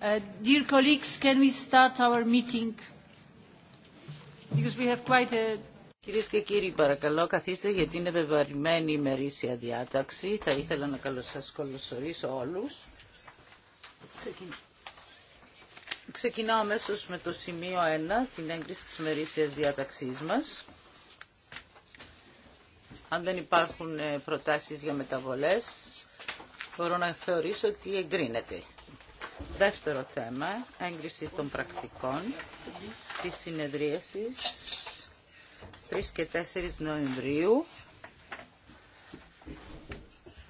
Uh, dear colleagues, can we start our meeting? Because we have quite a... Κυρίες και κύριοι, παρακαλώ καθίστε γιατί είναι βεβαρημένη η μερίσια διάταξη. Θα ήθελα να σα σας καλωσορίσω όλους. Ξεκινάω αμέσω με το σημείο 1, την έγκριση της μερίσιας διάταξής μας. Αν δεν υπάρχουν ε, προτάσεις για μεταβολές, μπορώ να θεωρήσω ότι εγκρίνεται Δεύτερο θέμα, έγκριση των πρακτικών της συνεδρίασης 3 και 4 Νοεμβρίου.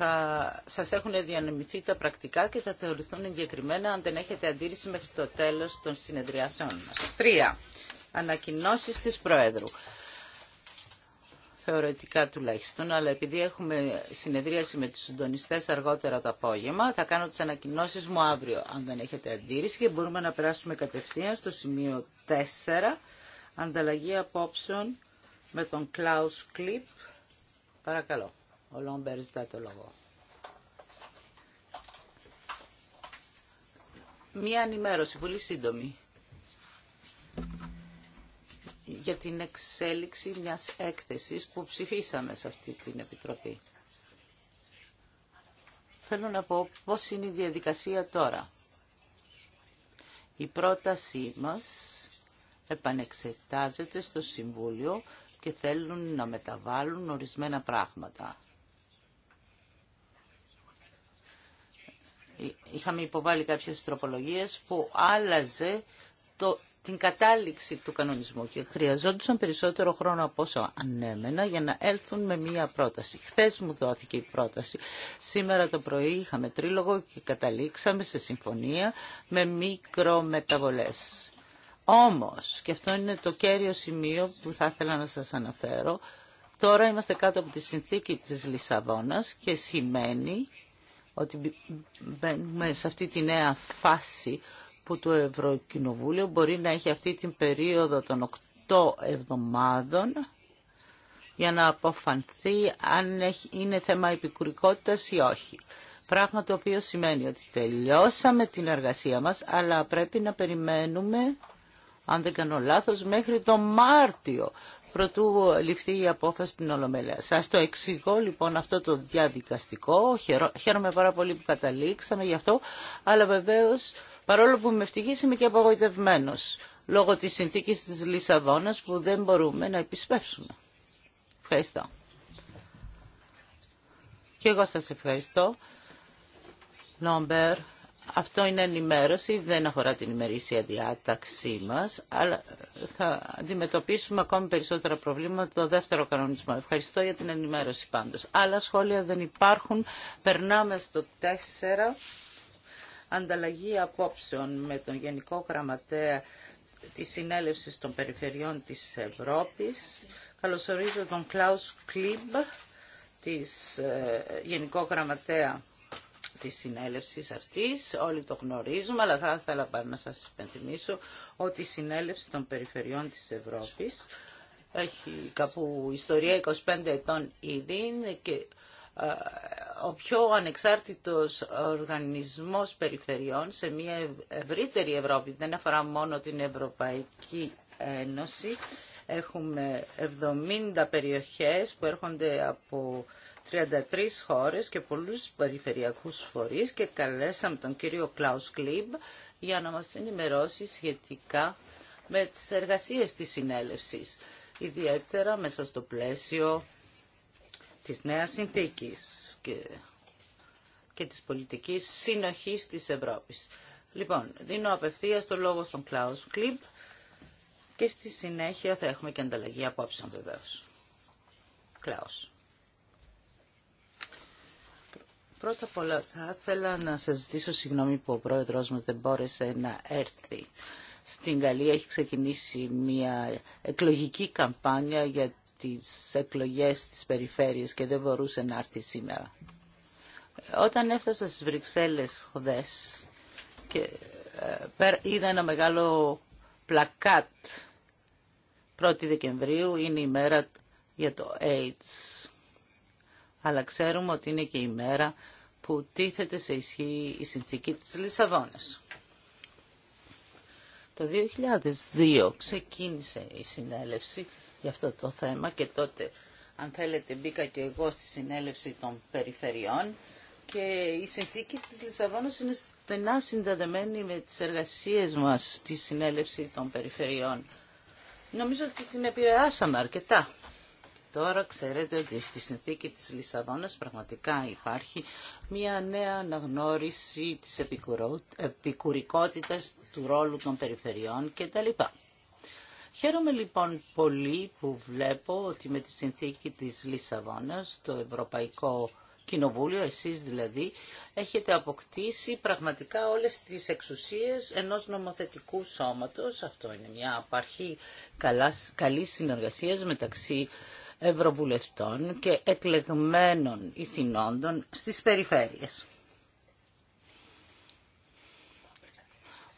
Θα σας έχουν διανεμηθεί τα πρακτικά και θα θεωρηθούν εγκεκριμένα αν δεν έχετε αντίρρηση μέχρι το τέλος των συνεδριάσεων μας. Τρία, ανακοινώσεις της Προέδρου θεωρητικά τουλάχιστον, αλλά επειδή έχουμε συνεδρίαση με τους συντονιστές αργότερα το απόγευμα, θα κάνω τις ανακοινώσεις μου αύριο, αν δεν έχετε αντίρρηση, και μπορούμε να περάσουμε κατευθείαν στο σημείο 4, ανταλλαγή απόψεων με τον Κλάους Κλιπ. Παρακαλώ, ο Λόμπερ ζητά το λόγο. Μία ενημέρωση, πολύ σύντομη για την εξέλιξη μιας έκθεσης που ψηφίσαμε σε αυτή την Επιτροπή. Θέλω να πω πώς είναι η διαδικασία τώρα. Η πρότασή μας επανεξετάζεται στο Συμβούλιο και θέλουν να μεταβάλουν ορισμένα πράγματα. Είχαμε υποβάλει κάποιες τροπολογίες που άλλαζε το την κατάληξη του κανονισμού και χρειαζόντουσαν περισσότερο χρόνο από όσο ανέμενα για να έλθουν με μία πρόταση. Χθε μου δόθηκε η πρόταση. Σήμερα το πρωί είχαμε τρίλογο και καταλήξαμε σε συμφωνία με μικρομεταβολές. Όμως, και αυτό είναι το κέριο σημείο που θα ήθελα να σας αναφέρω, τώρα είμαστε κάτω από τη συνθήκη της Λισαβόνας και σημαίνει ότι μπαίνουμε σε αυτή τη νέα φάση που το Ευρωκοινοβούλιο μπορεί να έχει αυτή την περίοδο των 8 εβδομάδων για να αποφανθεί αν είναι θέμα επικουρικότητας ή όχι. Πράγμα το οποίο σημαίνει ότι τελειώσαμε την εργασία μας, αλλά πρέπει να περιμένουμε, αν δεν κάνω λάθος, μέχρι το Μάρτιο, προτού ληφθεί η απόφαση στην Ολομέλεια. Σας το εξηγώ λοιπόν αυτό το διαδικαστικό, χαίρομαι πάρα πολύ που καταλήξαμε γι' αυτό, αλλά βεβαίως Παρόλο που είμαι ευτυχής είμαι και απογοητευμένος λόγω της συνθήκης της Λισαβόνας που δεν μπορούμε να επισπεύσουμε. Ευχαριστώ. Και εγώ σας ευχαριστώ. Νόμπερ, αυτό είναι ενημέρωση, δεν αφορά την ημερήσια διάταξή μας, αλλά θα αντιμετωπίσουμε ακόμη περισσότερα προβλήματα το δεύτερο κανονισμό. Ευχαριστώ για την ενημέρωση πάντως. Άλλα σχόλια δεν υπάρχουν. Περνάμε στο 4 ανταλλαγή απόψεων με τον Γενικό Γραμματέα της Συνέλευσης των Περιφερειών της Ευρώπης. Καλωσορίζω τον Κλάους Κλίμπ, της ε, Γενικό Γραμματέα της συνέλευσης αυτής, όλοι το γνωρίζουμε, αλλά θα ήθελα να σας υπενθυμίσω ότι η συνέλευση των περιφερειών της Ευρώπης έχει κάπου ιστορία 25 ετών ήδη και ο πιο ανεξάρτητος οργανισμός περιφερειών σε μια ευρύτερη Ευρώπη, δεν αφορά μόνο την Ευρωπαϊκή Ένωση. Έχουμε 70 περιοχές που έρχονται από 33 χώρες και πολλούς περιφερειακούς φορείς και καλέσαμε τον κύριο Κλάους Κλίμπ για να μας ενημερώσει σχετικά με τις εργασίες της συνέλευσης, ιδιαίτερα μέσα στο πλαίσιο της νέας συνθήκης και, και της πολιτικής συνοχής της Ευρώπης. Λοιπόν, δίνω απευθείας το λόγο στον Κλάους Κλίμπ και στη συνέχεια θα έχουμε και ανταλλαγή απόψεων βεβαίως. Κλάους. Πρώτα απ' όλα θα ήθελα να σας ζητήσω συγγνώμη που ο πρόεδρος μας δεν μπόρεσε να έρθει. Στην Γαλλία έχει ξεκινήσει μια εκλογική καμπάνια για τις εκλογές της περιφέρειας και δεν μπορούσε να έρθει σήμερα. Όταν έφτασα στις Βρυξέλλες χθες και ε, είδα ένα μεγάλο πλακάτ 1η Δεκεμβρίου είναι η μέρα για το AIDS. Αλλά ξέρουμε ότι είναι και η μέρα που τίθεται σε ισχύ η συνθήκη της Λισαβόνας. Το 2002 ξεκίνησε η συνέλευση για αυτό το θέμα και τότε αν θέλετε μπήκα και εγώ στη συνέλευση των περιφερειών και η συνθήκη της Λισαβόνας είναι στενά συνδεδεμένη με τις εργασίες μας στη συνέλευση των περιφερειών. Νομίζω ότι την επηρεάσαμε αρκετά. Τώρα ξέρετε ότι στη συνθήκη της Λισαβόνας πραγματικά υπάρχει μια νέα αναγνώριση της επικουρικότητας του ρόλου των περιφερειών κτλ. Χαίρομαι λοιπόν πολύ που βλέπω ότι με τη συνθήκη της Λισαβόνας, το Ευρωπαϊκό Κοινοβούλιο, εσείς δηλαδή, έχετε αποκτήσει πραγματικά όλες τις εξουσίες ενός νομοθετικού σώματος. Αυτό είναι μια απαρχή καλής συνεργασίας μεταξύ ευρωβουλευτών και εκλεγμένων ηθινόντων στις περιφέρειες.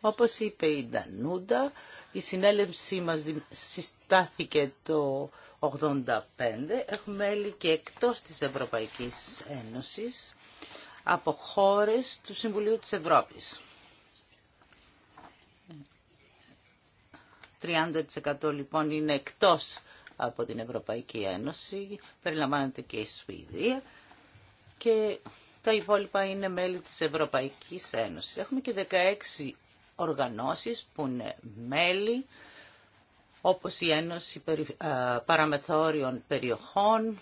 Όπως είπε η Ντανούντα, η συνέλευσή μας συστάθηκε το 85. Έχουμε μέλη και εκτός της Ευρωπαϊκής Ένωσης από χώρες του Συμβουλίου της Ευρώπης. 30% λοιπόν είναι εκτός από την Ευρωπαϊκή Ένωση, περιλαμβάνεται και η Σουηδία και τα υπόλοιπα είναι μέλη της Ευρωπαϊκής Ένωσης. Έχουμε και 16 οργανώσεις που είναι μέλη, όπως η Ένωση ε, Παραμεθόριων Περιοχών,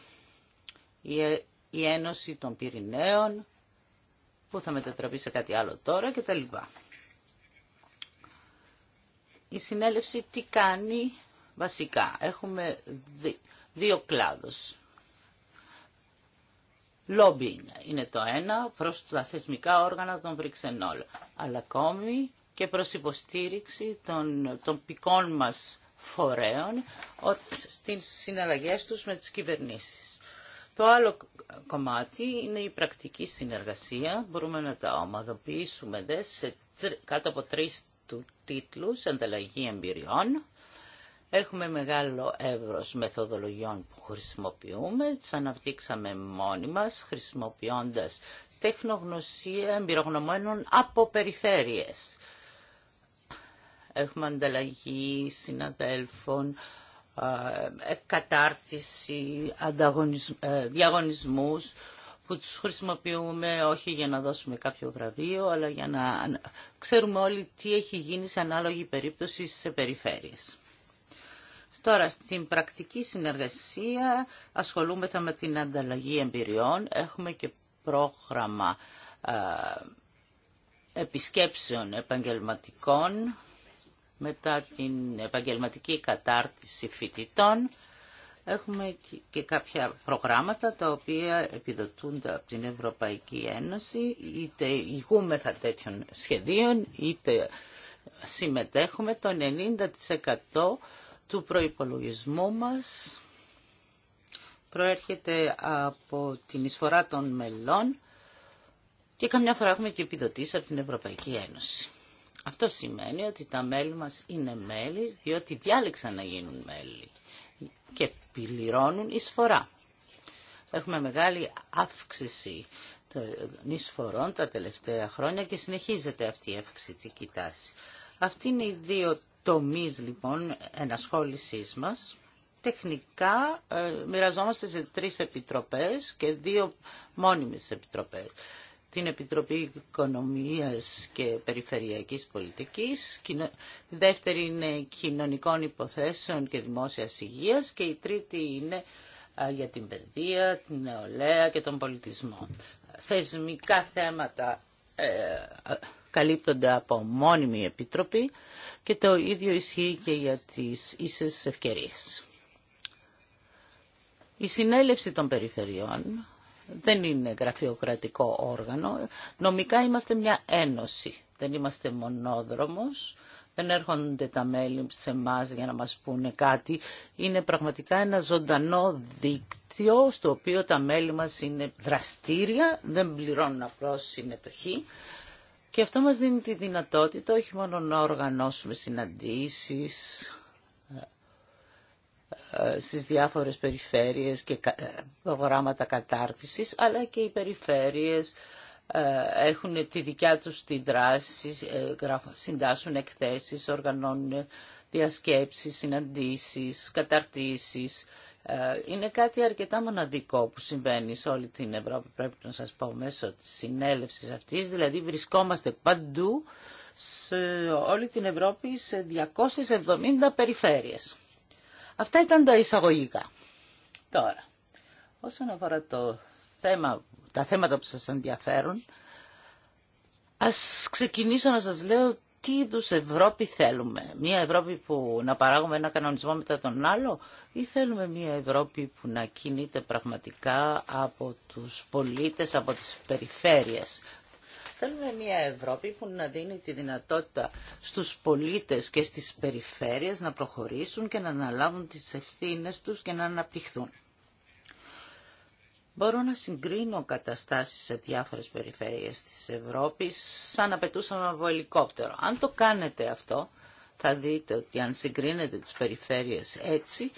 ε- η Ένωση των Πυρηναίων, που θα μετατραπεί σε κάτι άλλο τώρα και κτλ. Η συνέλευση τι κάνει βασικά. Έχουμε δύο κλάδους. Λόμπινγκ είναι το ένα προς τα θεσμικά όργανα των Βρυξενόλ. Αλλά ακόμη και προς υποστήριξη των τοπικών μας φορέων στις συναλλαγές τους με τις κυβερνήσεις. Το άλλο κομμάτι είναι η πρακτική συνεργασία. Μπορούμε να τα ομαδοποιήσουμε σε, κάτω από τρεις του τίτλους, ανταλλαγή εμπειριών. Έχουμε μεγάλο εύρος μεθοδολογιών που χρησιμοποιούμε. Τις αναπτύξαμε μόνοι μας, χρησιμοποιώντας τεχνογνωσία εμπειρογνωμένων από περιφέρειες. Έχουμε ανταλλαγή συναδέλφων, ε, ε, κατάρτιση, ε, διαγωνισμούς που τους χρησιμοποιούμε όχι για να δώσουμε κάποιο βραβείο, αλλά για να ξέρουμε όλοι τι έχει γίνει σε ανάλογη περίπτωση σε περιφέρειες. Τώρα, στην πρακτική συνεργασία ασχολούμεθα με την ανταλλαγή εμπειριών. Έχουμε και πρόγραμμα επισκέψεων επαγγελματικών μετά την επαγγελματική κατάρτιση φοιτητών. Έχουμε και κάποια προγράμματα τα οποία επιδοτούνται από την Ευρωπαϊκή Ένωση, είτε ηγούμεθα τέτοιων σχεδίων, είτε συμμετέχουμε το 90% του προϋπολογισμού μας προέρχεται από την εισφορά των μελών και καμιά φορά έχουμε και επιδοτήσει από την Ευρωπαϊκή Ένωση. Αυτό σημαίνει ότι τα μέλη μας είναι μέλη διότι διάλεξαν να γίνουν μέλη και πληρώνουν εισφορά. Έχουμε μεγάλη αύξηση των εισφορών τα τελευταία χρόνια και συνεχίζεται αυτή η αυξητική τάση. Αυτοί είναι οι δύο τομείς λοιπόν ενασχόλησής μας. Τεχνικά ε, μοιραζόμαστε σε τρεις επιτροπές και δύο μόνιμες επιτροπές την Επιτροπή Οικονομίας και Περιφερειακής Πολιτικής, η δεύτερη είναι Κοινωνικών Υποθέσεων και Δημόσιας Υγείας και η τρίτη είναι για την παιδεία, την νεολαία και τον πολιτισμό. Θεσμικά θέματα ε, καλύπτονται από μόνιμη επιτροπή και το ίδιο ισχύει και για τις ίσες ευκαιρίες. Η συνέλευση των περιφερειών δεν είναι γραφειοκρατικό όργανο. Νομικά είμαστε μια ένωση. Δεν είμαστε μονόδρομος. Δεν έρχονται τα μέλη σε εμά για να μας πούνε κάτι. Είναι πραγματικά ένα ζωντανό δίκτυο στο οποίο τα μέλη μας είναι δραστήρια, δεν πληρώνουν απλώ συμμετοχή. Και αυτό μας δίνει τη δυνατότητα όχι μόνο να οργανώσουμε συναντήσεις, ε, στις διάφορες περιφέρειες και ε, προγράμματα κατάρτισης, αλλά και οι περιφέρειες ε, έχουν τη δικιά τους τη δράση, συντάσσουν εκθέσεις, οργανώνουν διασκέψεις, συναντήσεις, καταρτήσεις. Είναι κάτι αρκετά μοναδικό που συμβαίνει σε όλη την Ευρώπη, πρέπει να σας πω, μέσω της συνέλευσης αυτής. Δηλαδή βρισκόμαστε παντού σε όλη την Ευρώπη σε 270 περιφέρειες. Αυτά ήταν τα εισαγωγικά. Τώρα, όσον αφορά το θέμα, τα θέματα που σας ενδιαφέρουν, ας ξεκινήσω να σας λέω τι είδου Ευρώπη θέλουμε. Μια Ευρώπη που να παράγουμε ένα κανονισμό μετά τον άλλο ή θέλουμε μια Ευρώπη που να κινείται πραγματικά από τους πολίτες, από τις περιφέρειες. Θέλουμε μια Ευρώπη που να δίνει τη δυνατότητα στους πολίτες και στις περιφέρειες να προχωρήσουν και να αναλάβουν τις ευθύνες τους και να αναπτυχθούν. Μπορώ να συγκρίνω καταστάσεις σε διάφορες περιφέρειες της Ευρώπης σαν να πετούσαμε από ελικόπτερο. Αν το κάνετε αυτό, θα δείτε ότι αν συγκρίνετε τις περιφέρειες έτσι,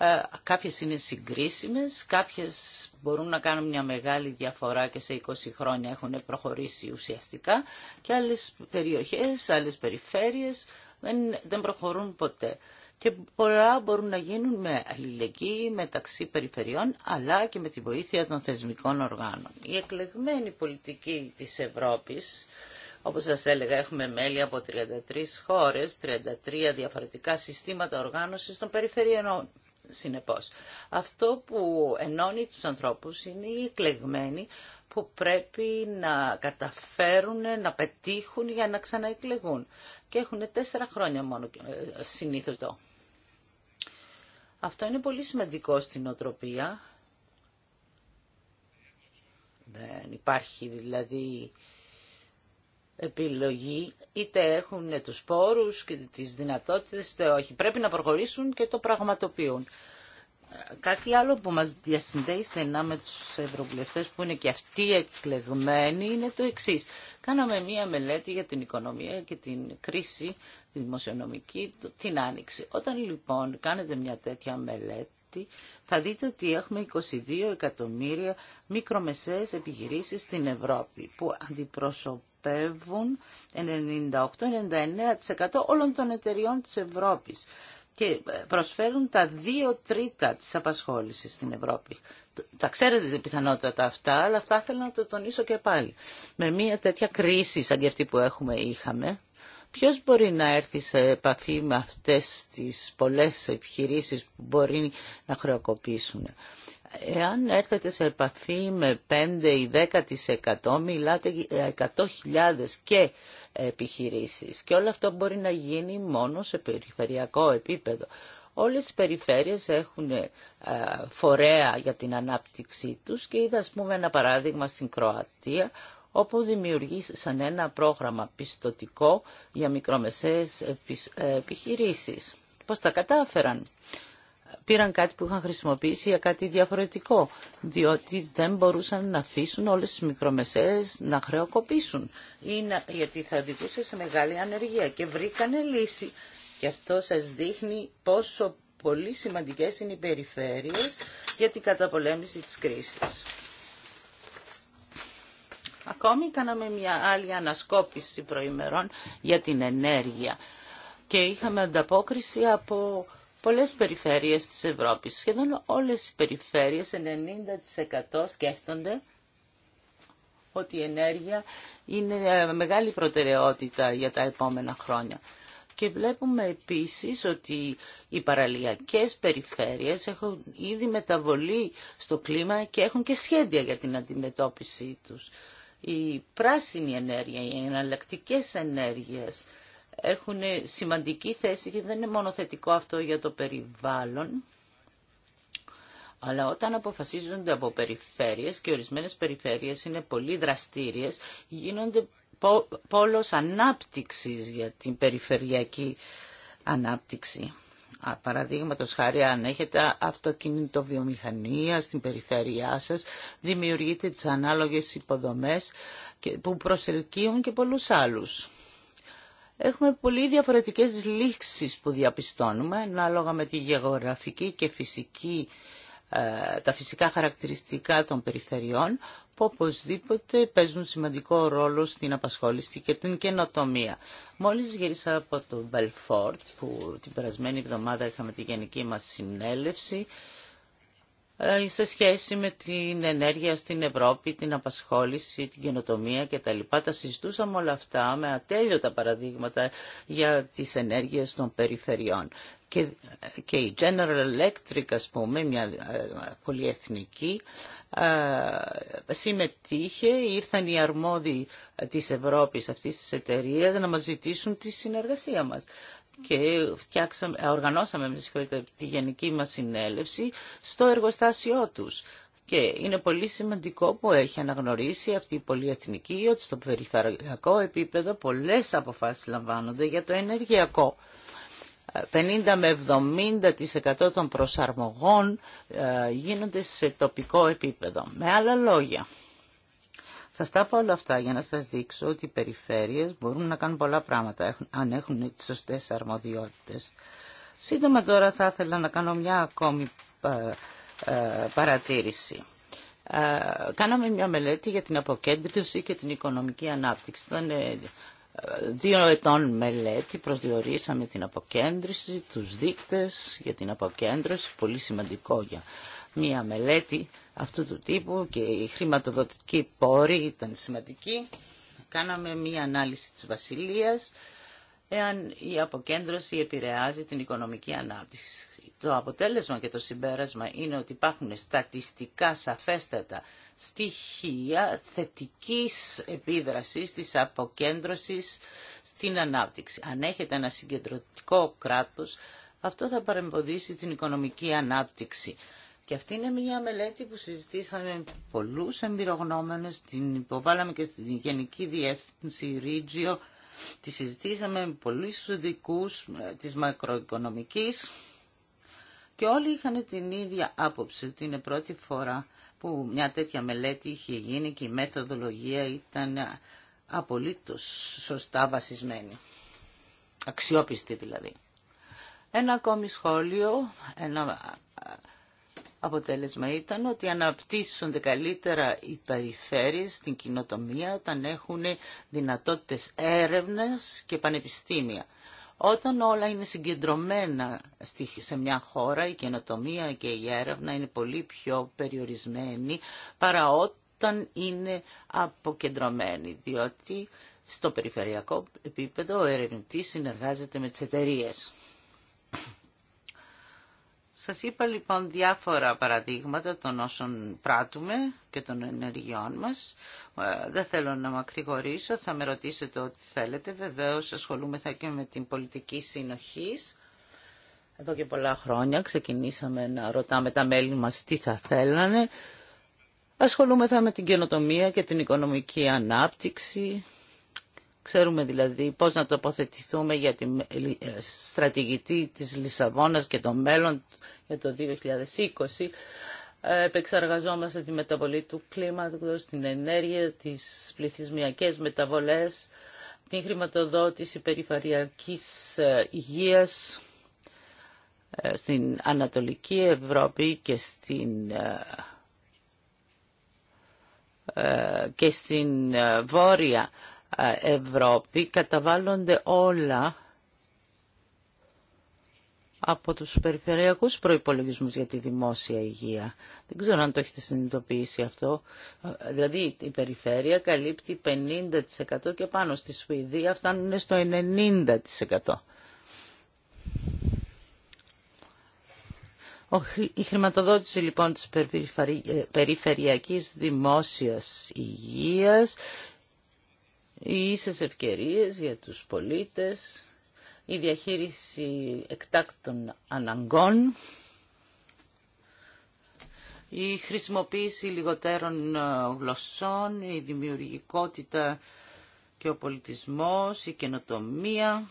ε, κάποιες είναι συγκρίσιμες, κάποιες μπορούν να κάνουν μια μεγάλη διαφορά και σε 20 χρόνια έχουν προχωρήσει ουσιαστικά και άλλες περιοχές, άλλες περιφέρειες δεν, δεν προχωρούν ποτέ. Και πολλά μπορούν να γίνουν με αλληλεγγύη μεταξύ περιφερειών αλλά και με τη βοήθεια των θεσμικών οργάνων. Η εκλεγμένη πολιτική της Ευρώπης όπως σας έλεγα, έχουμε μέλη από 33 χώρες, 33 διαφορετικά συστήματα οργάνωσης των περιφερειών συνεπώς. Αυτό που ενώνει τους ανθρώπους είναι οι εκλεγμένοι που πρέπει να καταφέρουν να πετύχουν για να ξαναεκλεγούν. Και έχουν τέσσερα χρόνια μόνο ε, συνήθως εδώ. Αυτό είναι πολύ σημαντικό στην οτροπία. Δεν υπάρχει δηλαδή επιλογή, είτε έχουν τους πόρους και τις δυνατότητες, είτε όχι. Πρέπει να προχωρήσουν και το πραγματοποιούν. Κάτι άλλο που μας διασυνδέει στενά με τους ευρωβουλευτές που είναι και αυτοί εκλεγμένοι είναι το εξής. Κάναμε μία μελέτη για την οικονομία και την κρίση τη δημοσιονομική την Άνοιξη. Όταν λοιπόν κάνετε μια τέτοια μελέτη, θα δείτε ότι έχουμε 22 εκατομμύρια μικρομεσαίες επιχειρήσεις στην Ευρώπη που αντιπροσωπούν αντιπροσωπεύουν 98-99% όλων των εταιριών της Ευρώπης και ε, προσφέρουν τα δύο τρίτα της απασχόλησης στην Ευρώπη. Τα ξέρετε πιθανότατα αυτά, αλλά αυτά θέλω να το τονίσω και πάλι. Με μια τέτοια κρίση σαν και αυτή που έχουμε είχαμε, Ποιος μπορεί να έρθει σε επαφή με αυτές τις πολλές επιχειρήσεις που μπορεί να χρεοκοπήσουν. Εάν έρθετε σε επαφή με 5 ή 10% μιλάτε 100.000 και επιχειρήσεις και όλο αυτό μπορεί να γίνει μόνο σε περιφερειακό επίπεδο. Όλες οι περιφέρειες έχουν ε, φορέα για την ανάπτυξή τους και είδα ας πούμε ένα παράδειγμα στην Κροατία όπου δημιουργήσαν ένα πρόγραμμα πιστοτικό για μικρομεσαίες ε, επιχειρήσεις. Πώς τα κατάφεραν πήραν κάτι που είχαν χρησιμοποιήσει για κάτι διαφορετικό, διότι δεν μπορούσαν να αφήσουν όλες τις μικρομεσαίες να χρεοκοπήσουν, ή να, γιατί θα οδηγούσε σε μεγάλη ανεργία και βρήκανε λύση. Και αυτό σας δείχνει πόσο πολύ σημαντικές είναι οι περιφέρειες για την καταπολέμηση τη κρίσης. Ακόμη κάναμε μια άλλη ανασκόπηση προημερών για την ενέργεια και είχαμε ανταπόκριση από πολλές περιφέρειες της Ευρώπης. Σχεδόν όλες οι περιφέρειες, 90% σκέφτονται ότι η ενέργεια είναι ε, μεγάλη προτεραιότητα για τα επόμενα χρόνια. Και βλέπουμε επίσης ότι οι παραλιακές περιφέρειες έχουν ήδη μεταβολή στο κλίμα και έχουν και σχέδια για την αντιμετώπιση τους. Η πράσινη ενέργεια, οι εναλλακτικέ ενέργειες, έχουν σημαντική θέση και δεν είναι μόνο θετικό αυτό για το περιβάλλον, αλλά όταν αποφασίζονται από περιφέρειες και ορισμένες περιφέρειες είναι πολύ δραστήριες, γίνονται πόλος ανάπτυξης για την περιφερειακή ανάπτυξη. Παραδείγματο χάρη, αν έχετε αυτοκίνητο βιομηχανία στην περιφέρειά σας, δημιουργείτε τις ανάλογες υποδομές που προσελκύουν και πολλούς άλλους. Έχουμε πολύ διαφορετικές λήξεις που διαπιστώνουμε, ανάλογα με τη γεωγραφική και φυσική, ε, τα φυσικά χαρακτηριστικά των περιφερειών, που οπωσδήποτε παίζουν σημαντικό ρόλο στην απασχόληση και την καινοτομία. Μόλις γύρισα από το Belfort, που την περασμένη εβδομάδα είχαμε τη γενική μας συνέλευση, ε, σε σχέση με την ενέργεια στην Ευρώπη, την απασχόληση, την καινοτομία κτλ. Τα συζητούσαμε όλα αυτά με ατέλειωτα παραδείγματα για τις ενέργειες των περιφερειών. Και, και η General Electric, ας πούμε, μια ε, πολυεθνική, ε, συμμετείχε, ήρθαν οι αρμόδιοι της Ευρώπης αυτής της εταιρείας να μας ζητήσουν τη συνεργασία μας και φτιάξαμε, οργανώσαμε με τη γενική μας συνέλευση στο εργοστάσιό τους. Και είναι πολύ σημαντικό που έχει αναγνωρίσει αυτή η πολυεθνική ότι στο περιφερειακό επίπεδο πολλές αποφάσεις λαμβάνονται για το ενεργειακό. 50 με 70% των προσαρμογών ε, γίνονται σε τοπικό επίπεδο. Με άλλα λόγια, Σα τα πω όλα αυτά για να σας δείξω ότι οι περιφέρειες μπορούν να κάνουν πολλά πράγματα αν έχουν τις σωστέ αρμοδιότητες. Σύντομα τώρα θα ήθελα να κάνω μια ακόμη ε, ε, παρατήρηση. Ε, κάναμε μια μελέτη για την αποκέντρωση και την οικονομική ανάπτυξη. Ήταν δύο ετών μελέτη, προσδιορίσαμε την αποκέντρωση, τους δείκτες για την αποκέντρωση, πολύ σημαντικό για μια μελέτη αυτού του τύπου και η χρήματοδοτική πόρη ήταν σημαντική. Κάναμε μία ανάλυση της Βασιλείας εάν η αποκέντρωση επηρεάζει την οικονομική ανάπτυξη. Το αποτέλεσμα και το συμπέρασμα είναι ότι υπάρχουν στατιστικά σαφέστατα στοιχεία θετικής επίδρασης της αποκέντρωσης στην ανάπτυξη. Αν έχετε ένα συγκεντρωτικό κράτος, αυτό θα παρεμποδίσει την οικονομική ανάπτυξη. Και αυτή είναι μια μελέτη που συζητήσαμε με πολλούς εμπειρογνώμενες, την υποβάλαμε και στην Γενική Διεύθυνση Ρίτζιο, τη συζητήσαμε με πολλούς ειδικού ε, της μακροοικονομικής και όλοι είχαν την ίδια άποψη ότι είναι πρώτη φορά που μια τέτοια μελέτη είχε γίνει και η μεθοδολογία ήταν απολύτως σωστά βασισμένη. Αξιόπιστη δηλαδή. Ένα ακόμη σχόλιο, ένα αποτέλεσμα ήταν ότι αναπτύσσονται καλύτερα οι περιφέρειες στην κοινοτομία όταν έχουν δυνατότητες έρευνας και πανεπιστήμια. Όταν όλα είναι συγκεντρωμένα σε μια χώρα, η καινοτομία και η έρευνα είναι πολύ πιο περιορισμένη παρά όταν είναι αποκεντρωμένη, διότι στο περιφερειακό επίπεδο ο ερευνητής συνεργάζεται με τις εταιρείες. Σας είπα λοιπόν διάφορα παραδείγματα των όσων πράττουμε και των ενεργειών μας. Ε, δεν θέλω να μακρηγορήσω, θα με ρωτήσετε ό,τι θέλετε. Βεβαίως ασχολούμεθα και με την πολιτική συνοχής. Εδώ και πολλά χρόνια ξεκινήσαμε να ρωτάμε τα μέλη μας τι θα θέλανε. Ασχολούμεθα με την καινοτομία και την οικονομική ανάπτυξη, Ξέρουμε δηλαδή πώς να τοποθετηθούμε για τη στρατηγική της Λισαβόνας και το μέλλον για το 2020. Επεξεργαζόμαστε τη μεταβολή του κλίματος, την ενέργεια, τις πληθυσμιακές μεταβολές, την χρηματοδότηση περιφαριακής ε, υγείας ε, στην Ανατολική Ευρώπη και στην ε, και στην Βόρεια Ευρώπη καταβάλλονται όλα από τους περιφερειακούς προϋπολογισμούς για τη δημόσια υγεία. Δεν ξέρω αν το έχετε συνειδητοποιήσει αυτό. Δηλαδή η περιφέρεια καλύπτει 50% και πάνω στη Σουηδία φτάνουν στο 90%. Η χρηματοδότηση λοιπόν της ε, περιφερειακής δημόσιας υγείας οι ίσες ευκαιρίες για τους πολίτες, η διαχείριση εκτάκτων αναγκών, η χρησιμοποίηση λιγότερων ε, γλωσσών, η δημιουργικότητα και ο πολιτισμός, η καινοτομία.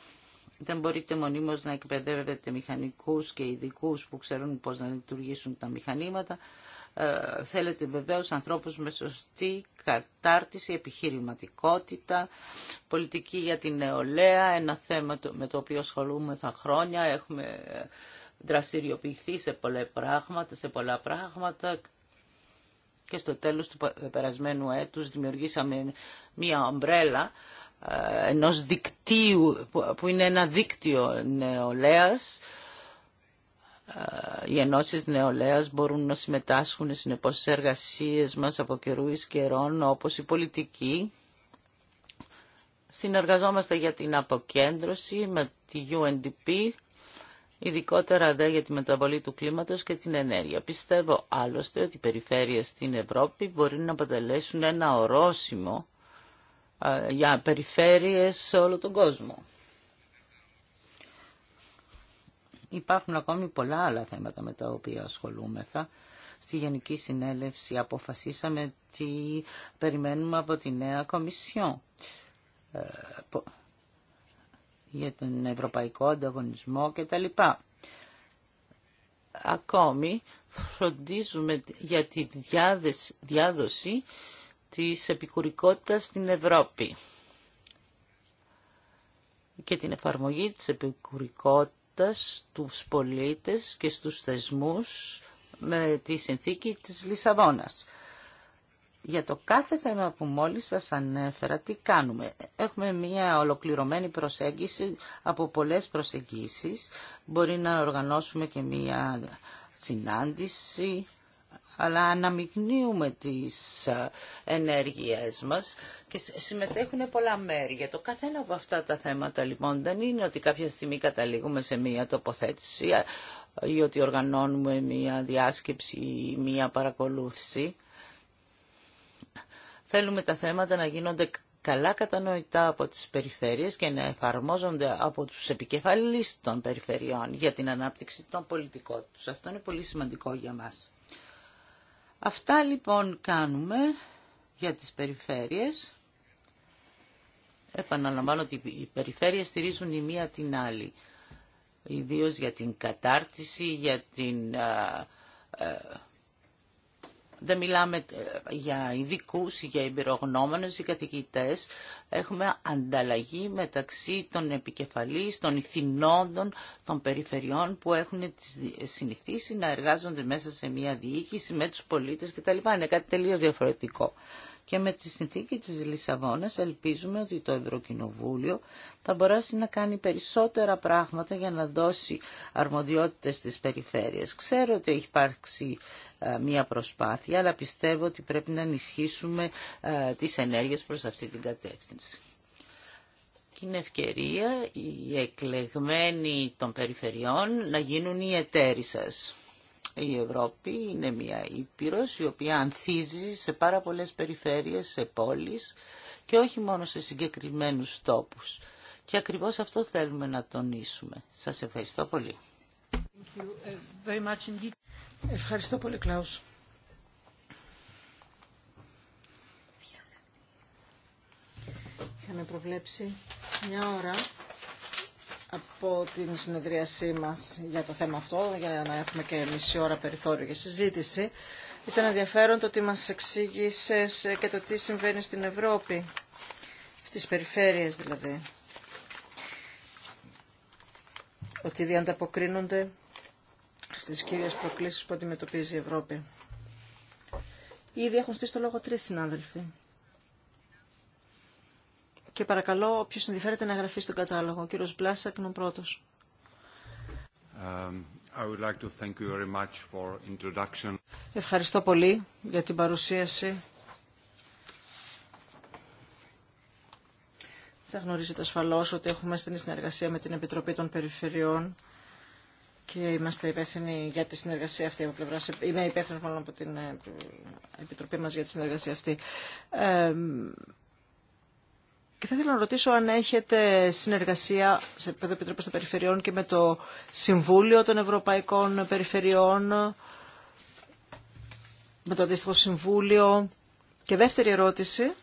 Δεν μπορείτε μονίμως να εκπαιδεύετε μηχανικούς και ειδικού που ξέρουν πώς να λειτουργήσουν τα μηχανήματα. Ε, θέλετε βεβαίως ανθρώπους με σωστή κατάρτιση, επιχειρηματικότητα, πολιτική για την νεολαία, ένα θέμα με το οποίο ασχολούμαι τα χρόνια, έχουμε ε, δραστηριοποιηθεί σε πολλά πράγματα, σε πολλά πράγματα και στο τέλος του ε, περασμένου έτους δημιουργήσαμε μία ομπρέλα ενός δικτύου που είναι ένα δίκτυο νεολαίας ε, οι ενώσεις νεολαίας μπορούν να συμμετάσχουν συνεπώς στις εργασίες μας από καιρού εις καιρών όπως η πολιτική. Συνεργαζόμαστε για την αποκέντρωση με τη UNDP, ειδικότερα για τη μεταβολή του κλίματος και την ενέργεια. Πιστεύω άλλωστε ότι οι περιφέρειες στην Ευρώπη μπορεί να αποτελέσουν ένα ορόσημο ε, για περιφέρειες σε όλο τον κόσμο. Υπάρχουν ακόμη πολλά άλλα θέματα με τα οποία ασχολούμεθα. Στη Γενική Συνέλευση αποφασίσαμε τι περιμένουμε από τη νέα Κομισιόν ε, για τον ευρωπαϊκό ανταγωνισμό κτλ. Ακόμη φροντίζουμε για τη διάδοση της επικουρικότητας στην Ευρώπη και την εφαρμογή της επικουρικότητας ενότητας στους πολίτες και στους θεσμούς με τη συνθήκη της Λισαβόνας. Για το κάθε θέμα που μόλις σας ανέφερα, τι κάνουμε. Έχουμε μια ολοκληρωμένη προσέγγιση από πολλές προσεγγίσεις. Μπορεί να οργανώσουμε και μια συνάντηση αλλά αναμειγνύουμε τις ε, ενέργειές μας και συμμετέχουν πολλά μέρη. Για το καθένα από αυτά τα θέματα λοιπόν δεν είναι ότι κάποια στιγμή καταλήγουμε σε μία τοποθέτηση ε, ή ότι οργανώνουμε μία διάσκεψη ή μία παρακολούθηση. Θέλουμε τα θέματα να γίνονται καλά κατανοητά από τις περιφέρειες και να εφαρμόζονται από τους επικεφαλείς των περιφερειών για την ανάπτυξη των πολιτικών τους. Αυτό είναι πολύ σημαντικό για μας. Αυτά λοιπόν κάνουμε για τις περιφέρειες. Επαναλαμβάνω ότι οι περιφέρειες στηρίζουν η μία την άλλη. Ιδίως για την κατάρτιση, για την ε, δεν μιλάμε ε, για ειδικού, για εμπειρογνώμονες ή καθηγητές. Έχουμε ανταλλαγή μεταξύ των επικεφαλής, των ηθινόντων, των περιφερειών που έχουν συνηθίσει να εργάζονται μέσα σε μια διοίκηση με τους πολίτες κτλ. Είναι κάτι τελείως διαφορετικό. Και με τη συνθήκη της Λισαβόνας ελπίζουμε ότι το Ευρωκοινοβούλιο θα μπορέσει να κάνει περισσότερα πράγματα για να δώσει αρμοδιότητες στις περιφέρειες. Ξέρω ότι έχει υπάρξει ε, μία προσπάθεια, αλλά πιστεύω ότι πρέπει να ενισχύσουμε ε, τις ενέργειες προς αυτή την κατεύθυνση. Και είναι ευκαιρία οι εκλεγμένοι των περιφερειών να γίνουν οι εταίροι σας. Η Ευρώπη είναι μια ήπειρος η οποία ανθίζει σε πάρα πολλές περιφέρειες, σε πόλεις και όχι μόνο σε συγκεκριμένους τόπους. Και ακριβώς αυτό θέλουμε να τονίσουμε. Σας ευχαριστώ πολύ. Ευχαριστώ πολύ, Κλάους. Είχαμε προβλέψει μια ώρα από την συνεδρίασή μας για το θέμα αυτό, για να έχουμε και μισή ώρα περιθώριο για συζήτηση. Ήταν ενδιαφέρον το ότι μας εξήγησε και το τι συμβαίνει στην Ευρώπη, στις περιφέρειες δηλαδή. Ότι διανταποκρίνονται στις κύριες προκλήσεις που αντιμετωπίζει η Ευρώπη. Ήδη έχουν στήσει το λόγο τρεις συνάδελφοι. Και παρακαλώ όποιος ενδιαφέρεται να γραφεί στον κατάλογο. Ο κύριος Μπλάσακ είναι ο πρώτος. Ευχαριστώ πολύ για την παρουσίαση. Θα γνωρίζετε ασφαλώς ότι έχουμε στενή συνεργασία με την Επιτροπή των Περιφερειών και είμαστε υπεύθυνοι για τη συνεργασία αυτή από πλευρά. Είμαι υπεύθυνο μάλλον από την ε, Επιτροπή μα για τη συνεργασία αυτή. Ε, και θα ήθελα να ρωτήσω αν έχετε συνεργασία σε επίπεδο Επιτροπή των Περιφερειών και με το Συμβούλιο των Ευρωπαϊκών Περιφερειών, με το αντίστοιχο Συμβούλιο. Και δεύτερη ερώτηση,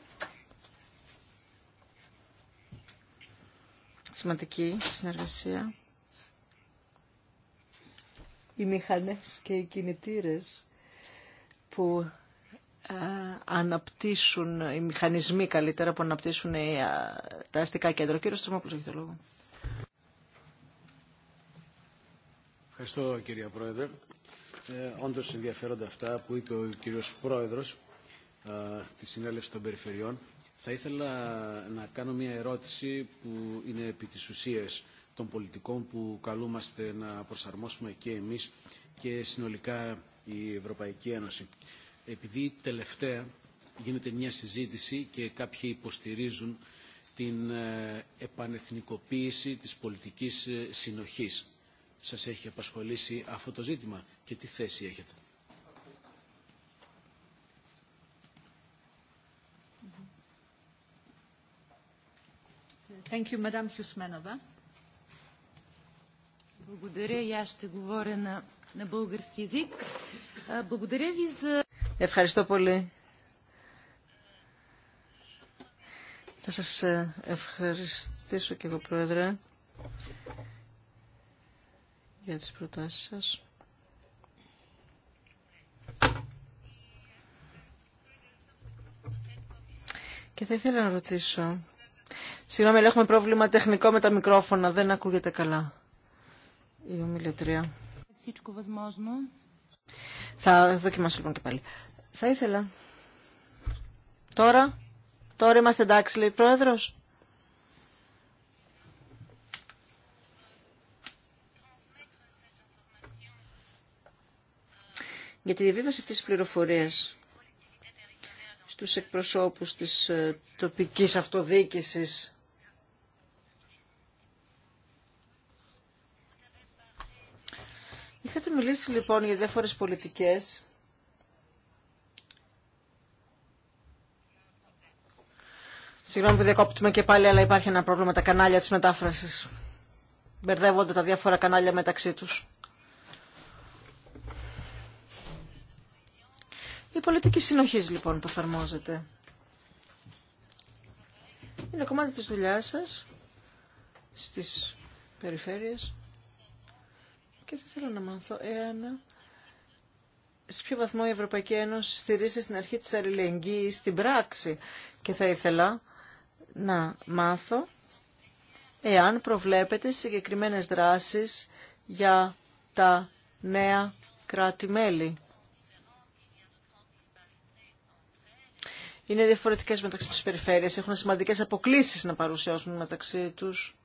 σημαντική συνεργασία, οι μηχανές και οι κινητήρες που αναπτύσσουν οι μηχανισμοί καλύτερα που αναπτύσσουν τα αστικά κέντρα. Κύριο Στρεμόπουλος έχει το λόγο. Ευχαριστώ κύριε Πρόεδρε. Ε, όντως ενδιαφέροντα αυτά που είπε ο κύριος Πρόεδρος τη της Συνέλευσης των Περιφερειών. Θα ήθελα να κάνω μια ερώτηση που είναι επί της ουσίας των πολιτικών που καλούμαστε να προσαρμόσουμε και εμείς και συνολικά η Ευρωπαϊκή Ένωση επειδή τελευταία γίνεται μια συζήτηση και κάποιοι υποστηρίζουν την ε, επανεθνικοποίηση της πολιτικής ε, συνοχής. Σας έχει απασχολήσει αυτό το ζήτημα και τι θέση έχετε. Thank you, Madame Благодаря. Я ще говоря на, български Ευχαριστώ πολύ. Θα σας ε, ευχαριστήσω και εγώ, Πρόεδρε, για τις προτάσεις σας. Και θα ήθελα να ρωτήσω. Συγγνώμη, αλλά έχουμε πρόβλημα τεχνικό με τα μικρόφωνα. Δεν ακούγεται καλά η ομιλητρία. Θα δοκιμάσω λοιπόν και πάλι. Θα ήθελα. Τώρα, τώρα είμαστε εντάξει, λέει πρόεδρος. για τη διαδίδωση αυτής της πληροφορίας στους εκπροσώπους της ε, τοπικής αυτοδιοίκησης Είχατε μιλήσει λοιπόν για διάφορες πολιτικές Συγγνώμη που διακόπτουμε και πάλι, αλλά υπάρχει ένα πρόβλημα τα κανάλια της μετάφρασης. Μπερδεύονται τα διάφορα κανάλια μεταξύ τους. Η πολιτική συνοχή λοιπόν που εφαρμόζεται. Είναι κομμάτι της δουλειάς σας στις περιφέρειες και θα ήθελα να μάθω εάν σε ποιο βαθμό η Ευρωπαϊκή Ένωση στηρίζει στην αρχή της αλληλεγγύης στην πράξη και θα ήθελα να μάθω εάν προβλέπετε συγκεκριμένες δράσεις για τα νέα κράτη-μέλη. Είναι διαφορετικές μεταξύ τους περιφέρειες, έχουν σημαντικές αποκλίσεις να παρουσιάσουν μεταξύ τους.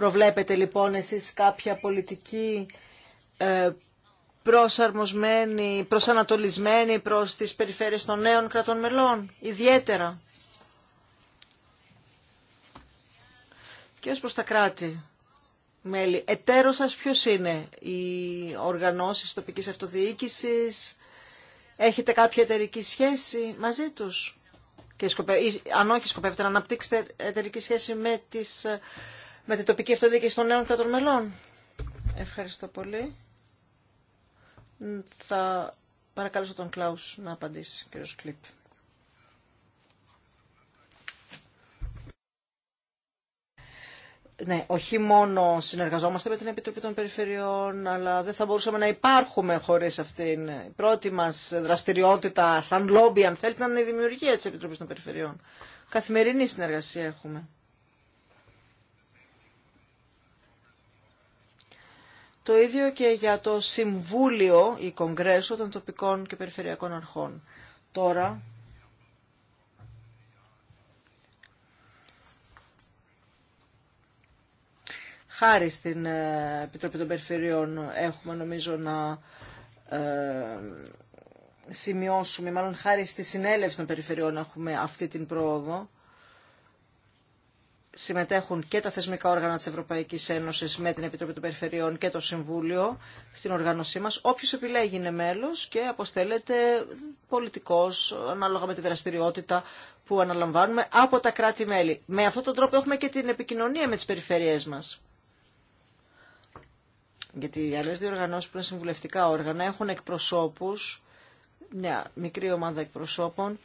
Προβλέπετε λοιπόν εσείς κάποια πολιτική ε, προσαρμοσμένη, προσανατολισμένη προς τις περιφέρειες των νέων κρατών μελών, ιδιαίτερα. Και ως προς τα κράτη, μέλη, εταίρος σας ποιος είναι, οι οργανώσεις τοπικής αυτοδιοίκησης, έχετε κάποια εταιρική σχέση μαζί τους. Και σκοπε... αν όχι σκοπεύετε να αναπτύξετε εταιρική σχέση με τις ε, με την τοπική αυτοδιοίκηση των νέων κρατών μελών. Ευχαριστώ πολύ. Θα παρακαλώ τον Κλάους να απαντήσει, κύριο Κλίπ. Ναι, όχι μόνο συνεργαζόμαστε με την Επιτροπή των Περιφερειών, αλλά δεν θα μπορούσαμε να υπάρχουμε χωρίς αυτήν. Η πρώτη μας δραστηριότητα, σαν λόμπι αν θέλετε, ήταν η δημιουργία της Επιτροπής των Περιφερειών. Καθημερινή συνεργασία έχουμε. Το ίδιο και για το Συμβούλιο ή Κογκρέσο των τοπικών και περιφερειακών αρχών. Τώρα, χάρη στην ε, Επιτροπή των Περιφερειών έχουμε νομίζω να ε, σημειώσουμε, μάλλον χάρη στη συνέλευση των περιφερειών έχουμε αυτή την πρόοδο συμμετέχουν και τα θεσμικά όργανα της Ευρωπαϊκής Ένωσης με την Επιτροπή των Περιφερειών και το Συμβούλιο στην οργάνωσή μας. Όποιος επιλέγει είναι μέλος και αποστέλλεται πολιτικός ανάλογα με τη δραστηριότητα που αναλαμβάνουμε από τα κράτη-μέλη. Με αυτόν τον τρόπο έχουμε και την επικοινωνία με τις περιφερειές μας. Γιατί οι άλλες διοργανώσεις που είναι συμβουλευτικά όργανα έχουν εκπροσώπους, μια μικρή ομάδα εκπροσώπων,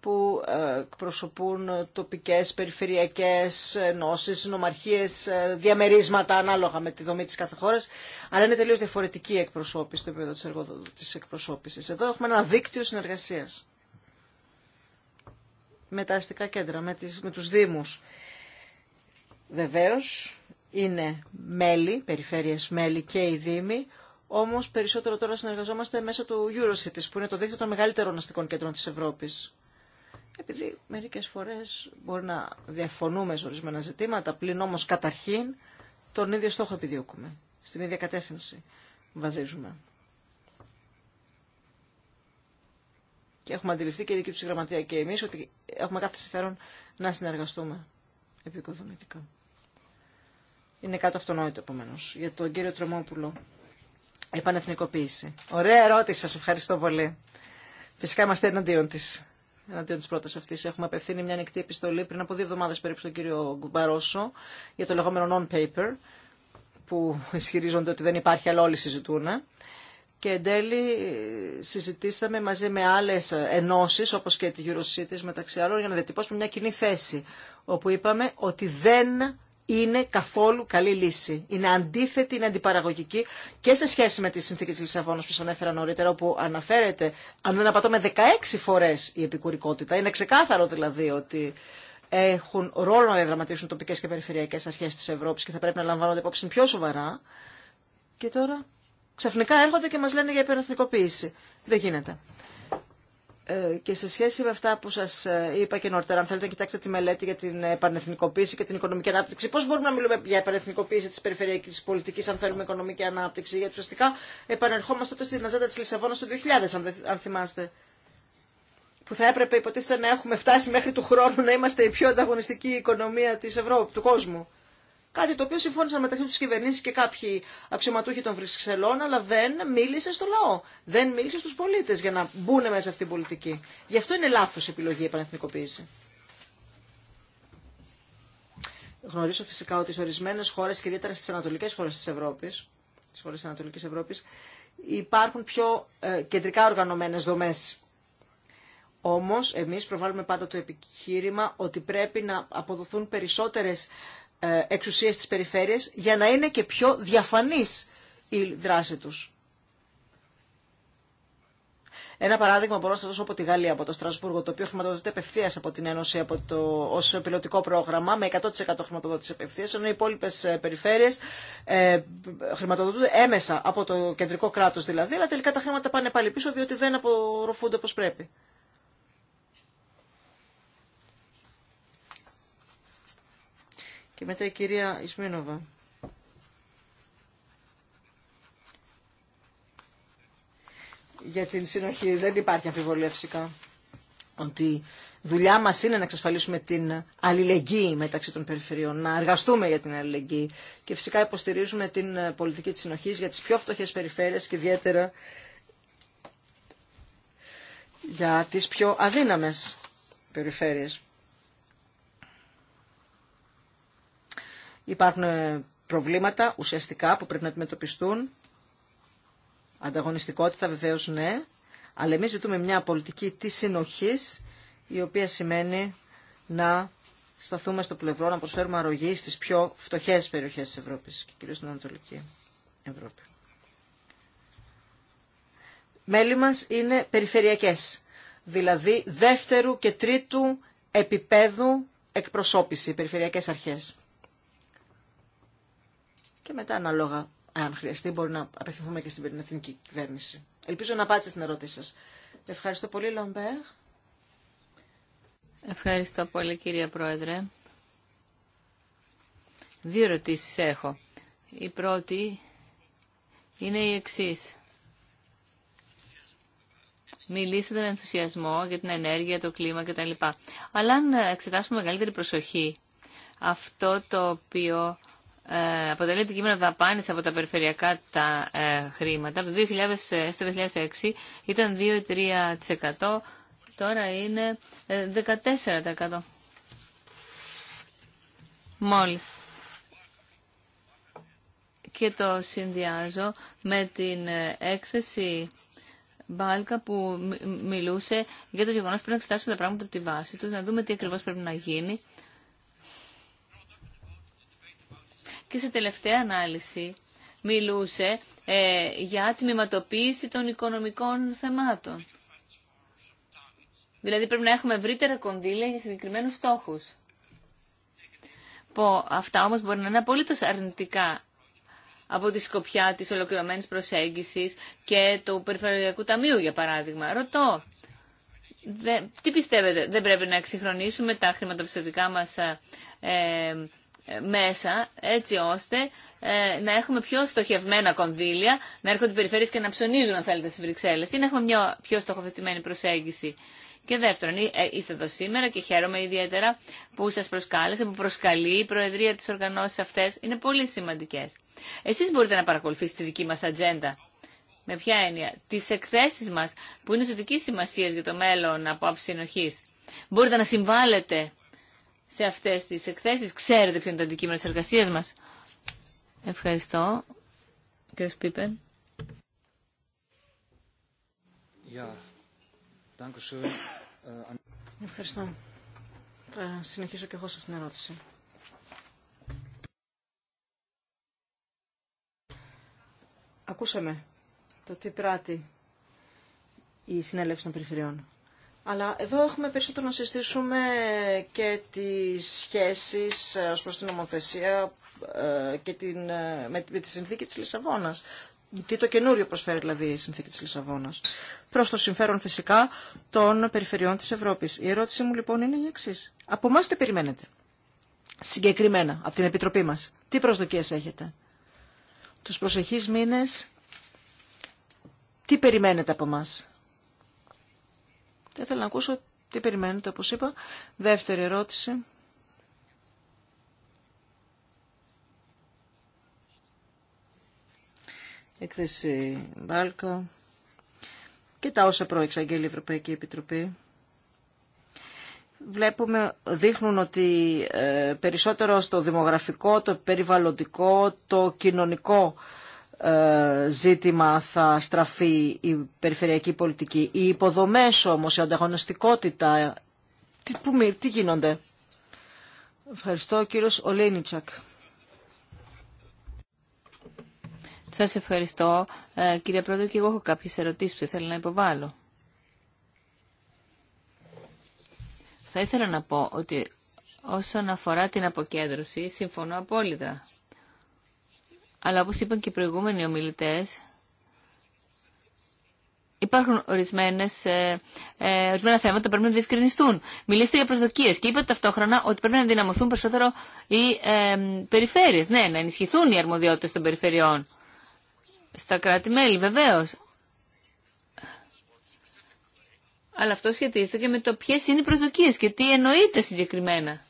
που ε, εκπροσωπούν τοπικές, περιφερειακές ενώσει, νομαρχίες, ε, διαμερίσματα ανάλογα με τη δομή της κάθε χώρας, αλλά είναι τελείως διαφορετική η εκπροσώπηση στο επίπεδο της, εκπροσώπησης. Εδώ έχουμε ένα δίκτυο συνεργασίας με τα αστικά κέντρα, με, τις... με τους δήμους. Βεβαίως είναι μέλη, περιφέρειες μέλη και οι δήμοι, όμως περισσότερο τώρα συνεργαζόμαστε μέσα του EuroCities, που είναι το δίκτυο των μεγαλύτερων αστικών κέντρων της Ευρώπης επειδή μερικές φορές μπορεί να διαφωνούμε σε ορισμένα ζητήματα, πλην όμως καταρχήν τον ίδιο στόχο επιδιώκουμε, στην ίδια κατεύθυνση βαζίζουμε. Και έχουμε αντιληφθεί και η δική του γραμματεία και εμείς ότι έχουμε κάθε συμφέρον να συνεργαστούμε επικοδομητικά. Είναι κάτω αυτονόητο επομένω. Για τον κύριο Τρομόπουλο, επανεθνικοποίηση. Ωραία ερώτηση, σας ευχαριστώ πολύ. Φυσικά είμαστε εναντίον της εναντίον τη πρόταση αυτή. Έχουμε απευθύνει μια ανοιχτή επιστολή πριν από δύο εβδομάδε περίπου στον κύριο Γκουμπαρόσο για το λεγόμενο non-paper, που ισχυρίζονται ότι δεν υπάρχει, αλλά όλοι συζητούν. Και εν τέλει συζητήσαμε μαζί με άλλε ενώσει, όπω και τη Eurocities μεταξύ άλλων, για να διατυπώσουμε μια κοινή θέση, όπου είπαμε ότι δεν είναι καθόλου καλή λύση. Είναι αντίθετη, είναι αντιπαραγωγική και σε σχέση με τη συνθήκη τη Λισαβόνα που σα ανέφερα νωρίτερα, όπου αναφέρεται, αν δεν απατώ, με 16 φορέ η επικουρικότητα. Είναι ξεκάθαρο δηλαδή ότι έχουν ρόλο να διαδραματίσουν τοπικέ και περιφερειακέ αρχέ τη Ευρώπη και θα πρέπει να λαμβάνονται υπόψη πιο σοβαρά. Και τώρα ξαφνικά έρχονται και μα λένε για υπερεθνικοποίηση. Δεν γίνεται. Ε, και σε σχέση με αυτά που σας ε, είπα και νωρίτερα, αν θέλετε να κοιτάξετε τη μελέτη για την επανεθνικοποίηση και την οικονομική ανάπτυξη, πώς μπορούμε να μιλούμε για επανεθνικοποίηση της περιφερειακής πολιτικής αν θέλουμε οικονομική ανάπτυξη, γιατί ουσιαστικά επανερχόμαστε τότε στην αζέντα της Λισαβόνας το 2000, αν θυμάστε που θα έπρεπε υποτίθεται να έχουμε φτάσει μέχρι του χρόνου να είμαστε η πιο ανταγωνιστική οικονομία της Ευρώπης, του κόσμου. Κάτι το οποίο συμφώνησαν μεταξύ του κυβερνήσει και κάποιοι αξιωματούχοι των Βρυξελών, αλλά δεν μίλησε στο λαό. Δεν μίλησε στου πολίτε για να μπουν μέσα αυτή την πολιτική. Γι' αυτό είναι λάθο επιλογή η επανεθνικοποίηση. Γνωρίζω φυσικά ότι σε ορισμένε χώρε και ιδιαίτερα στι ανατολικέ χώρε τη Ευρώπη, στι χώρε τη Ανατολική Ευρώπη, υπάρχουν πιο ε, κεντρικά οργανωμένε δομέ. Όμω, εμεί προβάλλουμε πάντα το επιχείρημα ότι πρέπει να αποδοθούν περισσότερε ε, εξουσίες της περιφέρειας για να είναι και πιο διαφανής η δράση τους. Ένα παράδειγμα μπορώ να σα δώσω από τη Γαλλία, από το Στρασβούργο, το οποίο χρηματοδοτείται απευθεία από την Ένωση από το, ως πιλωτικό πρόγραμμα με 100% χρηματοδότηση απευθεία, ενώ οι υπόλοιπε περιφέρειε ε, χρηματοδοτούνται έμεσα από το κεντρικό κράτο δηλαδή, αλλά τελικά τα χρήματα πάνε πάλι πίσω διότι δεν απορροφούνται όπω πρέπει. Και μετά η κυρία Ισμίνοβα. Για την συνοχή δεν υπάρχει αμφιβολία φυσικά ότι δουλειά μας είναι να εξασφαλίσουμε την αλληλεγγύη μεταξύ των περιφερειών, να εργαστούμε για την αλληλεγγύη και φυσικά υποστηρίζουμε την πολιτική της συνοχής για τις πιο φτωχές περιφέρειες και ιδιαίτερα για τις πιο αδύναμες περιφέρειες. Υπάρχουν ε, προβλήματα ουσιαστικά που πρέπει να αντιμετωπιστούν. Ανταγωνιστικότητα βεβαίω, ναι, αλλά εμείς ζητούμε μια πολιτική τη συνοχής η οποία σημαίνει να σταθούμε στο πλευρό να προσφέρουμε αρρωγή στις πιο φτωχές περιοχές της Ευρώπης και κυρίως στην Ανατολική Ευρώπη. Μέλη μας είναι περιφερειακέ, δηλαδή δεύτερου και τρίτου επίπεδου εκπροσώπηση, περιφερειακές αρχές και μετά ανάλογα, αν χρειαστεί, μπορούμε να απευθυνθούμε και στην εθνική κυβέρνηση. Ελπίζω να πάτε στην ερώτησή σα. Ευχαριστώ πολύ, Λομπέρ. Ευχαριστώ πολύ, κύριε Πρόεδρε. Δύο ερωτήσεις έχω. Η πρώτη είναι η εξής. Μιλήσατε με ενθουσιασμό για την ενέργεια, το κλίμα κτλ. Αλλά αν εξετάσουμε μεγαλύτερη προσοχή αυτό το οποίο ε, αποτελεί κείμενο δαπάνης από τα περιφερειακά τα ε, χρήματα. Από το 2000 στο 2006 ήταν 2-3%, τώρα είναι 14%. Ε, Μόλις. Και το συνδυάζω με την έκθεση Μπάλκα που μιλούσε για το γεγονό πρέπει να εξετάσουμε τα πράγματα από τη βάση του, να δούμε τι ακριβώς πρέπει να γίνει, και σε τελευταία ανάλυση μιλούσε ε, για τμηματοποίηση των οικονομικών θεμάτων. Δηλαδή πρέπει να έχουμε ευρύτερα κονδύλια για συγκεκριμένους στόχους. Πω αυτά όμως μπορεί να είναι απολύτω αρνητικά από τη σκοπιά της ολοκληρωμένης προσέγγισης και του Περιφερειακού Ταμείου, για παράδειγμα. Ρωτώ, τι πιστεύετε, δεν πρέπει να εξυγχρονίσουμε τα χρηματοπιστωτικά μας ε, μέσα έτσι ώστε ε, να έχουμε πιο στοχευμένα κονδύλια, να έρχονται περιφέρειες και να ψωνίζουν αν θέλετε στις Βρυξέλλες ή να έχουμε μια πιο στοχοθετημένη προσέγγιση. Και δεύτερον, ε, είστε εδώ σήμερα και χαίρομαι ιδιαίτερα που σας προσκάλεσε, που προσκαλεί η Προεδρία της οργανώσεις αυτές. Είναι πολύ σημαντικές. Εσείς μπορείτε να παρακολουθήσετε τη δική μας ατζέντα. Με ποια έννοια. Τις εκθέσεις μας που είναι ζωτική σημασία για το μέλλον από άψη συνοχής. Μπορείτε να συμβάλλετε σε αυτές τις εκθέσεις. Ξέρετε ποιο είναι το αντικείμενο της εργασίας μας. Ευχαριστώ. Κύριε Σπίπεν. Uh, Ευχαριστώ. Θα συνεχίσω και εγώ σε αυτήν την ερώτηση. Ακούσαμε το τι πράττει η συνέλευση των περιφερειών. Αλλά εδώ έχουμε περισσότερο να συστήσουμε και τις σχέσεις ε, ως προς την νομοθεσία ε, και την, ε, με, τη συνθήκη της Λισαβόνας. Τι το καινούριο προσφέρει δηλαδή η συνθήκη της Λισαβόνας. Προς το συμφέρον φυσικά των περιφερειών της Ευρώπης. Η ερώτησή μου λοιπόν είναι η εξή. Από εμάς τι περιμένετε. Συγκεκριμένα από την Επιτροπή μας. Τι προσδοκίες έχετε. Τους προσεχείς μήνες τι περιμένετε από εμάς. Θα ήθελα να ακούσω τι περιμένετε, όπως είπα. Δεύτερη ερώτηση. Εκθέση Μπάλκο. και τα όσα προεξαγγέλει η Ευρωπαϊκή Επιτροπή βλέπουμε, δείχνουν ότι ε, περισσότερο στο δημογραφικό, το περιβαλλοντικό, το κοινωνικό ε, ζήτημα θα στραφεί η περιφερειακή πολιτική. Οι υποδομές όμως, η ανταγωνιστικότητα, τι, που, τι γίνονται. Ευχαριστώ κύριος Ολένιτσακ. Σας ευχαριστώ. Ε, κύριε Πρόεδρε, και εγώ έχω κάποιες ερωτήσεις που θέλω να υποβάλω. Θα ήθελα να πω ότι όσον αφορά την αποκέντρωση, συμφωνώ απόλυτα αλλά όπως είπαν και οι προηγούμενοι ομιλητές, υπάρχουν ορισμένες, ε, ε, ορισμένα θέματα που πρέπει να διευκρινιστούν. Μιλήσατε για προσδοκίες και είπατε ταυτόχρονα ότι πρέπει να δυναμωθούν περισσότερο οι ε, περιφέρειες. Ναι, να ενισχυθούν οι αρμοδιότητες των περιφερειών. Στα κράτη-μέλη βεβαίως. Αλλά αυτό σχετίζεται και με το ποιε είναι οι προσδοκίε και τι εννοείται συγκεκριμένα.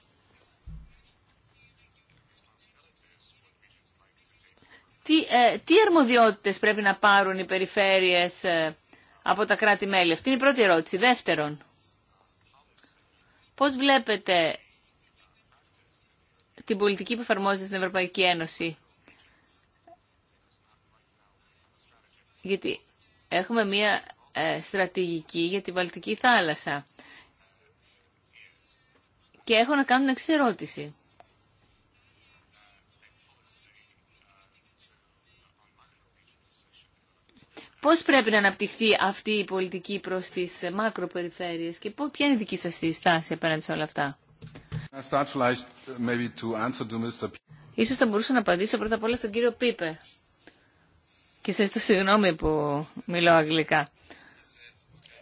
τι, ε, πρέπει να πάρουν οι περιφέρειες ε, από τα κράτη-μέλη. Αυτή είναι η πρώτη ερώτηση. Δεύτερον, πώς βλέπετε την πολιτική που εφαρμόζεται στην Ευρωπαϊκή Ένωση. Γιατί έχουμε μία ε, στρατηγική για την Βαλτική θάλασσα. Και έχω να κάνω εξή ερώτηση. Πώς πρέπει να αναπτυχθεί αυτή η πολιτική προς τις μακροπεριφέρειες και ποια είναι η δική σας στάση απέναντι σε όλα αυτά. Uh, Ίσως θα μπορούσα να απαντήσω πρώτα απ' όλα στον κύριο Πίπερ. Και σας το συγγνώμη που μιλώ αγγλικά.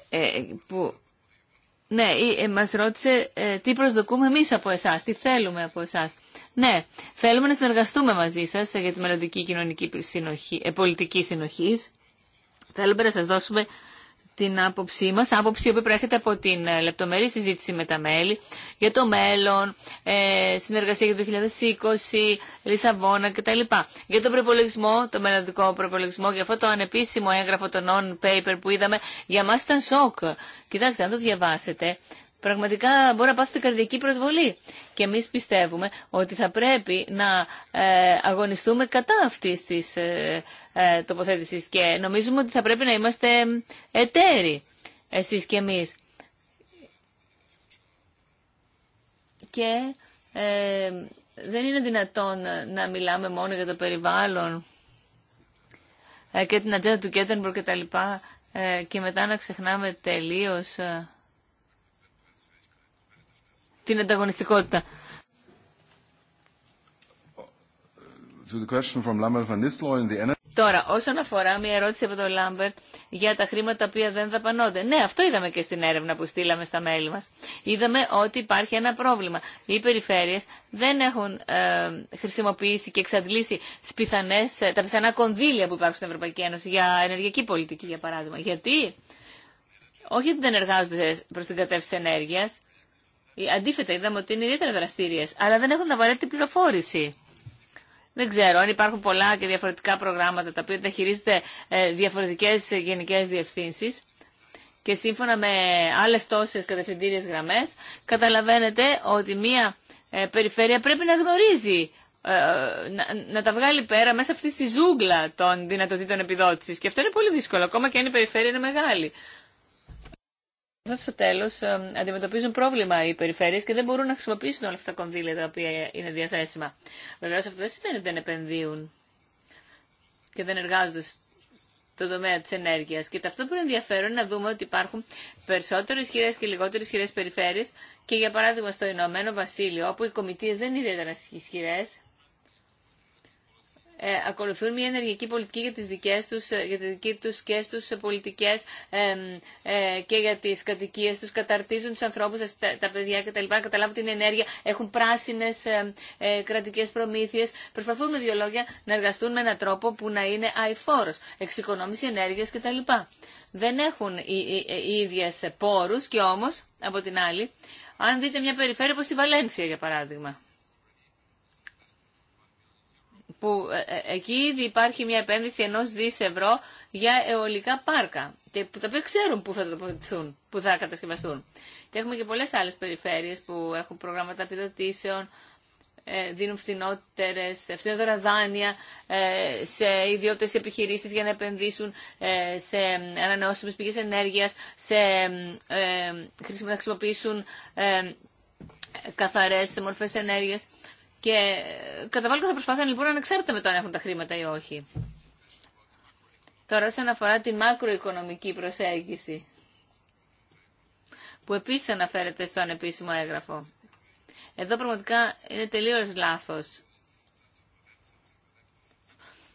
Ε, που... Ναι, ε, ε μας ρώτησε ε, τι προσδοκούμε εμείς από εσάς, τι θέλουμε από εσάς. Ναι, θέλουμε να συνεργαστούμε μαζί σας ε, για τη μελλοντική κοινωνική συνοχή, πολιτική συνοχής. Θέλουμε να σας δώσουμε την άποψή μας, άποψη που προέρχεται από την ε, λεπτομερή συζήτηση με τα μέλη για το μέλλον, ε, συνεργασία για το 2020, Λισαβόνα κτλ. Για τον προπολογισμό, το μελλοντικό προπολογισμό, για αυτό το ανεπίσημο έγγραφο, το non-paper που είδαμε, για μας ήταν σοκ. Κοιτάξτε, αν το διαβάσετε, πραγματικά μπορεί να πάθει καρδιακή προσβολή. Και εμείς πιστεύουμε ότι θα πρέπει να ε, αγωνιστούμε κατά αυτής της ε, ε, τοποθέτησης και νομίζουμε ότι θα πρέπει να είμαστε εταίροι εσείς και εμείς. Και δεν είναι δυνατόν να μιλάμε μόνο για το περιβάλλον και την ατζέντα του Κέντενμπορ και τα λοιπά και μετά να ξεχνάμε τελείως την ανταγωνιστικότητα. Τώρα, όσον αφορά μια ερώτηση από τον Λάμπερ για τα χρήματα τα οποία δεν δαπανώνται. Ναι, αυτό είδαμε και στην έρευνα που στείλαμε στα μέλη μας. Είδαμε ότι υπάρχει ένα πρόβλημα. Οι περιφέρειες δεν έχουν ε, χρησιμοποιήσει και εξαντλήσει πιθανές, ε, τα πιθανά κονδύλια που υπάρχουν στην Ευρωπαϊκή Ένωση για ενεργειακή πολιτική, για παράδειγμα. Γιατί? Όχι ότι δεν εργάζονται προς την κατεύθυνση ενέργειας, ε, αντίθετα, είδαμε ότι είναι ιδιαίτερα δραστήριε, αλλά δεν έχουν απαραίτητη πληροφόρηση. Δεν ξέρω αν υπάρχουν πολλά και διαφορετικά προγράμματα τα οποία τα χειρίζονται ε, διαφορετικές γενικές διευθύνσει και σύμφωνα με άλλε τόσε κατευθυντήριε γραμμέ, καταλαβαίνετε ότι μία ε, περιφέρεια πρέπει να γνωρίζει να, να τα βγάλει πέρα μέσα αυτή τη ζούγκλα των δυνατοτήτων επιδότηση. και αυτό είναι πολύ δύσκολο ακόμα και αν η περιφέρεια είναι μεγάλη στο τέλο ε, αντιμετωπίζουν πρόβλημα οι περιφέρειες και δεν μπορούν να χρησιμοποιήσουν όλα αυτά τα κονδύλια τα οποία είναι διαθέσιμα. Βεβαίω αυτό δεν σημαίνει ότι δεν επενδύουν και δεν εργάζονται το τομέα τη ενέργεια. Και αυτό που είναι ενδιαφέρον είναι να δούμε ότι υπάρχουν περισσότερε ισχυρέ και λιγότερε ισχυρέ περιφέρειες και για παράδειγμα στο Ηνωμένο Βασίλειο, όπου οι κομιτείε δεν είναι ιδιαίτερα ισχυρέ, ε, ακολουθούν μια ενεργειακή πολιτική για τις δικές τους, ε, για τις δικές τους και στους πολιτικές ε, ε, και για τις κατοικίες τους, καταρτίζουν τους ανθρώπους, τα, τα παιδιά κτλ. Να καταλάβουν την ενέργεια, έχουν πράσινες ε, κρατικές προμήθειες. Προσπαθούν με δύο λόγια να εργαστούν με έναν τρόπο που να είναι αηφόρος, εξοικονόμηση ενέργειας κτλ. Δεν έχουν οι, οι, ε, οι ίδιες πόρους και όμως, από την άλλη, αν δείτε μια περιφέρεια όπως η Βαλένθια για παράδειγμα, που ε, ε, εκεί ήδη υπάρχει μια επένδυση ενός δις ευρώ για αιωλικά πάρκα, τα οποία ξέρουν πού θα τοποθετηθούν, πού θα κατασκευαστούν. Και έχουμε και πολλές άλλες περιφέρειες που έχουν προγράμματα επιδοτήσεων, ε, δίνουν φθηνότερες, φθηνότερα δάνεια σε ιδιώτες επιχειρήσεις για να επενδύσουν σε ανανεώσιμες πηγές ενέργειας, σε, να χρησιμοποιήσουν καθαρές μορφές ενέργειας. Και κατά βάλλον θα προσπαθούν λοιπόν ξέρετε με το αν έχουν τα χρήματα ή όχι. Τώρα όσον αφορά την μακροοικονομική προσέγγιση που επίσης αναφέρεται στο ανεπίσημο έγγραφο. Εδώ πραγματικά είναι τελείως λάθος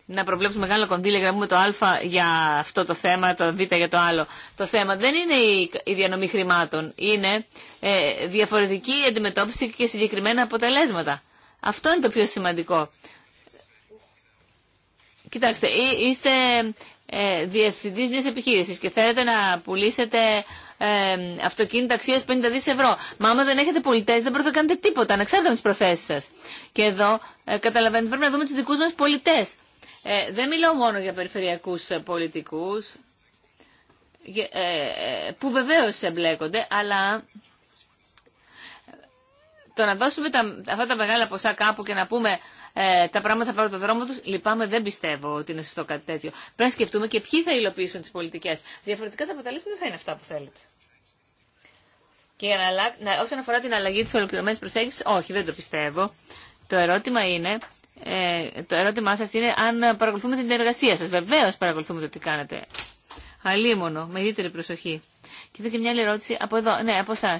να προβλέψουμε μεγάλο κοντήλια, γραμμούμε το Α για αυτό το θέμα, το Β για το άλλο. Το θέμα δεν είναι η διανομή χρημάτων. Είναι ε, διαφορετική αντιμετώπιση και συγκεκριμένα αποτελέσματα. Αυτό είναι το πιο σημαντικό. Κοιτάξτε, είστε ε, διευθυντής μιας επιχείρησης και θέλετε να πουλήσετε ε, αυτοκίνητα αξία 50 δις ευρώ. Μα άμα δεν έχετε πολιτές δεν μπορείτε να κάνετε τίποτα, να ξέρετε τις προθέσεις σας. Και εδώ ε, καταλαβαίνετε πρέπει να δούμε τους δικούς μας πολιτές. Ε, δεν μιλάω μόνο για περιφερειακούς πολιτικούς, ε, που βεβαίως εμπλέκονται, αλλά το να δώσουμε τα, αυτά τα μεγάλα ποσά κάπου και να πούμε ε, τα πράγματα θα πάρουν το δρόμο του, λυπάμαι, δεν πιστεύω ότι είναι σωστό κάτι τέτοιο. Πρέπει να σκεφτούμε και ποιοι θα υλοποιήσουν τι πολιτικέ. Διαφορετικά τα αποτελέσματα θα είναι αυτά που θέλετε. Και για να, όσον αφορά την αλλαγή τη ολοκληρωμένη προσέγγιση, όχι, δεν το πιστεύω. Το ερώτημα είναι. Ε, το ερώτημά σας είναι αν παρακολουθούμε την εργασία σα. βεβαίω παρακολουθούμε το τι κάνετε. Αλίμονο, με ιδιαίτερη προσοχή. Και εδώ και μια άλλη ερώτηση από εδώ, ναι, από Ναι.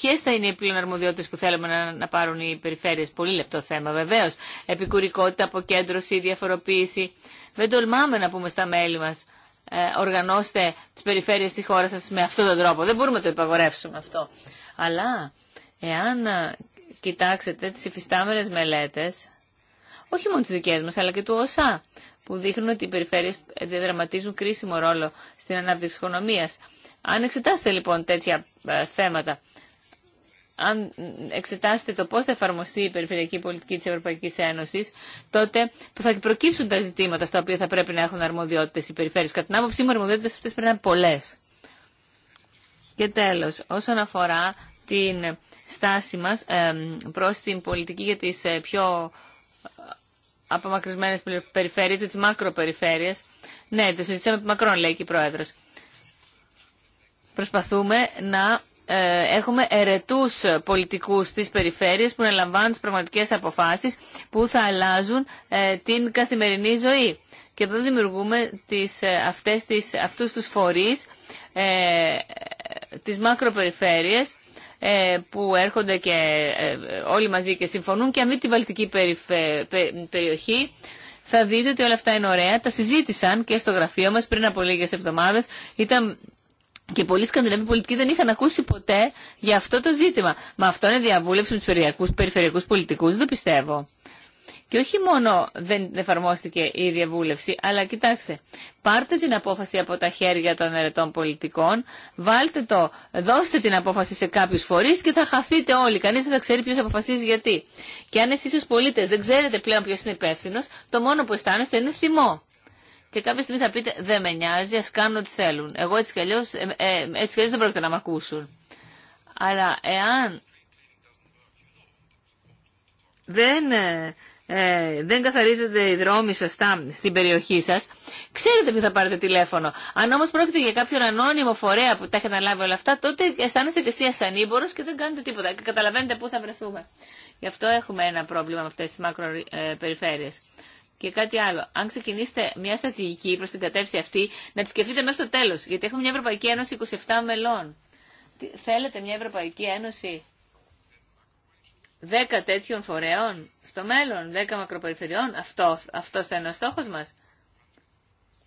Ποιε θα είναι οι πλέον αρμοδιότητε που θέλουμε να, να πάρουν οι περιφέρειε. Πολύ λεπτό θέμα βεβαίω. Επικουρικότητα, αποκέντρωση, διαφοροποίηση. Δεν τολμάμε να πούμε στα μέλη μα ε, οργανώστε τι περιφέρειες στη χώρα σα με αυτόν τον τρόπο. Δεν μπορούμε να το υπαγορεύσουμε αυτό. Αλλά εάν ε, κοιτάξετε τι υφιστάμενε μελέτε, όχι μόνο τι δικέ μα, αλλά και του ΩΣΑ, που δείχνουν ότι οι περιφέρειες ε, διαδραματίζουν κρίσιμο ρόλο στην ανάπτυξη οικονομία. Αν εξετάσετε λοιπόν τέτοια θέματα, αν εξετάσετε το πώς θα εφαρμοστεί η περιφερειακή πολιτική της Ευρωπαϊκής Ένωσης, τότε που θα προκύψουν τα ζητήματα στα οποία θα πρέπει να έχουν αρμοδιότητες οι περιφέρειες. Κατά την άποψή μου, αρμοδιότητες αυτές πρέπει να είναι πολλές. Και τέλος, όσον αφορά την στάση μας προς την πολιτική για τις ε, πιο ε, απομακρυσμένες περιφέρειες, τις μακροπεριφέρειες, ναι, το συζητήσαμε από μακρόν, λέει και η Πρόεδρος. Προσπαθούμε να ε, έχουμε ερετούς πολιτικούς της περιφέρειας που να λαμβάνουν τις πραγματικές αποφάσεις που θα αλλάζουν ε, την καθημερινή ζωή. Και εδώ δημιουργούμε τις, ε, αυτές τις, αυτούς τους φορείς της τις που έρχονται και όλοι μαζί και συμφωνούν και μη την βαλτική περιοχή θα δείτε ότι όλα αυτά είναι ωραία. Τα συζήτησαν και στο γραφείο μας πριν από λίγες εβδομάδες. Ήταν και πολλοί σκανδιναβοί πολιτικοί δεν είχαν ακούσει ποτέ για αυτό το ζήτημα. Μα αυτό είναι διαβούλευση με του περιφερειακού πολιτικού, δεν το πιστεύω. Και όχι μόνο δεν εφαρμόστηκε η διαβούλευση, αλλά κοιτάξτε, πάρτε την απόφαση από τα χέρια των αιρετών πολιτικών, βάλτε το, δώστε την απόφαση σε κάποιους φορείς και θα χαθείτε όλοι. Κανείς δεν θα ξέρει ποιος αποφασίζει γιατί. Και αν εσείς ως πολίτες δεν ξέρετε πλέον ποιος είναι υπεύθυνο, το μόνο που αισθάνεστε είναι θυμό και κάποια στιγμή θα πείτε δεν με νοιάζει, α κάνουν ό,τι θέλουν. Εγώ έτσι κι αλλιώ ε, ε, δεν πρόκειται να με ακούσουν. Αλλά εάν δεν, ε, ε, δεν καθαρίζονται οι δρόμοι σωστά στην περιοχή σα, ξέρετε ποιο θα πάρετε τηλέφωνο. Αν όμω πρόκειται για κάποιον ανώνυμο φορέα που τα έχετε αναλάβει όλα αυτά, τότε αισθάνεστε και εσείς ανήμπορος και δεν κάνετε τίποτα και καταλαβαίνετε πού θα βρεθούμε. Γι' αυτό έχουμε ένα πρόβλημα με αυτές τι μακροπεριφέρειε. Και κάτι άλλο. Αν ξεκινήσετε μια στρατηγική προ την κατεύθυνση αυτή, να τη σκεφτείτε μέχρι το τέλο. Γιατί έχουμε μια Ευρωπαϊκή Ένωση 27 μελών. Θέλετε μια Ευρωπαϊκή Ένωση 10 τέτοιων φορέων στο μέλλον, 10 μακροπεριφερειών. Αυτό, αυτός θα είναι ο στόχο μα.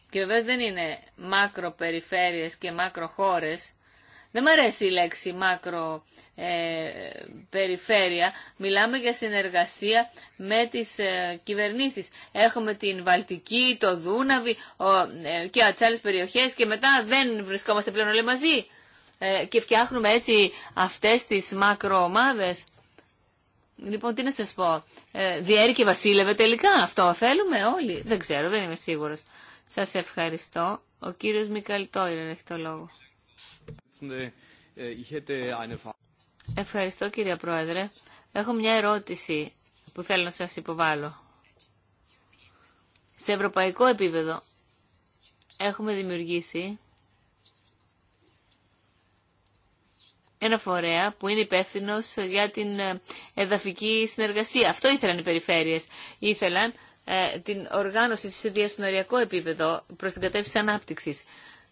Και βεβαίω δεν είναι μακροπεριφέρειες και μακροχώρε. Δεν μου αρέσει η λέξη μάκρο ε, περιφέρεια. Μιλάμε για συνεργασία με τις ε, κυβερνήσεις. Έχουμε την Βαλτική, το Δούναβι ε, και τι άλλε περιοχές και μετά δεν βρισκόμαστε πλέον όλοι μαζί. Ε, και φτιάχνουμε έτσι αυτές τις μακροομάδες. Λοιπόν, τι να σας πω. Ε, και βασίλευε τελικά. Αυτό θέλουμε όλοι. Δεν ξέρω, δεν είμαι σίγουρος. Σας ευχαριστώ. Ο κύριος Μικαλτόιρεν έχει το λόγο. Ευχαριστώ κύριε Πρόεδρε. Έχω μια ερώτηση που θέλω να σας υποβάλω. Σε ευρωπαϊκό επίπεδο έχουμε δημιουργήσει ένα φορέα που είναι υπεύθυνο για την ε, εδαφική συνεργασία. Αυτό ήθελαν οι περιφέρειες. Ήθελαν ε, την οργάνωση σε διασυνοριακό επίπεδο προς την κατεύθυνση ανάπτυξης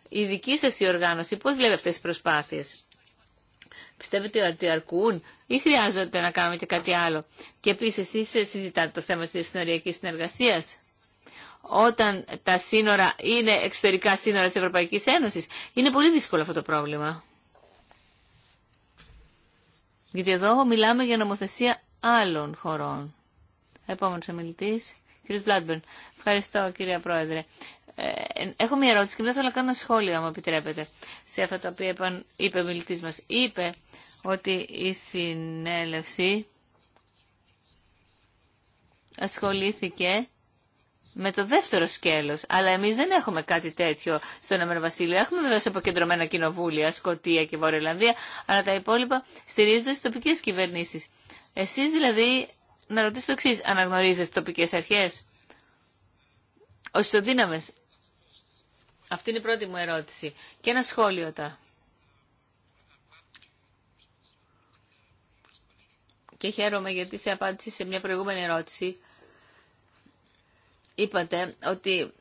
η δική σας η οργάνωση πώς βλέπετε αυτές τις προσπάθειες. Πιστεύετε ότι αρκούν ή χρειάζονται να κάνουμε κάτι άλλο. Και επίση εσείς συζητάτε το θέμα της συνοριακής συνεργασίας. Όταν τα σύνορα είναι εξωτερικά σύνορα της Ευρωπαϊκής Ένωσης. Είναι πολύ δύσκολο αυτό το πρόβλημα. Γιατί εδώ μιλάμε για νομοθεσία άλλων χωρών. Επόμενος ομιλητής, κύριος Μπλάντμπερν. Ευχαριστώ κύριε Πρόεδρε. Ε, έχω μια ερώτηση και δεν θέλω να κάνω σχόλια, αν μου επιτρέπετε, σε αυτά τα οποία είπε ο μιλητή μα. Είπε ότι η συνέλευση ασχολήθηκε με το δεύτερο σκέλος. Αλλά εμείς δεν έχουμε κάτι τέτοιο στο Ηνωμένο Βασίλειο. Έχουμε σε αποκεντρωμένα κοινοβούλια, Σκοτία και Ιρλανδία, αλλά τα υπόλοιπα στηρίζονται στις τοπικές κυβερνήσεις. Εσείς δηλαδή, να ρωτήσω το εξή, αναγνωρίζετε τις τοπικές αρχές, ως ισοδύναμες αυτή είναι η πρώτη μου ερώτηση. Και ένα σχόλιο τα. Και χαίρομαι γιατί σε απάντηση σε μια προηγούμενη ερώτηση είπατε ότι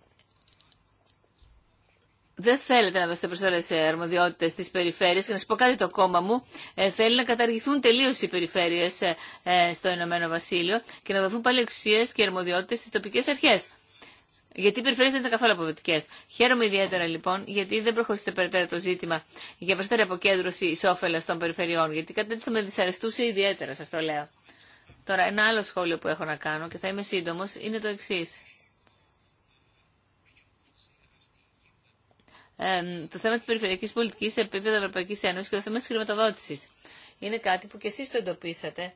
δεν θέλετε να δώσετε σε αρμοδιότητε στι περιφέρειε. Και να σα πω κάτι, το κόμμα μου ε, θέλει να καταργηθούν τελείω οι περιφέρειε ε, ε, στο Ηνωμένο Βασίλειο και να δοθούν πάλι εξουσίε και αρμοδιότητε στι τοπικέ αρχέ. Γιατί οι περιφέρειε δεν ήταν καθόλου αποδοτικέ. Χαίρομαι ιδιαίτερα λοιπόν γιατί δεν προχωρήσετε περαιτέρω το ζήτημα για περισσότερη αποκέντρωση ισόφελα των περιφερειών. Γιατί κάτι τέτοιο θα με δυσαρεστούσε ιδιαίτερα, σα το λέω. Τώρα, ένα άλλο σχόλιο που έχω να κάνω και θα είμαι σύντομο είναι το εξή. Ε, το θέμα τη περιφερειακή πολιτική σε επίπεδο Ευρωπαϊκή Ένωση και το θέμα τη χρηματοδότηση. Είναι κάτι που και εσεί το εντοπίσατε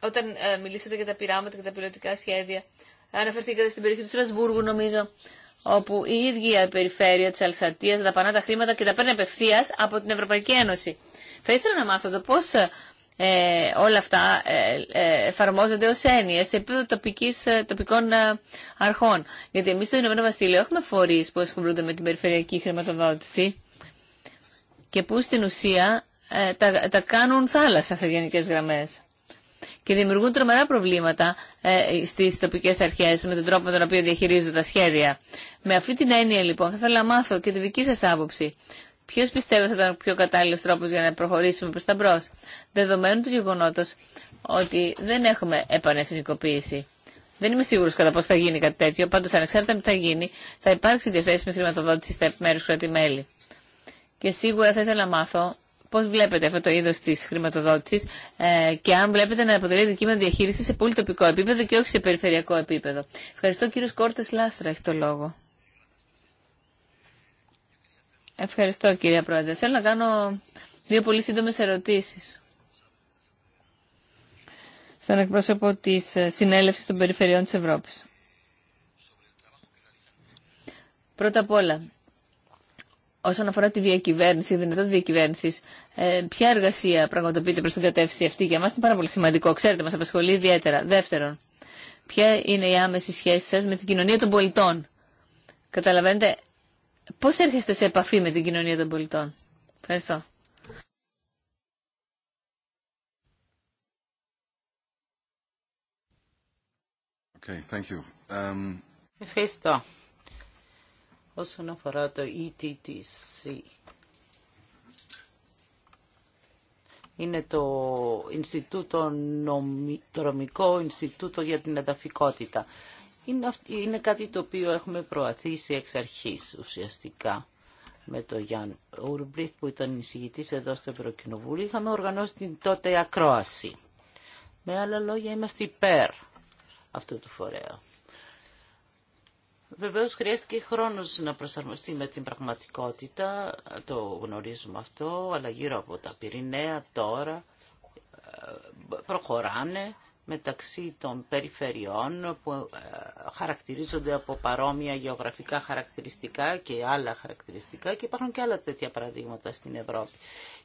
όταν ε, μιλήσατε για τα πειράματα και τα πιλωτικά σχέδια Αναφερθήκατε στην περιοχή του Στρασβούργου, νομίζω, όπου η ίδια περιφέρεια τη Αλσατία δαπανά τα χρήματα και τα παίρνει απευθεία από την Ευρωπαϊκή Ένωση. Θα ήθελα να μάθω το πώ ε, όλα αυτά ε, ε, εφαρμόζονται ως έννοιε σε επίπεδο τοπικής, ε, τοπικών αρχών. Γιατί εμείς στο Ηνωμένο Βασίλειο έχουμε φορείς που ασχολούνται με την περιφερειακή χρηματοδότηση και που στην ουσία τα, κάνουν θάλασσα σε γενικέ γραμμέ και δημιουργούν τρομερά προβλήματα ε, στι τοπικέ αρχέ με τον τρόπο με τον οποίο διαχειρίζονται τα σχέδια. Με αυτή την έννοια λοιπόν θα ήθελα να μάθω και τη δική σα άποψη. Ποιο πιστεύετε θα ήταν ο πιο κατάλληλο τρόπο για να προχωρήσουμε προ τα μπρο, δεδομένου του γεγονότο ότι δεν έχουμε επανεθνικοποίηση. Δεν είμαι σίγουρο κατά πώ θα γίνει κάτι τέτοιο, πάντω ανεξάρτητα με τι θα γίνει, θα υπάρξει διαθέσιμη χρηματοδότηση στα επιμέρου κράτη-μέλη. Και σίγουρα θα ήθελα να μάθω πώς βλέπετε αυτό το είδος της χρηματοδότησης ε, και αν βλέπετε να αποτελεί αντικείμενο διαχείριση σε πολύ τοπικό επίπεδο και όχι σε περιφερειακό επίπεδο. Ευχαριστώ κύριο Κόρτες Λάστρα, έχει το λόγο. Ευχαριστώ κυρία Πρόεδρε. Θέλω να κάνω δύο πολύ σύντομες ερωτήσεις. Στον εκπρόσωπο της ε, Συνέλευσης των Περιφερειών της Ευρώπης. Πρώτα απ' όλα, όσον αφορά τη διακυβέρνηση, δυνατότητα διακυβέρνηση, ε, ποια εργασία πραγματοποιείται προ την κατεύθυνση αυτή για μα είναι πάρα πολύ σημαντικό. Ξέρετε, μα απασχολεί ιδιαίτερα. Δεύτερον, ποια είναι η άμεση σχέση σα με την κοινωνία των πολιτών. Καταλαβαίνετε, πώ έρχεστε σε επαφή με την κοινωνία των πολιτών. Ευχαριστώ. Okay, thank you. Um... Ευχαριστώ όσον αφορά το ETTC. Είναι το Ινστιτούτο Νομικό Ινστιτούτο για την Εδαφικότητα. Είναι, κάτι το οποίο έχουμε προαθήσει εξ αρχής ουσιαστικά με τον Γιάνν Ουρμπριθ που ήταν εισηγητής εδώ στο Ευρωκοινοβούλιο. Είχαμε οργανώσει την τότε ακρόαση. Με άλλα λόγια είμαστε υπέρ αυτού του φορέα. Βεβαίως χρειάστηκε χρόνος να προσαρμοστεί με την πραγματικότητα, το γνωρίζουμε αυτό, αλλά γύρω από τα Πυρηναία τώρα ε, προχωράνε μεταξύ των περιφερειών που ε, χαρακτηρίζονται από παρόμοια γεωγραφικά χαρακτηριστικά και άλλα χαρακτηριστικά και υπάρχουν και άλλα τέτοια παραδείγματα στην Ευρώπη.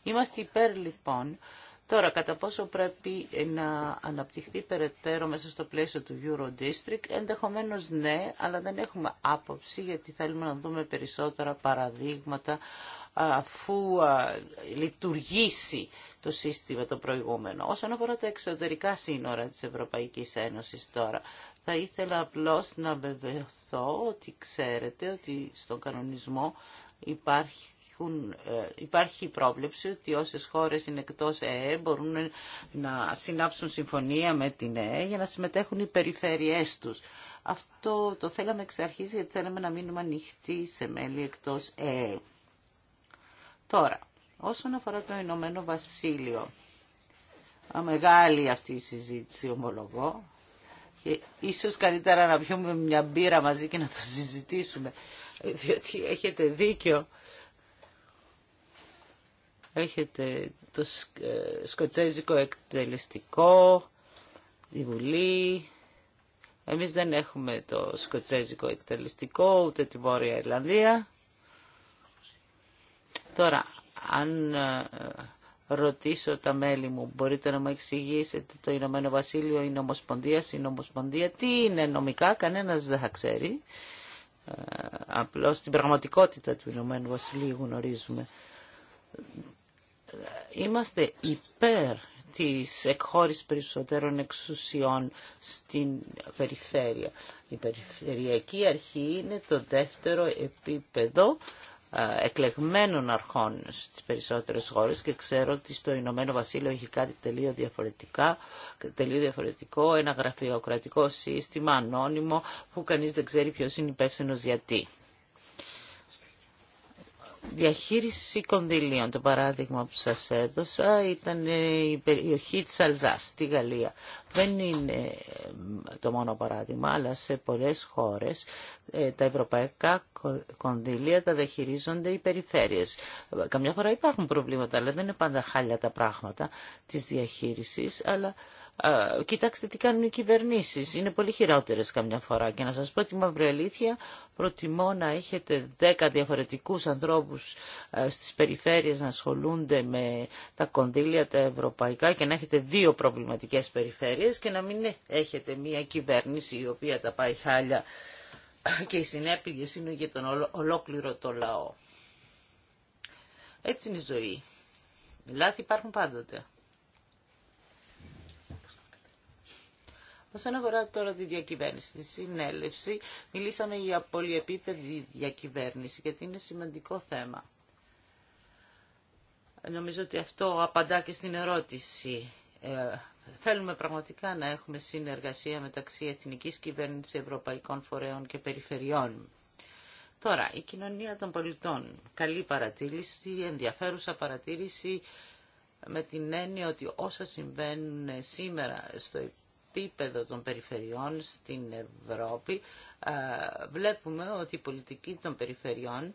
Είμαστε υπέρ λοιπόν Τώρα, κατά πόσο πρέπει να αναπτυχθεί περαιτέρω μέσα στο πλαίσιο του Euro District, ενδεχομένως ναι, αλλά δεν έχουμε άποψη γιατί θέλουμε να δούμε περισσότερα παραδείγματα αφού λειτουργήσει το σύστημα το προηγούμενο. Όσον αφορά τα εξωτερικά σύνορα της Ευρωπαϊκής Ένωσης τώρα, θα ήθελα απλώς να βεβαιωθώ ότι ξέρετε ότι στον κανονισμό υπάρχει ε, υπάρχει πρόβλεψη ότι όσες χώρες είναι εκτός ΕΕ μπορούν να συνάψουν συμφωνία με την ΕΕ για να συμμετέχουν οι περιφέρειές τους. Αυτό το θέλαμε εξ αρχής γιατί θέλαμε να μείνουμε ανοιχτοί σε μέλη εκτός ΕΕ. Τώρα, όσον αφορά το Ηνωμένο Βασίλειο, μεγάλη αυτή η συζήτηση ομολογώ και ίσως καλύτερα να πιούμε μια μπύρα μαζί και να το συζητήσουμε διότι έχετε δίκιο Έχετε το ε, σκοτσέζικο εκτελεστικό, τη Βουλή. Εμείς δεν έχουμε το σκοτσέζικο εκτελεστικό, ούτε τη Βόρεια Ιρλανδία. Τώρα, αν ε, ρωτήσω τα μέλη μου, μπορείτε να μου εξηγήσετε το Ηνωμένο Βασίλειο, η νομοσπονδία, η νομοσπονδία, τι είναι νομικά, κανένας δεν θα ξέρει. Ε, απλώς την πραγματικότητα του Ηνωμένου Βασιλείου γνωρίζουμε είμαστε υπέρ της εκχώρησης περισσότερων εξουσιών στην περιφέρεια. Η περιφερειακή αρχή είναι το δεύτερο επίπεδο εκλεγμένων αρχών στις περισσότερες χώρες και ξέρω ότι στο Ηνωμένο Βασίλειο έχει κάτι τελείως, διαφορετικά, τελείως διαφορετικό, ένα γραφειοκρατικό σύστημα ανώνυμο που κανείς δεν ξέρει ποιος είναι υπεύθυνο γιατί διαχείριση κονδυλίων. Το παράδειγμα που σας έδωσα ήταν η περιοχή της Αλζάς στη Γαλλία. Δεν είναι ε, το μόνο παράδειγμα, αλλά σε πολλές χώρες ε, τα ευρωπαϊκά κονδύλια τα διαχειρίζονται οι περιφέρειες. Καμιά φορά υπάρχουν προβλήματα, αλλά δεν είναι πάντα χάλια τα πράγματα της διαχείρισης, αλλά ε, κοιτάξτε τι κάνουν οι κυβερνήσεις. Είναι πολύ χειρότερες καμιά φορά. Και να σας πω τη μαύρη αλήθεια, προτιμώ να έχετε 10 διαφορετικούς ανθρώπους ε, στις περιφέρειες να ασχολούνται με τα κονδύλια τα ευρωπαϊκά και να έχετε δύο προβληματικές περιφέρειες και να μην ε, έχετε μία κυβέρνηση η οποία τα πάει χάλια και οι συνέπειε είναι για τον ολόκληρο το λαό. Έτσι είναι η ζωή. Λάθη υπάρχουν πάντοτε. Όσον αφορά τώρα τη διακυβέρνηση, τη συνέλευση, μιλήσαμε για πολυεπίπεδη διακυβέρνηση, γιατί είναι σημαντικό θέμα. Νομίζω ότι αυτό απαντά και στην ερώτηση. Ε, θέλουμε πραγματικά να έχουμε συνεργασία μεταξύ εθνικής κυβέρνησης, ευρωπαϊκών φορέων και περιφερειών. Τώρα, η κοινωνία των πολιτών. Καλή παρατήρηση, ενδιαφέρουσα παρατήρηση με την έννοια ότι όσα συμβαίνουν σήμερα στο επίπεδο των περιφερειών στην Ευρώπη βλέπουμε ότι οι πολιτικοί των περιφερειών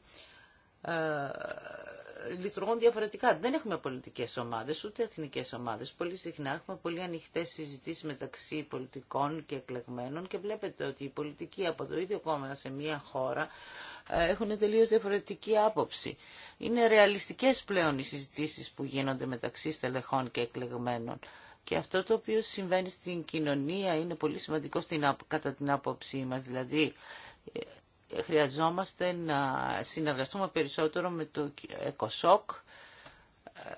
λειτουργούν διαφορετικά. Δεν έχουμε πολιτικές ομάδες, ούτε εθνικέ ομάδες. Πολύ συχνά έχουμε πολύ ανοιχτέ συζητήσεις μεταξύ πολιτικών και εκλεγμένων και βλέπετε ότι οι πολιτικοί από το ίδιο κόμμα σε μια χώρα έχουν τελείω διαφορετική άποψη. Είναι ρεαλιστικές πλέον οι συζητήσεις που γίνονται μεταξύ στελεχών και εκλεγμένων. Και αυτό το οποίο συμβαίνει στην κοινωνία είναι πολύ σημαντικό στην, κατά την άποψή μας. Δηλαδή, ε, χρειαζόμαστε να συνεργαστούμε περισσότερο με το ΕΚΟΣΟΚ. Ε,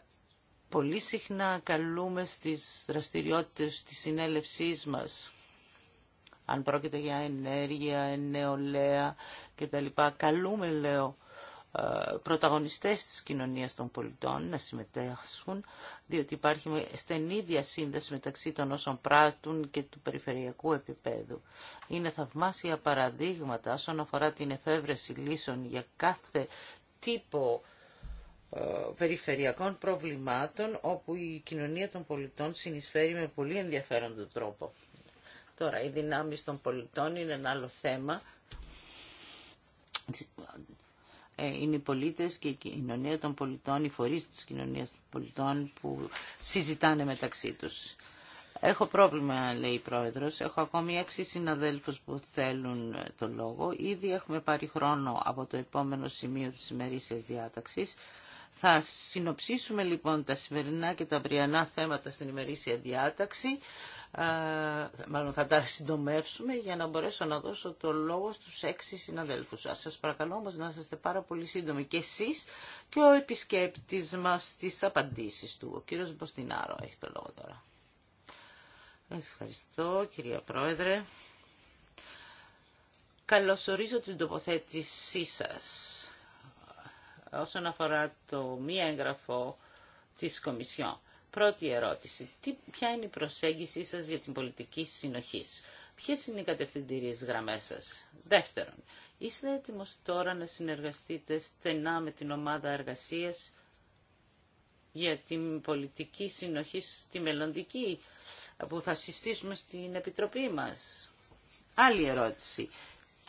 πολύ συχνά καλούμε στις δραστηριότητες της συνέλευσής μας, αν πρόκειται για ενέργεια, νεολαία κτλ. Καλούμε, λέω, ε, πρωταγωνιστές της κοινωνίας των πολιτών να συμμετέχουν, διότι υπάρχει στενή διασύνδεση μεταξύ των όσων πράττουν και του περιφερειακού επίπεδου. Είναι θαυμάσια παραδείγματα όσον αφορά την εφεύρεση λύσεων για κάθε τύπο ε, περιφερειακών προβλημάτων όπου η κοινωνία των πολιτών συνεισφέρει με πολύ ενδιαφέροντο τρόπο. Τώρα, οι δυνάμεις των πολιτών είναι ένα άλλο θέμα ε, είναι οι πολίτες και η κοινωνία των πολιτών, οι φορείς της κοινωνίας των πολιτών που συζητάνε μεταξύ τους. Έχω πρόβλημα, λέει η Πρόεδρος. Έχω ακόμη έξι συναδέλφους που θέλουν ε, το λόγο. Ήδη έχουμε πάρει χρόνο από το επόμενο σημείο της ημερήσιας διάταξης. Θα συνοψίσουμε λοιπόν τα σημερινά και τα αυριανά θέματα στην ημερήσια διάταξη μάλλον θα τα συντομεύσουμε για να μπορέσω να δώσω το λόγο στους έξι συναδέλφους σας. Σας παρακαλώ όμως να είστε πάρα πολύ σύντομοι και εσείς και ο επισκέπτης μας στις απαντήσεις του. Ο κύριος Μποστινάρο έχει το λόγο τώρα. Ευχαριστώ κυρία Πρόεδρε. Καλωσορίζω την τοποθέτησή σας όσον αφορά το μη έγγραφο της Κομισιόν. Πρώτη ερώτηση. Τι, ποια είναι η προσέγγιση σας για την πολιτική συνοχής. Ποιες είναι οι κατευθυντήριες γραμμές σας. Δεύτερον, είστε έτοιμος τώρα να συνεργαστείτε στενά με την ομάδα εργασίας για την πολιτική συνοχή στη μελλοντική που θα συστήσουμε στην Επιτροπή μας. Άλλη ερώτηση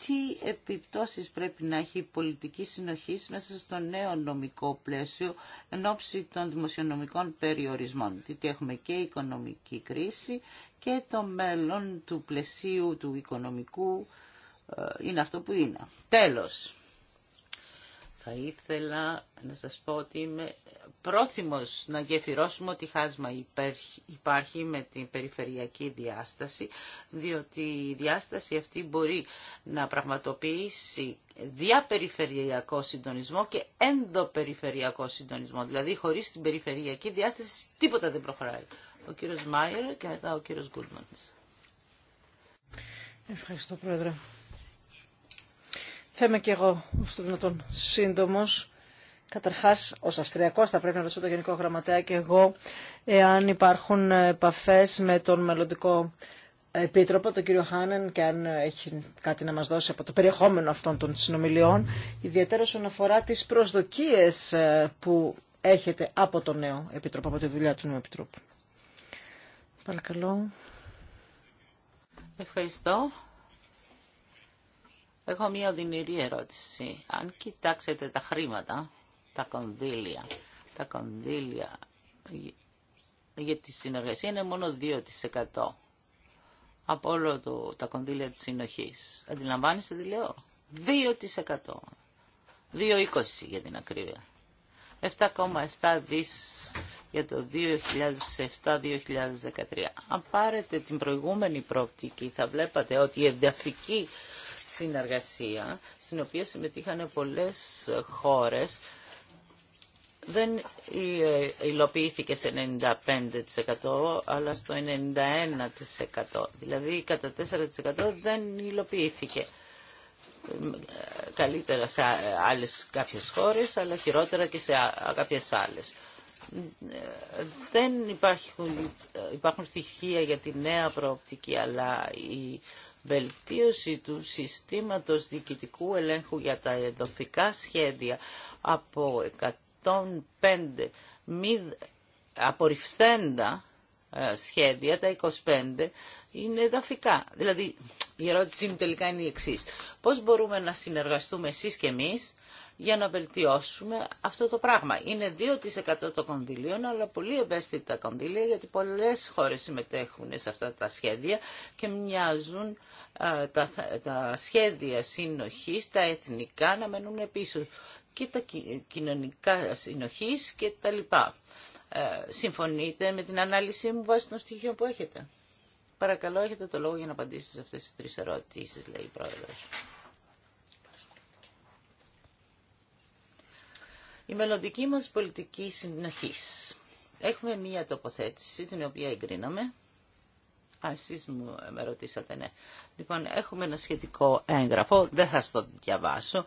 τι επιπτώσεις πρέπει να έχει η πολιτική συνοχή μέσα στο νέο νομικό πλαίσιο εν ώψη των δημοσιονομικών περιορισμών. Τι έχουμε και οικονομική κρίση και το μέλλον του πλαισίου του οικονομικού ε, είναι αυτό που είναι. Τέλος. Θα ήθελα να σας πω ότι είμαι πρόθυμος να γεφυρώσουμε ότι χάσμα υπάρχει με την περιφερειακή διάσταση, διότι η διάσταση αυτή μπορεί να πραγματοποιήσει διαπεριφερειακό συντονισμό και ενδοπεριφερειακό συντονισμό. Δηλαδή χωρίς την περιφερειακή διάσταση τίποτα δεν προχωράει. Ο κύριος Μάιερ και μετά ο κύριος Γκούλμαντς. Ευχαριστώ Πρόεδρε. Θα είμαι και εγώ στο δυνατόν σύντομο. Καταρχά, ω Αυστριακό, θα πρέπει να ρωτήσω το Γενικό Γραμματέα και εγώ εάν υπάρχουν επαφέ με τον μελλοντικό επίτροπο, τον κύριο Χάνεν, και αν έχει κάτι να μα δώσει από το περιεχόμενο αυτών των συνομιλιών, ιδιαίτερα όσον αφορά τι προσδοκίε ε, που έχετε από τον νέο επίτροπο, από τη δουλειά του νέου επιτρόπου. Παρακαλώ. Ευχαριστώ. Έχω μια οδυνηρή ερώτηση. Αν κοιτάξετε τα χρήματα, τα κονδύλια, τα κονδύλια για τη συνεργασία είναι μόνο 2% από όλο το, τα κονδύλια της συνοχής. Αντιλαμβάνεστε τι λέω. 2%. 2,20 για την ακρίβεια. 7,7 δις για το 2007-2013. Αν πάρετε την προηγούμενη πρόπτικη θα βλέπατε ότι η εδαφική συνεργασία στην οποία συμμετείχαν πολλές χώρες δεν ε, υλοποιήθηκε σε 95% αλλά στο 91%. Δηλαδή κατά 4% δεν υλοποιήθηκε. Καλύτερα σε άλλες κάποιες χώρες αλλά χειρότερα και σε κάποιες άλλες. Δεν υπάρχουν, ε, υπάρχουν στοιχεία για τη νέα προοπτική αλλά η βελτίωση του συστήματος διοικητικού ελέγχου για τα εδαφικά σχέδια από 105 μη απορριφθέντα ε, σχέδια, τα 25, είναι εδαφικά. Δηλαδή, η ερώτησή μου τελικά είναι η εξής. Πώς μπορούμε να συνεργαστούμε εσείς και εμείς για να βελτιώσουμε αυτό το πράγμα. Είναι 2% των κονδυλίων, αλλά πολύ ευαίσθητα κονδύλια, γιατί πολλές χώρες συμμετέχουν σε αυτά τα σχέδια και μοιάζουν τα, τα σχέδια συνοχής, τα εθνικά, να μένουν πίσω και τα κοινωνικά συνοχής και τα λοιπά. Ε, συμφωνείτε με την ανάλυση μου βάσει των στοιχείων που έχετε. Παρακαλώ, έχετε το λόγο για να απαντήσετε σε αυτές τις τρεις ερωτήσεις, λέει η Πρόεδρος. Η μελλοντική μας πολιτική συνοχής. Έχουμε μία τοποθέτηση την οποία εγκρίναμε. Α, εσείς μου ε, με ρωτήσατε, ναι. Λοιπόν, έχουμε ένα σχετικό έγγραφο, δεν θα στο διαβάσω.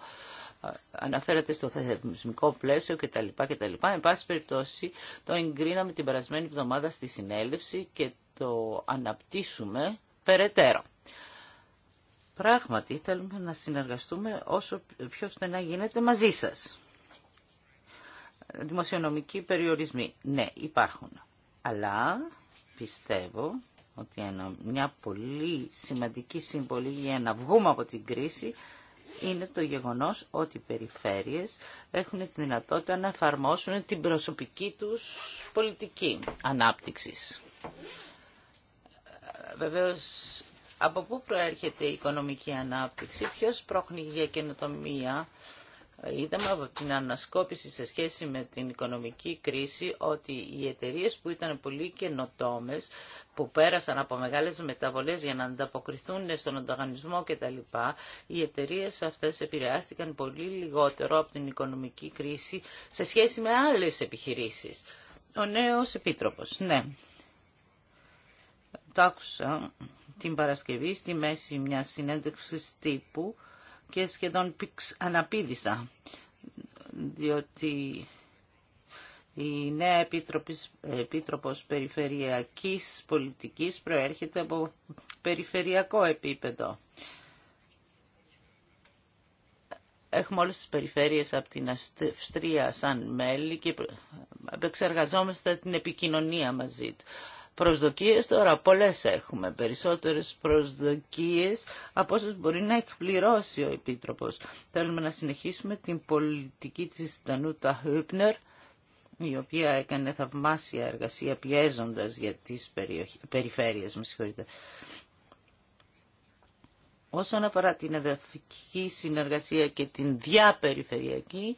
Αναφέρεται στο θεσμικό πλαίσιο κτλ. κτλ. Εν πάση περιπτώσει, το εγκρίναμε την περασμένη εβδομάδα στη συνέλευση και το αναπτύσσουμε περαιτέρω. Πράγματι, θέλουμε να συνεργαστούμε όσο πιο στενά γίνεται μαζί σας δημοσιονομικοί περιορισμοί. Ναι, υπάρχουν. Αλλά πιστεύω ότι μια πολύ σημαντική συμβολή για να βγούμε από την κρίση είναι το γεγονός ότι οι περιφέρειες έχουν τη δυνατότητα να εφαρμόσουν την προσωπική τους πολιτική ανάπτυξης. Βεβαίως, από πού προέρχεται η οικονομική ανάπτυξη, ποιος πρόχνει για καινοτομία, είδαμε από την ανασκόπηση σε σχέση με την οικονομική κρίση ότι οι εταιρείε που ήταν πολύ καινοτόμε, που πέρασαν από μεγάλε μεταβολές για να ανταποκριθούν στον ανταγωνισμό κτλ. Οι εταιρείε αυτές επηρεάστηκαν πολύ λιγότερο από την οικονομική κρίση σε σχέση με άλλες επιχειρήσεις. Ο νέο επίτροπο. ναι. Το άκουσα την Παρασκευή στη μέση μια συνέντευξη τύπου και σχεδόν αναπήδησα, διότι η νέα Επίτροπης, Επίτροπος Περιφερειακής Πολιτικής προέρχεται από περιφερειακό επίπεδο. Έχουμε όλες τις περιφέρειες από την Αυστρία σαν μέλη και επεξεργαζόμαστε την επικοινωνία μαζί του προσδοκίες τώρα πολλές έχουμε, περισσότερες προσδοκίες από όσες μπορεί να εκπληρώσει ο Επίτροπος. Θέλουμε να συνεχίσουμε την πολιτική της Τανούτα Χούπνερ, η οποία έκανε θαυμάσια εργασία πιέζοντας για τις περιοχές, περιφέρειες, με Όσον αφορά την εδαφική συνεργασία και την διαπεριφερειακή,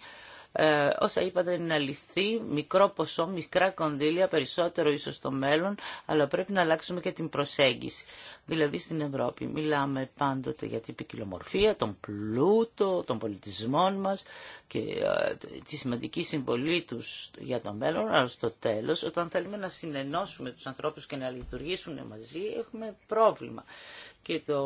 ε, όσα είπατε δεν είναι αληθή, μικρό ποσό, μικρά κονδύλια, περισσότερο ίσως στο μέλλον, αλλά πρέπει να αλλάξουμε και την προσέγγιση. Δηλαδή στην Ευρώπη μιλάμε πάντοτε για την ποικιλομορφία, τον πλούτο, των πολιτισμών μας και ε, τη σημαντική συμβολή του για το μέλλον, αλλά στο τέλος όταν θέλουμε να συνενώσουμε τους ανθρώπους και να λειτουργήσουν μαζί έχουμε πρόβλημα. Και το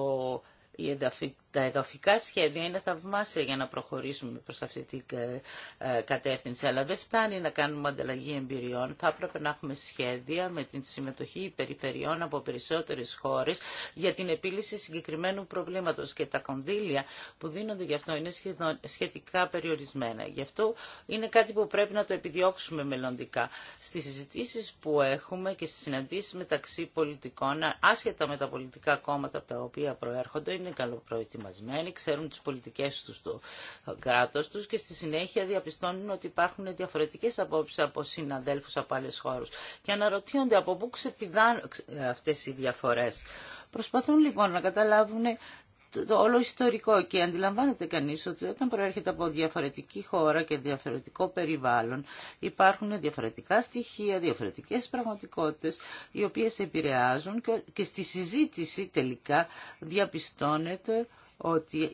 τα εδαφικά σχέδια είναι θαυμάσια για να προχωρήσουμε προς αυτή την ε, ε, κατεύθυνση, αλλά δεν φτάνει να κάνουμε ανταλλαγή εμπειριών. Θα έπρεπε να έχουμε σχέδια με την συμμετοχή περιφερειών από περισσότερες χώρες για την επίλυση συγκεκριμένου προβλήματος και τα κονδύλια που δίνονται γι' αυτό είναι σχεδόν, σχετικά περιορισμένα. Γι' αυτό είναι κάτι που πρέπει να το επιδιώξουμε μελλοντικά. Στις συζητήσεις που έχουμε και στις συναντήσεις μεταξύ πολιτικών, άσχετα με τα πολιτικά κόμματα από τα οποία προέρχονται, είναι καλοπροετοιμασμένοι, ξέρουν τις πολιτικές τους στο κράτος τους και στη συνέχεια διαπιστώνουν ότι υπάρχουν διαφορετικές απόψεις από συναδέλφους από άλλες χώρες και αναρωτιούνται από πού ξεπηδάνουν αυτές οι διαφορές. Προσπαθούν λοιπόν να καταλάβουν το όλο ιστορικό και αντιλαμβάνεται κανείς ότι όταν προέρχεται από διαφορετική χώρα και διαφορετικό περιβάλλον υπάρχουν διαφορετικά στοιχεία, διαφορετικές πραγματικότητες οι οποίες επηρεάζουν και στη συζήτηση τελικά διαπιστώνεται ότι ε,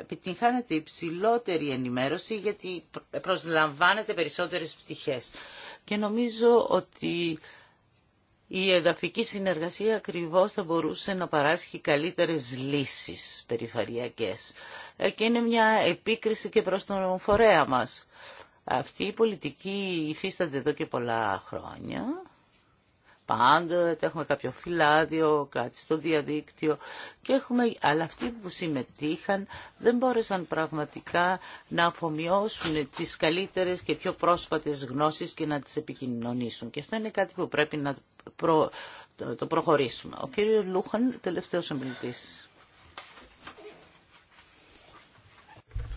επιτυγχάνεται υψηλότερη ενημέρωση γιατί προσλαμβάνεται περισσότερες πτυχές. Και νομίζω ότι η εδαφική συνεργασία ακριβώς θα μπορούσε να παράσχει καλύτερες λύσεις περιφερειακές. Ε, και είναι μια επίκριση και προς τον φορέα μας. Αυτή η πολιτική υφίσταται εδώ και πολλά χρόνια. Πάντοτε έχουμε κάποιο φυλάδιο, κάτι στο διαδίκτυο και έχουμε, αλλά αυτοί που συμμετείχαν δεν μπόρεσαν πραγματικά να αφομοιώσουν τις καλύτερες και πιο πρόσφατες γνώσεις και να τις επικοινωνήσουν. Και αυτό είναι κάτι που πρέπει να προ, το, προχωρήσουμε. Ο κύριος Λούχαν, τελευταίος ομιλητής.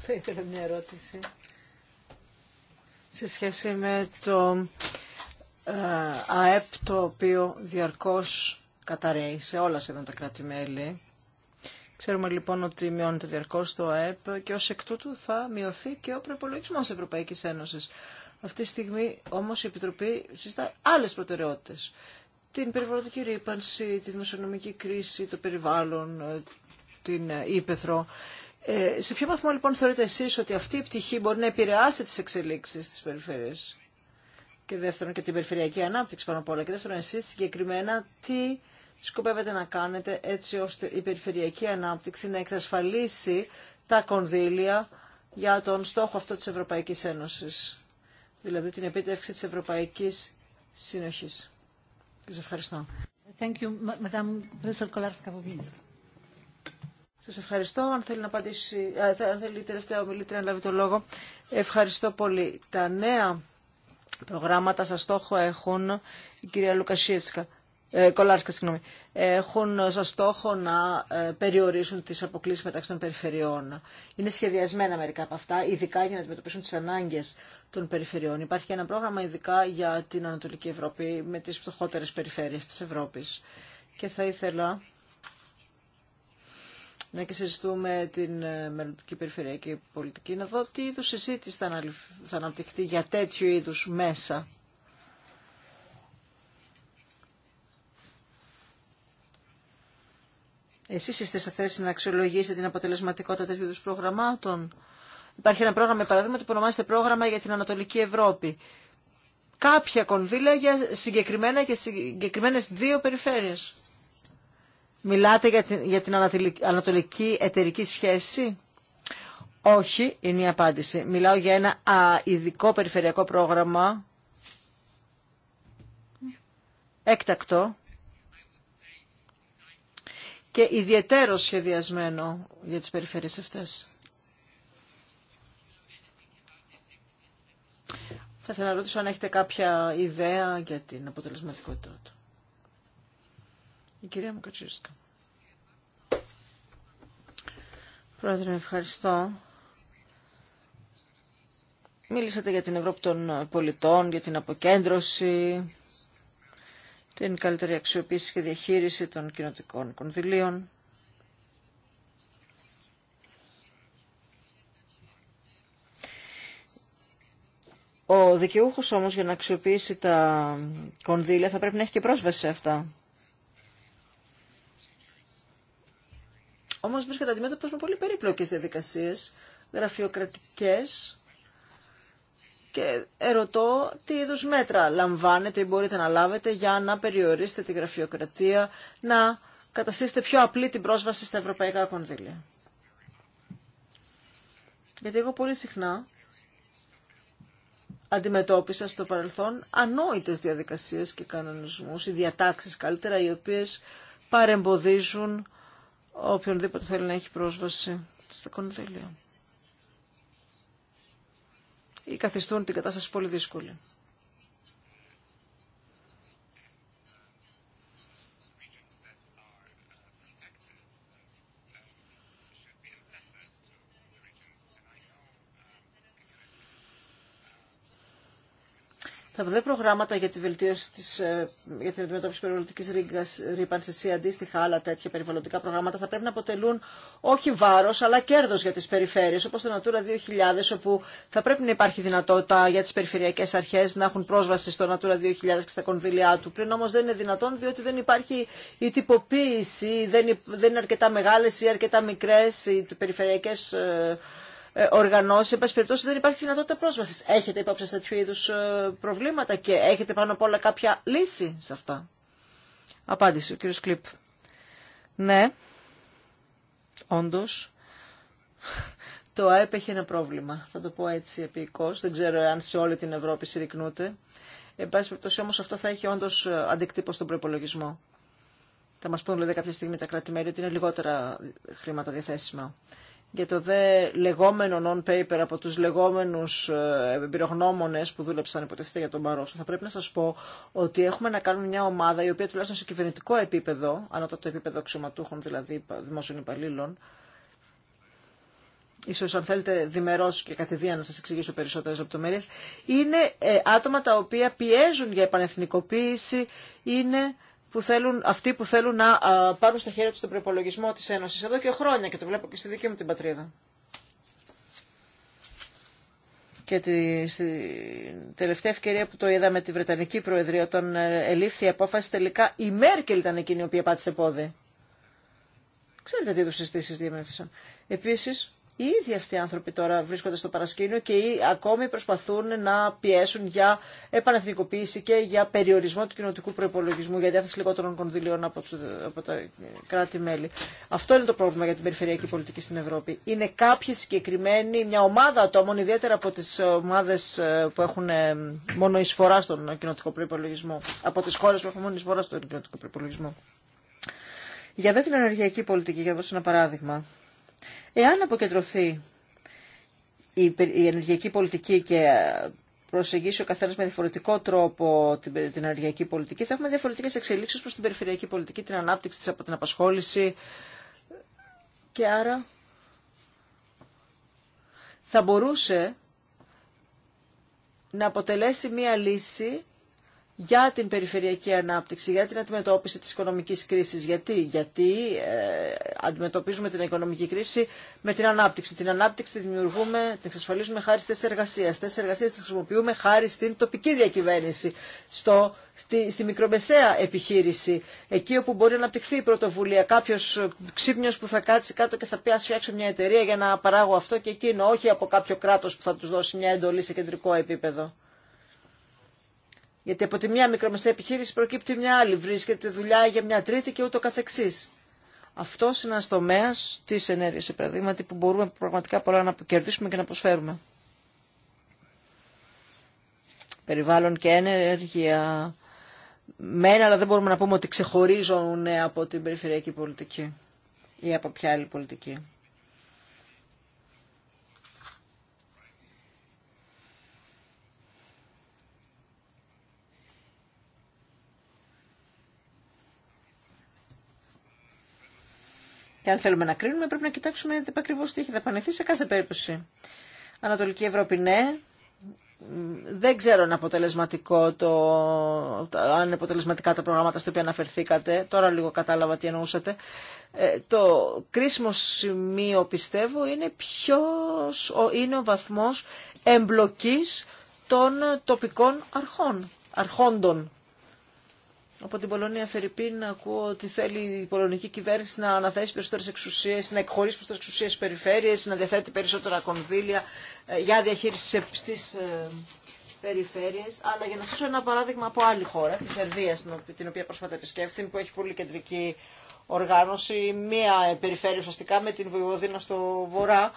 Θα ήθελα μια ερώτηση σε σχέση με το ε, ΑΕΠ το οποίο διαρκώς καταραίει σε όλα σχεδόν τα κράτη-μέλη. Ξέρουμε λοιπόν ότι μειώνεται διαρκώς το ΑΕΠ και ως εκ τούτου θα μειωθεί και ο προπολογισμό της Ευρωπαϊκής Ένωσης. Αυτή τη στιγμή όμως η Επιτροπή συζητά άλλες προτεραιότητες. Την περιβαλλοντική ρήπανση, τη δημοσιονομική κρίση, το περιβάλλον, την ε, ύπεθρο. Ε, σε ποιο βαθμό λοιπόν θεωρείτε εσείς ότι αυτή η πτυχή μπορεί να επηρεάσει τις εξελίξεις της περιφέρειας και δεύτερον και την περιφερειακή ανάπτυξη πάνω απ' όλα και δεύτερον εσείς συγκεκριμένα τι σκοπεύετε να κάνετε έτσι ώστε η περιφερειακή ανάπτυξη να εξασφαλίσει τα κονδύλια για τον στόχο αυτό της Ευρωπαϊκής Ένωσης δηλαδή την επίτευξη της Ευρωπαϊκής Συνοχής. Σας ευχαριστώ. Thank you, Madame Σας ευχαριστώ. Αν θέλει να απαντήσει, ε, αν θέλει η τελευταία ομιλήτρια να λάβει το λόγο. Ευχαριστώ πολύ. Τα νέα προγράμματα σας στόχο έχουν η κυρία Λουκασίετσκα ε, κολάρσκα, συγγνώμη, έχουν σαν στόχο να ε, περιορίσουν τις αποκλήσεις μεταξύ των περιφερειών. Είναι σχεδιασμένα μερικά από αυτά, ειδικά για να αντιμετωπίσουν τις ανάγκες των περιφερειών. Υπάρχει και ένα πρόγραμμα ειδικά για την Ανατολική Ευρώπη με τις φτωχότερες περιφέρειες της Ευρώπης. Και θα ήθελα να και συζητούμε την ε, μελλοντική περιφερειακή πολιτική, να δω τι είδου συζήτηση θα αναπτυχθεί για τέτοιου είδους μέσα Εσείς είστε σε θέση να αξιολογήσετε την αποτελεσματικότητα τέτοιου είδους προγραμμάτων. Υπάρχει ένα πρόγραμμα, παράδειγμα, που ονομάζεται Πρόγραμμα για την Ανατολική Ευρώπη. Κάποια κονδύλια για συγκεκριμένα και συγκεκριμένες δύο περιφέρειες. Μιλάτε για την, για την ανατολική εταιρική σχέση. Όχι, είναι η απάντηση. Μιλάω για ένα ειδικό περιφερειακό πρόγραμμα έκτακτο και ιδιαίτερο σχεδιασμένο για τις περιφέρειες αυτές. Θα ήθελα να ρωτήσω αν έχετε κάποια ιδέα για την αποτελεσματικότητά του. Η κυρία Μουκατσίρσκα. Πρόεδρε, ευχαριστώ. Μίλησατε για την Ευρώπη των πολιτών, για την αποκέντρωση, την καλύτερη αξιοποίηση και διαχείριση των κοινοτικών κονδυλίων, Ο δικαιούχος όμως για να αξιοποιήσει τα κονδύλια θα πρέπει να έχει και πρόσβαση σε αυτά. Όμως βρίσκεται αντιμέτωπος με πολύ περίπλοκες διαδικασίες, γραφειοκρατικές, και ερωτώ τι είδου μέτρα λαμβάνετε ή μπορείτε να λάβετε για να περιορίσετε τη γραφειοκρατία, να καταστήσετε πιο απλή την πρόσβαση στα ευρωπαϊκά κονδύλια. Γιατί εγώ πολύ συχνά αντιμετώπισα στο παρελθόν ανόητες διαδικασίες και κανονισμούς ή διατάξεις καλύτερα οι οποίες παρεμποδίζουν οποιονδήποτε θέλει να έχει πρόσβαση στα κονδύλια ή καθιστούν την κατάσταση πολύ δύσκολη. Τα δε προγράμματα για τη βελτίωση της, ε, για την αντιμετώπιση περιβαλλοντικής ρήπανση ή αντίστοιχα άλλα τέτοια περιβαλλοντικά προγράμματα θα πρέπει να αποτελούν όχι βάρος αλλά κέρδος για τις περιφέρειες όπως το Natura 2000 όπου θα πρέπει να υπάρχει δυνατότητα για τις περιφερειακές αρχές να έχουν πρόσβαση στο Natura 2000 και στα κονδύλια του. πριν όμως δεν είναι δυνατόν διότι δεν υπάρχει η τυποποίηση, δεν είναι αρκετά μεγάλες ή αρκετά μικρές οι περιφερειακές ε, ε, οργανώσει, εν πάση περιπτώσει δεν υπάρχει δυνατότητα πρόσβαση. Έχετε υπόψη τέτοιου είδου ε, προβλήματα και έχετε πάνω απ' όλα κάποια λύση σε αυτά. Απάντηση ο κύριο Κλειπ. Ναι, Όντω, το ΑΕΠ έχει ένα πρόβλημα. Θα το πω έτσι οικό, Δεν ξέρω αν σε όλη την Ευρώπη συρρυκνούται. Εν πάση περιπτώσει όμω αυτό θα έχει όντω ε, αντικτύπωση στον προπολογισμό. Θα μα πούν δηλαδή κάποια στιγμή τα κρατη ότι είναι λιγότερα χρήματα διαθέσιμα για το δε λεγόμενο non-paper από τους λεγόμενους ε, εμπειρογνώμονες που δούλεψαν υποτίθεται για τον Παρόσο. Θα πρέπει να σας πω ότι έχουμε να κάνουμε μια ομάδα η οποία τουλάχιστον σε κυβερνητικό επίπεδο, ανώτατο επίπεδο αξιωματούχων δηλαδή δημόσιων υπαλλήλων, ίσως αν θέλετε διμερός και κατηδία να σας εξηγήσω περισσότερες λεπτομέρειες, είναι ε, άτομα τα οποία πιέζουν για επανεθνικοποίηση, είναι που θέλουν, αυτοί που θέλουν να πάρουν στα χέρια τους τον προπολογισμό της Ένωσης εδώ και χρόνια και το βλέπω και στη δική μου την πατρίδα. Και τη, τελευταία ευκαιρία που το με τη Βρετανική Προεδρία όταν ε, ελήφθη η απόφαση τελικά η Μέρκελ ήταν εκείνη η οποία πάτησε πόδι. Ξέρετε τι είδους συστήσεις διαμέρισαν. Επίσης, οι ίδιοι αυτοί οι άνθρωποι τώρα βρίσκονται στο παρασκήνιο και ακόμη προσπαθούν να πιέσουν για επαναθνικοποίηση και για περιορισμό του κοινοτικού προπολογισμού, για διάθεση λιγότερων κονδυλίων από τα κράτη-μέλη. Αυτό είναι το πρόβλημα για την περιφερειακή πολιτική στην Ευρώπη. Είναι κάποιοι συγκεκριμένοι, μια ομάδα ατόμων, ιδιαίτερα από τι ομάδε ε, ε, που έχουν μόνο εισφορά στον κοινοτικό προπολογισμό, από τι χώρε που έχουν μόνο εισφορά στον κοινοτικό προπολογισμό. Για δε την ενεργειακή πολιτική, για να δώσω ένα παράδειγμα. Εάν αποκεντρωθεί η ενεργειακή πολιτική και προσεγγίσει ο καθένα με διαφορετικό τρόπο την ενεργειακή πολιτική, θα έχουμε διαφορετικέ εξελίξει προ την περιφερειακή πολιτική, την ανάπτυξη τη από την απασχόληση. Και άρα θα μπορούσε να αποτελέσει μία λύση για την περιφερειακή ανάπτυξη, για την αντιμετώπιση της οικονομικής κρίσης. Γιατί, Γιατί ε, αντιμετωπίζουμε την οικονομική κρίση με την ανάπτυξη. Την ανάπτυξη τη δημιουργούμε, την εξασφαλίζουμε χάρη στις εργασίες. Στις εργασίες τις χρησιμοποιούμε χάρη στην τοπική διακυβέρνηση, στο, στη, μικρομεσαία επιχείρηση. Εκεί όπου μπορεί να αναπτυχθεί η πρωτοβουλία. Κάποιο ξύπνιος που θα κάτσει κάτω και θα πει ας φτιάξω μια εταιρεία για να παράγω αυτό και εκείνο. Όχι από κάποιο κράτος που θα τους δώσει μια εντολή σε κεντρικό επίπεδο. Γιατί από τη μια μικρομεσαία επιχείρηση προκύπτει μια άλλη, βρίσκεται δουλειά για μια τρίτη και ούτω καθεξής. Αυτό είναι ένα τομέα τη ενέργεια, σε παραδείγματι, που μπορούμε πραγματικά πολλά να κερδίσουμε και να προσφέρουμε. Περιβάλλον και ενέργεια. Μένα, αλλά δεν μπορούμε να πούμε ότι ξεχωρίζουν από την περιφερειακή πολιτική ή από ποια άλλη πολιτική. Και αν θέλουμε να κρίνουμε, πρέπει να κοιτάξουμε ακριβώ τι έχει δαπανηθεί σε κάθε περίπτωση. Ανατολική Ευρώπη, ναι. Δεν ξέρω αν, αποτελεσματικό το, αν είναι αποτελεσματικά τα προγράμματα στα οποία αναφερθήκατε. Τώρα λίγο κατάλαβα τι εννοούσατε. Ε, το κρίσιμο σημείο, πιστεύω, είναι ποιος είναι ο βαθμός εμπλοκής των τοπικών αρχών, αρχόντων από την Πολωνία Φερρυπίν ακούω ότι θέλει η πολωνική κυβέρνηση να αναθέσει περισσότερε εξουσίε, να εκχωρήσει περισσότερες εξουσίες περιφέρειες, να διαθέτει περισσότερα κονδύλια ε, για διαχείριση στις ε, περιφέρειε, Αλλά για να σα δώσω ένα παράδειγμα από άλλη χώρα, τη Σερβία, την οποία πρόσφατα επισκέφθη, που έχει πολύ κεντρική οργάνωση, μία ε, περιφέρεια ουσιαστικά με την Βοηγοδίνα στο βορρά,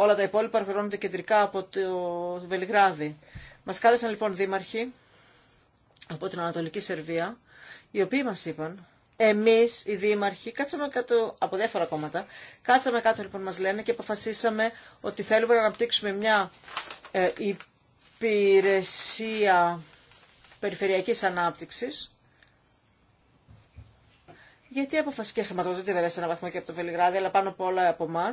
όλα τα υπόλοιπα εργαζόμενται κεντρικά από το Βελιγράδι. Μα κάλεσαν λοιπόν δήμαρχοι από την Ανατολική Σερβία, οι οποίοι μας είπαν, εμείς οι δήμαρχοι, κάτσαμε κάτω, από διάφορα κόμματα, κάτσαμε κάτω λοιπόν μας λένε και αποφασίσαμε ότι θέλουμε να αναπτύξουμε μια ε, υπηρεσία περιφερειακής ανάπτυξης, γιατί η απόφαση και βέβαια σε ένα βαθμό και από το Βελιγράδι, αλλά πάνω απ' όλα από εμά.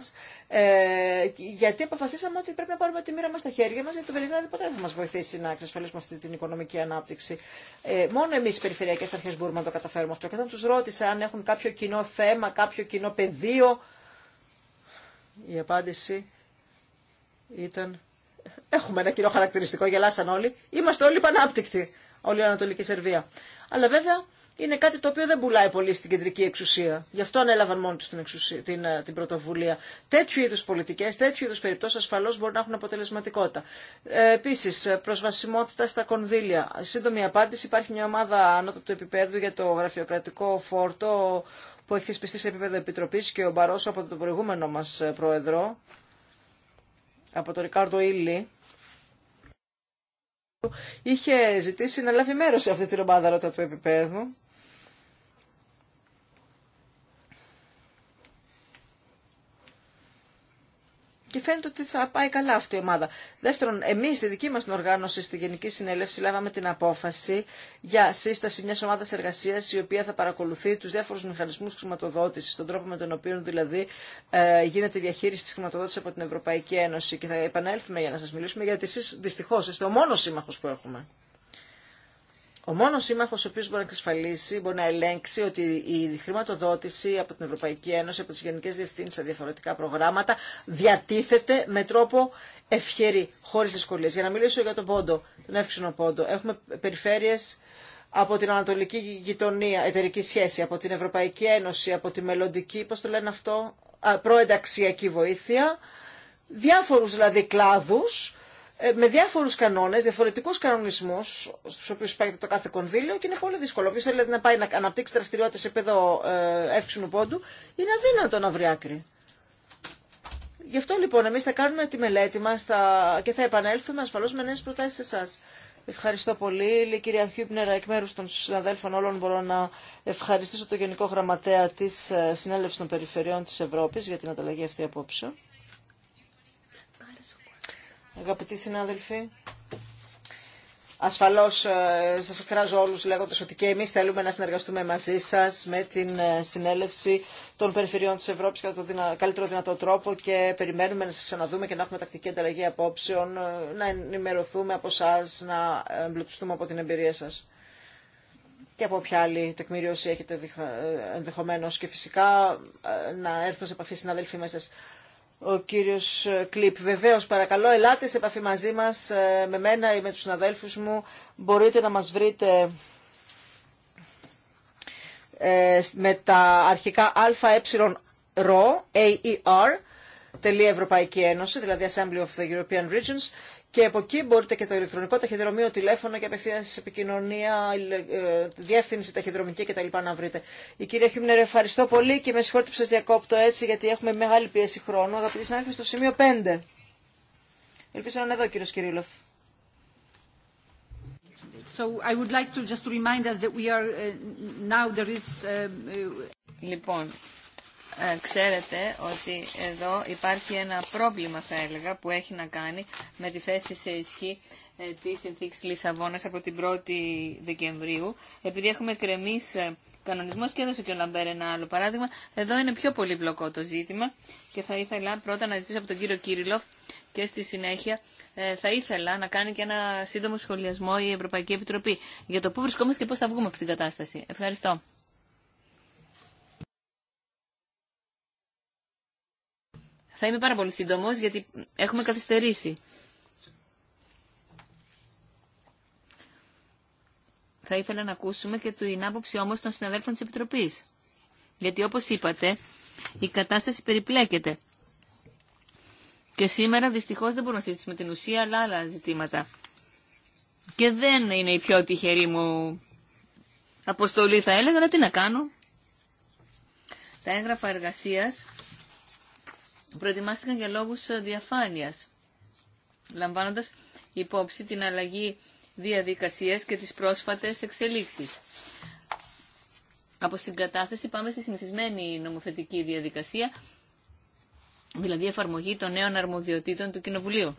Ε, γιατί αποφασίσαμε ότι πρέπει να πάρουμε τη μοίρα μα στα χέρια μα, γιατί το Βελιγράδι ποτέ δεν θα μα βοηθήσει να εξασφαλίσουμε αυτή την οικονομική ανάπτυξη. Ε, μόνο εμεί οι περιφερειακέ αρχέ μπορούμε να το καταφέρουμε αυτό. Και όταν του ρώτησα αν έχουν κάποιο κοινό θέμα, κάποιο κοινό πεδίο, η απάντηση ήταν. Έχουμε ένα κοινό χαρακτηριστικό, γελάσαν όλοι. Είμαστε όλοι πανάπτυκτοι. Όλη η Ανατολική Σερβία. Αλλά βέβαια είναι κάτι το οποίο δεν πουλάει πολύ στην κεντρική εξουσία. Γι' αυτό ανέλαβαν μόνοι του την, ε, την, πρωτοβουλία. Τέτοιου είδου πολιτικέ, τέτοιου είδου περιπτώσει ασφαλώ μπορούν να έχουν αποτελεσματικότητα. Ε, Επίση, ε, προσβασιμότητα στα κονδύλια. Σύντομη απάντηση, υπάρχει μια ομάδα ανώτατου επίπεδου για το γραφειοκρατικό φόρτο που έχει θεσπιστεί σε επίπεδο επιτροπή και ο Μπαρόσο από τον προηγούμενο μα ε, πρόεδρο, από τον Ρικάρδο Ήλι, είχε ζητήσει να λάβει μέρο σε αυτή την ομάδα του επίπεδου. και φαίνεται ότι θα πάει καλά αυτή η ομάδα. Δεύτερον, εμεί στη δική μα οργάνωση, στη Γενική Συνέλευση, λάβαμε την απόφαση για σύσταση μια ομάδα εργασία η οποία θα παρακολουθεί του διάφορου μηχανισμού χρηματοδότηση, τον τρόπο με τον οποίο δηλαδή ε, γίνεται η διαχείριση τη χρηματοδότηση από την Ευρωπαϊκή Ένωση. Και θα επανέλθουμε για να σα μιλήσουμε, γιατί εσεί δυστυχώ είστε ο μόνο σύμμαχο που έχουμε. Ο μόνο σύμμαχο ο οποίο μπορεί να εξασφαλίσει, μπορεί να ελέγξει ότι η χρηματοδότηση από την Ευρωπαϊκή Ένωση, από τι γενικέ Διευθύνσει, τα διαφορετικά προγράμματα διατίθεται με τρόπο ευχερή, χωρίς δυσκολίε. Για να μιλήσω για τον πόντο, τον εύξηνο πόντο, έχουμε περιφέρειες από την Ανατολική Γειτονία, εταιρική σχέση, από την Ευρωπαϊκή Ένωση, από τη μελλοντική, πώ το λένε αυτό, προενταξιακή βοήθεια, διάφορου δηλαδή κλάδου. Ε, με διάφορου κανόνε, διαφορετικού κανονισμού, στου οποίου υπάρχει το κάθε κονδύλιο και είναι πολύ δύσκολο. Όποιο θέλει να πάει να αναπτύξει δραστηριότητε σε επίπεδο ε, εύξηνου πόντου, είναι αδύνατο να βρει άκρη. Γι' αυτό λοιπόν εμεί θα κάνουμε τη μελέτη μα θα... και θα επανέλθουμε ασφαλώ με νέε προτάσει σε εσά. Ευχαριστώ πολύ. Λέει, κυρία Χιούπνερα, εκ μέρου των συναδέλφων όλων μπορώ να ευχαριστήσω το Γενικό Γραμματέα τη ε, Συνέλευση των Περιφερειών τη Ευρώπη για την ανταλλαγή αυτή απόψε αγαπητοί συνάδελφοι. Ασφαλώς ε, σας εκφράζω όλους λέγοντας ότι και εμείς θέλουμε να συνεργαστούμε μαζί σας με την ε, συνέλευση των περιφερειών της Ευρώπης κατά τον καλύτερο δυνατό τρόπο και περιμένουμε να σας ξαναδούμε και να έχουμε τακτική ανταλλαγή απόψεων, ε, να ενημερωθούμε από εσά, να εμπλουτιστούμε από την εμπειρία σας και από ποια άλλη τεκμηρίωση έχετε ενδεχομένω και φυσικά να έρθουν σε επαφή συναδέλφοι μέσα ο κύριος Κλίπ. Βεβαίως παρακαλώ ελάτε σε επαφή μαζί μας ε, με μένα ή με τους συναδέλφους μου. Μπορείτε να μας βρείτε ε, με τα αρχικά αε ρο, A-E-R, Ευρωπαϊκή Ένωση, δηλαδή Assembly of the European Regions, και από εκεί μπορείτε και το ηλεκτρονικό ταχυδρομείο, τηλέφωνο και απευθεία επικοινωνία, ε, διεύθυνση ταχυδρομική κτλ. να βρείτε. Η κυρία Χιμνερ, ευχαριστώ πολύ και με συγχωρείτε που σα διακόπτω έτσι γιατί έχουμε μεγάλη πίεση χρόνου. Αγαπητοί συνάδελφοι, στο σημείο 5. Ελπίζω να είναι εδώ κύριο Κυρίλοφ. So I would like to just remind us that we are uh, now there is. Uh, λοιπόν, ε, ξέρετε ότι εδώ υπάρχει ένα πρόβλημα, θα έλεγα, που έχει να κάνει με τη θέση σε ισχύ ε, τη συνθήκη Λισαβόνα από την 1η Δεκεμβρίου. Επειδή έχουμε κρεμεί ε, κανονισμό και έδωσε και ο Λαμπέρ ένα άλλο παράδειγμα, εδώ είναι πιο πολύπλοκό το ζήτημα και θα ήθελα πρώτα να ζητήσω από τον κύριο Κύριλοφ και στη συνέχεια θα ήθελα να κάνει και ένα σύντομο σχολιασμό η Ευρωπαϊκή Επιτροπή για το πού βρισκόμαστε και πώ θα βγούμε από την κατάσταση. Ευχαριστώ. Θα είμαι πάρα πολύ σύντομο γιατί έχουμε καθυστερήσει. Θα ήθελα να ακούσουμε και την άποψη όμω των συναδέλφων της Επιτροπή. Γιατί όπως είπατε, η κατάσταση περιπλέκεται. Και σήμερα δυστυχώς δεν μπορούμε να συζητήσουμε την ουσία, αλλά άλλα ζητήματα. Και δεν είναι η πιο τυχερή μου αποστολή θα έλεγα, αλλά τι να κάνω. Τα έγγραφα εργασία προετοιμάστηκαν για λόγους ε, διαφάνειας, λαμβάνοντας υπόψη την αλλαγή διαδικασίας και τις πρόσφατες εξελίξεις. Από συγκατάθεση πάμε στη συνηθισμένη νομοθετική διαδικασία, δηλαδή εφαρμογή των νέων αρμοδιοτήτων του Κοινοβουλίου.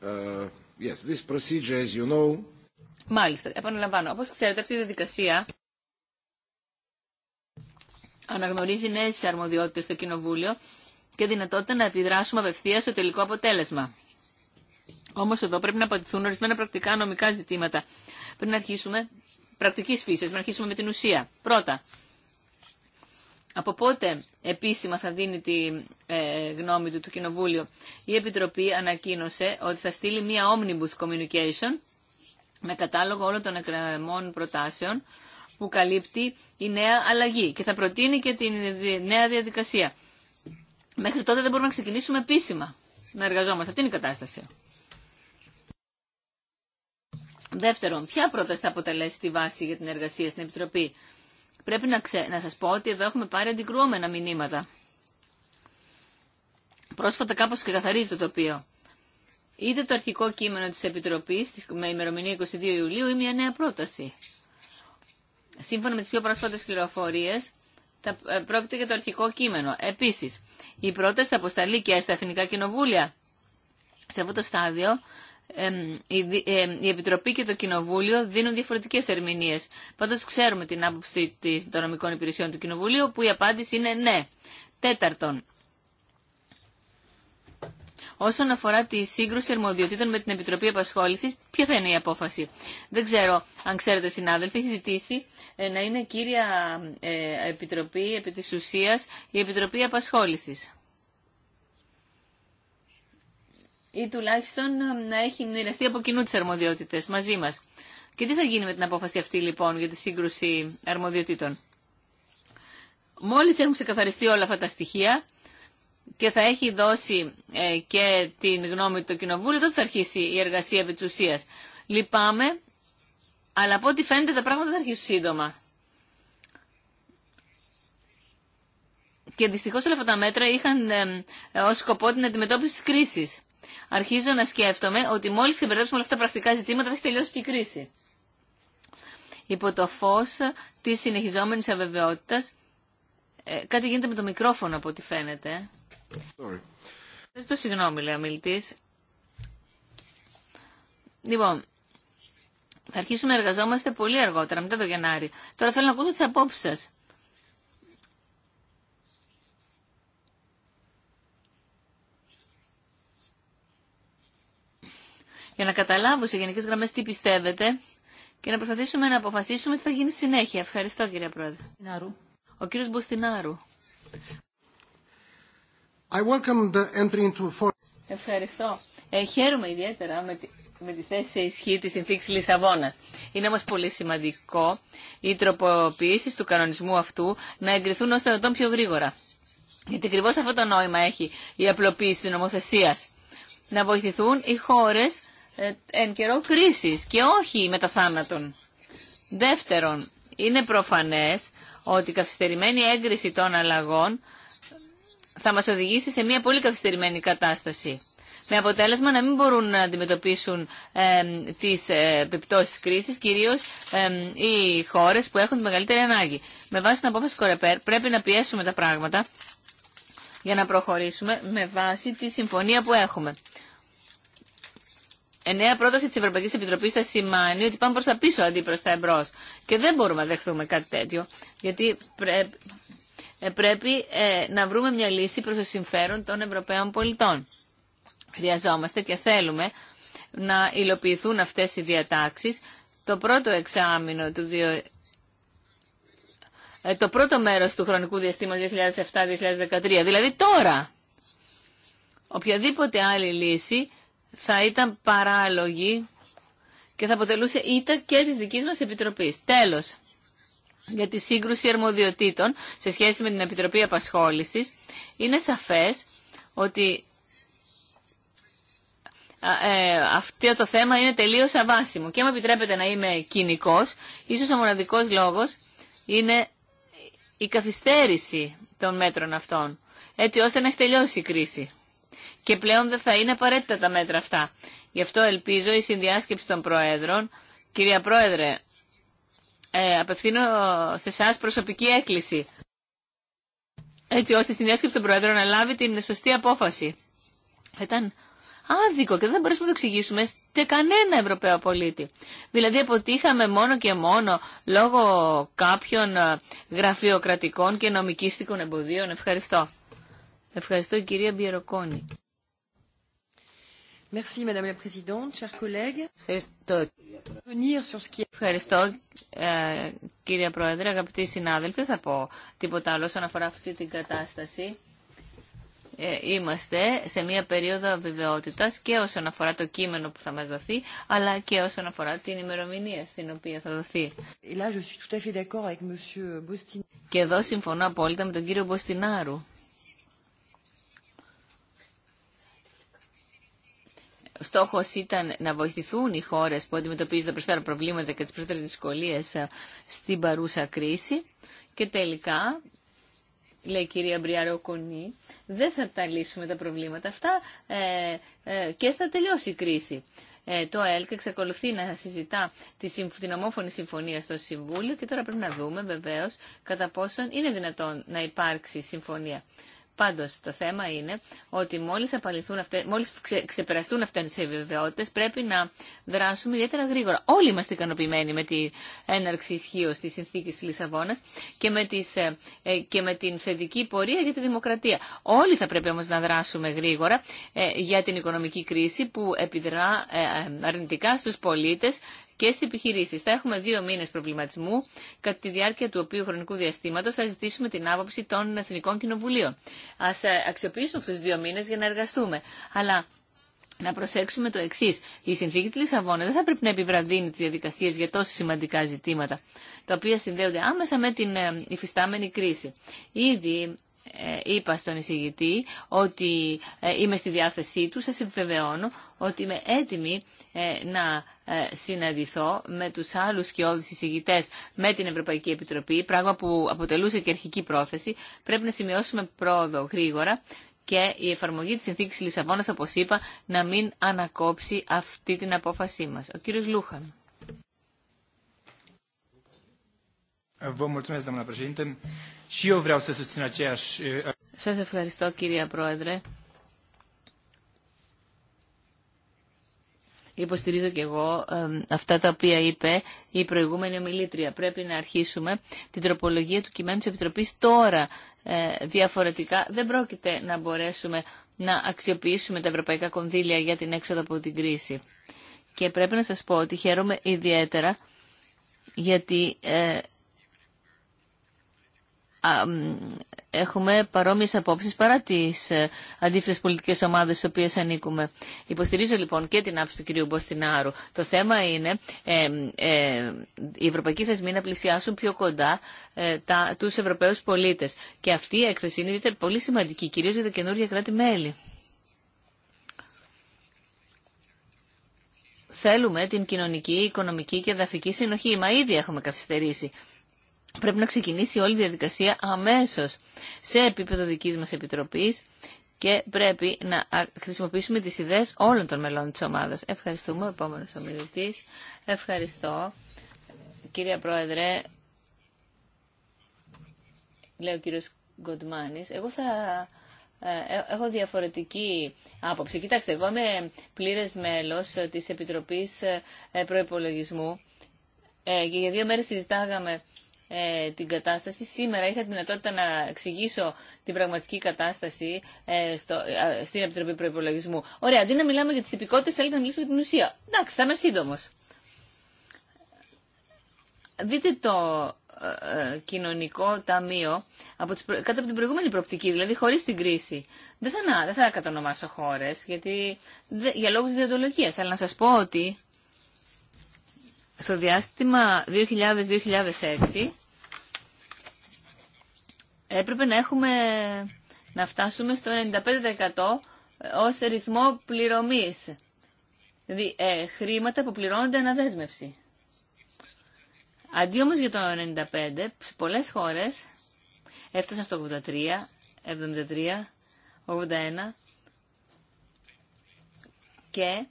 Ε, yes, this procedure, as you know... Μάλιστα, επαναλαμβάνω. Όπως ξέρετε, αυτή η διαδικασία αναγνωρίζει νέε αρμοδιότητε στο Κοινοβούλιο και δυνατότητα να επιδράσουμε απευθεία στο τελικό αποτέλεσμα. Όμω εδώ πρέπει να απαντηθούν ορισμένα πρακτικά νομικά ζητήματα. Πριν αρχίσουμε, πρακτική φύση, να αρχίσουμε με την ουσία. Πρώτα, από πότε επίσημα θα δίνει τη ε, γνώμη του το Κοινοβούλιο. Η Επιτροπή ανακοίνωσε ότι θα στείλει μία omnibus communication με κατάλογο όλων των εκκρεμών προτάσεων που καλύπτει η νέα αλλαγή και θα προτείνει και τη νέα διαδικασία. Μέχρι τότε δεν μπορούμε να ξεκινήσουμε επίσημα να εργαζόμαστε. Αυτή είναι η κατάσταση. Δεύτερον, ποια πρόταση θα αποτελέσει τη βάση για την εργασία στην Επιτροπή. Πρέπει να, ξε... να σας πω ότι εδώ έχουμε πάρει αντικρουόμενα μηνύματα. Πρόσφατα κάπως και καθαρίζει το τοπίο. Είτε το αρχικό κείμενο της Επιτροπής με ημερομηνία 22 Ιουλίου ή μια νέα πρόταση σύμφωνα με τις πιο πρόσφατες πληροφορίες, θα ε, πρόκειται για το αρχικό κείμενο. Επίσης, η πρόταση θα αποσταλεί και στα εθνικά κοινοβούλια. Σε αυτό το στάδιο, η Επιτροπή και το Κοινοβούλιο δίνουν διαφορετικές ερμηνείες. Πάντως ξέρουμε την άποψη των νομικών υπηρεσιών του Κοινοβουλίου, που η απάντηση είναι ναι. Τέταρτον, Όσον αφορά τη σύγκρουση αρμοδιοτήτων με την Επιτροπή απασχόληση, ποια θα είναι η απόφαση. Δεν ξέρω αν ξέρετε συνάδελφοι, έχει ζητήσει ε, να είναι κύρια ε, Επιτροπή επί τη ουσία η Επιτροπή απασχόληση. Ή τουλάχιστον ε, να έχει μοιραστεί από κοινού τι αρμοδιότητε μαζί μα. Και τι θα γίνει με την απόφαση αυτή λοιπόν για τη σύγκρουση αρμοδιοτήτων. Μόλις έχουν ξεκαθαριστεί όλα αυτά τα στοιχεία, και θα έχει δώσει ε, και την γνώμη του Κοινοβούλου, τότε θα αρχίσει η εργασία επί Λυπάμαι, αλλά από ό,τι φαίνεται τα πράγματα θα αρχίσουν σύντομα. Και δυστυχώς όλα αυτά τα μέτρα είχαν ε, ως σκοπό την αντιμετώπιση της κρίσης. Αρχίζω να σκέφτομαι ότι μόλις συμπεριλέψουμε όλα αυτά τα πρακτικά ζητήματα θα έχει τελειώσει και η κρίση. Υπό το φως της συνεχιζόμενης αβεβαιότητας, ε, κάτι γίνεται με το μικρόφωνο από ό,τι φαίνεται. Sorry. συγγνώμη, λέει ο μιλητής. Λοιπόν, θα αρχίσουμε να εργαζόμαστε πολύ αργότερα, μετά το Γενάρη. Τώρα θέλω να ακούσω τις απόψεις σας. Για να καταλάβω σε γενικές γραμμές τι πιστεύετε και να προσπαθήσουμε να αποφασίσουμε τι θα γίνει συνέχεια. Ευχαριστώ, κύριε Πρόεδρε. Ο κύριος Μποστινάρου. Ευχαριστώ. Ε, χαίρομαι ιδιαίτερα με τη, με τη θέση ισχύ της συνθήκης Λισαβόνας. Είναι όμως πολύ σημαντικό οι τροποποιήσεις του κανονισμού αυτού να εγκριθούν ως δυνατόν πιο γρήγορα. Γιατί ακριβώ αυτό το νόημα έχει η απλοποίηση της νομοθεσίας. Να βοηθηθούν οι χώρες ε, εν καιρό κρίσης και όχι μετά θάνατον. Δεύτερον, είναι προφανές ότι η καθυστερημένη έγκριση των αλλαγών θα μας οδηγήσει σε μια πολύ καθυστερημένη κατάσταση. Με αποτέλεσμα να μην μπορούν να αντιμετωπίσουν ε, τις επιπτώσεις της κρίσης, κυρίως οι χώρες που έχουν τη μεγαλύτερη ανάγκη. Με βάση την απόφαση Κορεπέρ πρέπει να πιέσουμε τα πράγματα για να προχωρήσουμε με βάση τη συμφωνία που έχουμε. Η ε, νέα πρόταση τη Ευρωπαϊκή Επιτροπή θα σημαίνει ότι πάμε προ τα πίσω αντί προ τα εμπρό. Και δεν μπορούμε να δεχθούμε κάτι τέτοιο, γιατί πρέπει ε, πρέπει ε, να βρούμε μια λύση προς το συμφέρον των Ευρωπαίων πολιτών. Χρειαζόμαστε και θέλουμε να υλοποιηθούν αυτές οι διατάξεις το πρώτο εξάμεινο του διο... Ε, το πρώτο μέρος του χρονικού διαστήματος 2007-2013, δηλαδή τώρα. Οποιαδήποτε άλλη λύση θα ήταν παράλογη και θα αποτελούσε ήττα και της δικής μας Επιτροπής. Τέλος για τη σύγκρουση αρμοδιοτήτων σε σχέση με την Επιτροπή Απασχόλησης, είναι σαφές ότι ε, αυτό το θέμα είναι τελείως αβάσιμο. Και αν επιτρέπετε να είμαι κοινικός, ίσως ο μοναδικός λόγος είναι η καθυστέρηση των μέτρων αυτών, έτσι ώστε να έχει τελειώσει η κρίση. Και πλέον δεν θα είναι απαραίτητα τα μέτρα αυτά. Γι' αυτό ελπίζω η συνδιάσκεψη των Προέδρων, κυρία Πρόεδρε, ε, απευθύνω σε εσά προσωπική έκκληση. Έτσι ώστε στην διάσκεψη των Προέδρων να λάβει την σωστή απόφαση. Ήταν άδικο και δεν μπορέσουμε να το εξηγήσουμε σε κανένα Ευρωπαίο πολίτη. Δηλαδή αποτύχαμε μόνο και μόνο λόγω κάποιων γραφειοκρατικών και νομικίστικων εμποδίων. Ευχαριστώ. Ευχαριστώ κυρία Μπιεροκόνη. Madame Ευχαριστώ, ε, κύριε Πρόεδρε, αγαπητοί συνάδελφοι. Θα πω τίποτα άλλο όσον αφορά αυτή την κατάσταση. Ε, είμαστε σε μια περίοδο αβεβαιότητας και όσον αφορά το κείμενο που θα μας δοθεί, αλλά και όσον αφορά την ημερομηνία στην οποία θα δοθεί. και εδώ συμφωνώ απόλυτα με τον κύριο Μποστινάρου. στόχο ήταν να βοηθηθούν οι χώρε που αντιμετωπίζουν τα περισσότερα προβλήματα και τι περισσότερε δυσκολίε ε, στην παρούσα κρίση. Και τελικά, λέει η κυρία Μπριάρο Κονή, δεν θα τα λύσουμε τα προβλήματα αυτά ε, ε, και θα τελειώσει η κρίση. το ΕΛΚ εξακολουθεί να συζητά την ομόφωνη συμφωνία στο Συμβούλιο και τώρα πρέπει να δούμε βεβαίως κατά πόσον είναι δυνατόν να υπάρξει συμφωνία. Πάντω, το θέμα είναι ότι μόλις, αυτές, μόλις ξεπεραστούν αυτές οι βεβαιότητες πρέπει να δράσουμε ιδιαίτερα γρήγορα. Όλοι είμαστε ικανοποιημένοι με την έναρξη ισχύω της συνθήκη της Λισαβόνας και με, ε, ε, και με την θετική πορεία για τη δημοκρατία. Όλοι θα πρέπει όμως να δράσουμε γρήγορα ε, για την οικονομική κρίση που επιδρά αρνητικά στους πολίτες και στι επιχειρήσει. Θα έχουμε δύο μήνε προβληματισμού, κατά τη διάρκεια του οποίου χρονικού διαστήματο θα ζητήσουμε την άποψη των Εθνικών Κοινοβουλίων. Α ε, αξιοποιήσουμε αυτού του δύο μήνε για να εργαστούμε. Αλλά να προσέξουμε το εξή. Η συνθήκη τη Λισαβόνα δεν θα πρέπει να επιβραδύνει τι διαδικασίε για τόσο σημαντικά ζητήματα, τα οποία συνδέονται άμεσα με την ε, υφιστάμενη κρίση. Ήδη ε, είπα στον εισηγητή ότι ε, είμαι στη διάθεσή του. Σας επιβεβαιώνω ότι είμαι έτοιμη ε, να συναντηθώ με τους άλλους όλους εισηγητές με την Ευρωπαϊκή Επιτροπή, πράγμα που αποτελούσε και αρχική πρόθεση. Πρέπει να σημειώσουμε πρόοδο γρήγορα και η εφαρμογή της συνθήκης Λισαβόνας, όπως είπα, να μην ανακόψει αυτή την απόφασή μας. Ο κύριος Λούχαν. Vă Σας ευχαριστώ, κύριε Πρόεδρε. Υποστηρίζω και εγώ αυτά τα οποία είπε η προηγούμενη ομιλήτρια. Πρέπει να αρχίσουμε την τροπολογία του κειμένου της Επιτροπής τώρα. διαφορετικά δεν πρόκειται να μπορέσουμε να αξιοποιήσουμε τα ευρωπαϊκά κονδύλια για την έξοδο από την κρίση. Και πρέπει να σας πω ότι χαίρομαι ιδιαίτερα γιατί... Ε, έχουμε παρόμοιες απόψεις παρά τις ε, αντίθετες πολιτικές ομάδες στις οποίες ανήκουμε. Υποστηρίζω λοιπόν και την άψη του κυρίου Μποστινάρου. Το θέμα είναι ε, ε, οι ευρωπαϊκοί θεσμοί να πλησιάσουν πιο κοντά ε, τους ευρωπαίους πολίτες. Και αυτή η έκθεση είναι πολύ σημαντική, κυρίως για τα καινούργια κράτη-μέλη. Θέλουμε την κοινωνική, οικονομική και εδαφική συνοχή, μα ήδη έχουμε καθυστερήσει πρέπει να ξεκινήσει όλη η διαδικασία αμέσως σε επίπεδο δικής μας Επιτροπής και πρέπει να χρησιμοποιήσουμε τις ιδέες όλων των μελών της ομάδας. Ευχαριστούμε, ο επόμενος ομιλητής. Ευχαριστώ, κυρία Πρόεδρε. Λέω ο κύριος Γκοντμάνης. Εγώ θα... Ε, ε, έχω διαφορετική άποψη. Κοιτάξτε, εγώ είμαι πλήρες μέλος της Επιτροπής ε, Προϋπολογισμού και για δύο μέρες συζητάγαμε ε, την κατάσταση. Σήμερα είχα τη δυνατότητα να εξηγήσω την πραγματική κατάσταση ε, στο, ε, στην Επιτροπή Προπολογισμού. Ωραία, αντί να μιλάμε για τι τυπικότητε, θέλετε να μιλήσουμε για την ουσία. Εντάξει, θα είμαι σύντομο. Δείτε το ε, κοινωνικό ταμείο από τις, κάτω από την προηγούμενη προοπτική, δηλαδή χωρίς την κρίση. Δεν θα, δεν θα κατανομάσω χώρες, γιατί, για λόγου διοντολογίας. Αλλά να σα πω ότι στο διάστημα 2000-2006 έπρεπε να έχουμε να φτάσουμε στο 95% ως ρυθμό πληρωμής. Δηλαδή ε, χρήματα που πληρώνονται αναδέσμευση. Αντί όμως για το 95, πολλές χώρες έφτασαν στο 83, 73, 81 και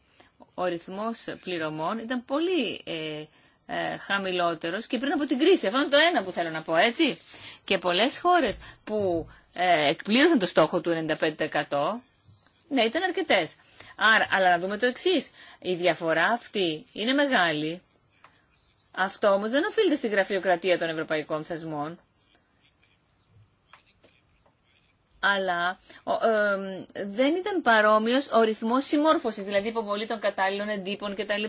ο ρυθμός πληρωμών ήταν πολύ ε, ε, χαμηλότερος και πριν από την κρίση. Αυτό είναι το ένα που θέλω να πω, έτσι. Και πολλές χώρες που ε, εκπλήρωσαν το στόχο του 95%, ναι, ήταν αρκετές. Άρα, αλλά να δούμε το εξή. Η διαφορά αυτή είναι μεγάλη. Αυτό όμως δεν οφείλεται στη γραφειοκρατία των ευρωπαϊκών θεσμών. αλλά δεν ήταν παρόμοιος ο ρυθμός συμμόρφωσης, δηλαδή υποβολή των κατάλληλων εντύπων κτλ.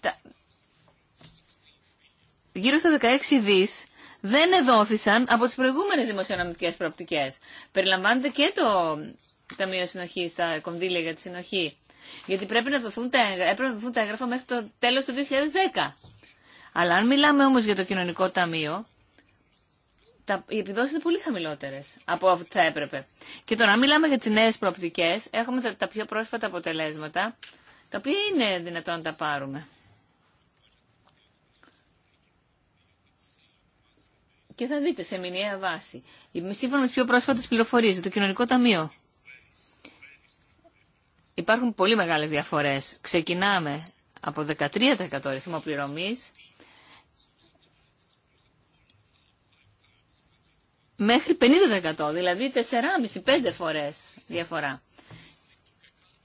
Τα... Γύρω στα 16 δις δεν εδόθησαν από τις προηγούμενες δημοσιονομικές προοπτικές. Περιλαμβάνεται και το Ταμείο συνοχή τα κονδύλια για τη συνοχή. Γιατί πρέπει να δοθούν τα, έπρεπε να δοθούν τα έγγραφα μέχρι το τέλος του 2010. Αλλά αν μιλάμε όμως για το κοινωνικό ταμείο, τα, οι επιδόσεις είναι πολύ χαμηλότερε από ό,τι θα έπρεπε. Και τώρα, μιλάμε για τις νέες προοπτικές, έχουμε τα, πιο πρόσφατα αποτελέσματα, τα οποία είναι δυνατόν να τα πάρουμε. Και θα δείτε σε μηνιαία βάση. Σύμφωνα με τι πιο πρόσφατε πληροφορίε, το κοινωνικό ταμείο. Υπάρχουν πολύ μεγάλες διαφορές. Ξεκινάμε από 13% ρυθμό πληρωμής μέχρι 50%, δηλαδή 4,5-5 φορές διαφορά.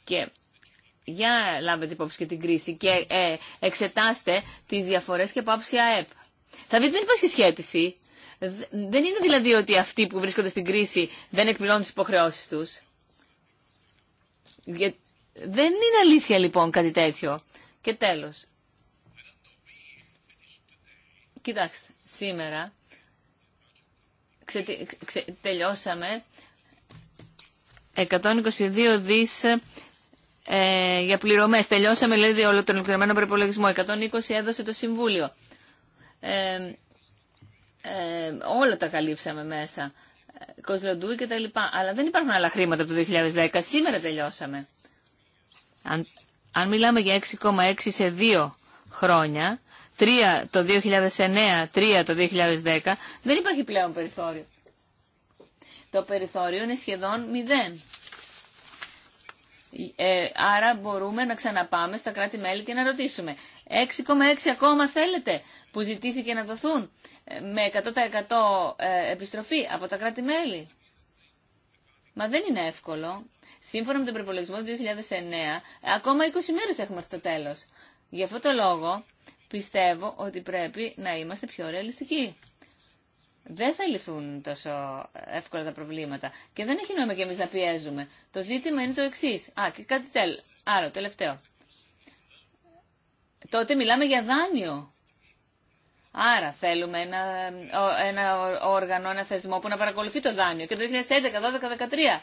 Και για λάβετε υπόψη και την κρίση και ε, εξετάστε τις διαφορές και από άψη ΑΕΠ. Θα δείτε δεν υπάρχει σχέτιση. Δεν είναι δηλαδή ότι αυτοί που βρίσκονται στην κρίση δεν εκπληρώνουν τις υποχρεώσεις τους. Δεν είναι αλήθεια λοιπόν κάτι τέτοιο. Και τέλος. Κοιτάξτε, σήμερα ξε, τελειώσαμε 122 δις ε, για πληρωμές. Τελειώσαμε λέει, όλο τον ολοκληρωμένο προπολογισμό. 120 έδωσε το Συμβούλιο. Ε, ε, όλα τα καλύψαμε μέσα. Κοσλοντούι και τα λοιπά. Αλλά δεν υπάρχουν άλλα χρήματα από το 2010. Σήμερα τελειώσαμε. Αν, αν μιλάμε για 6,6 σε 2 χρόνια, 3 το 2009, 3 το 2010, δεν υπάρχει πλέον περιθώριο. Το περιθώριο είναι σχεδόν μηδέν. Ε, άρα μπορούμε να ξαναπάμε στα κράτη-μέλη και να ρωτήσουμε. 6,6 ακόμα θέλετε που ζητήθηκε να δοθούν ε, με 100% ε, επιστροφή από τα κράτη-μέλη. Μα δεν είναι εύκολο. Σύμφωνα με τον προπολογισμό του 2009, ακόμα 20 μέρες έχουμε αυτό το τέλος. Γι' αυτό το λόγο πιστεύω ότι πρέπει να είμαστε πιο ρεαλιστικοί. Δεν θα λυθούν τόσο εύκολα τα προβλήματα. Και δεν έχει νόημα και εμεί να πιέζουμε. Το ζήτημα είναι το εξή. Α, και κάτι τέλ. Άρα, τελευταίο. Τότε μιλάμε για δάνειο. Άρα θέλουμε ένα, ένα όργανο, ένα θεσμό που να παρακολουθεί το δάνειο. Και το 2011, 2012, 2013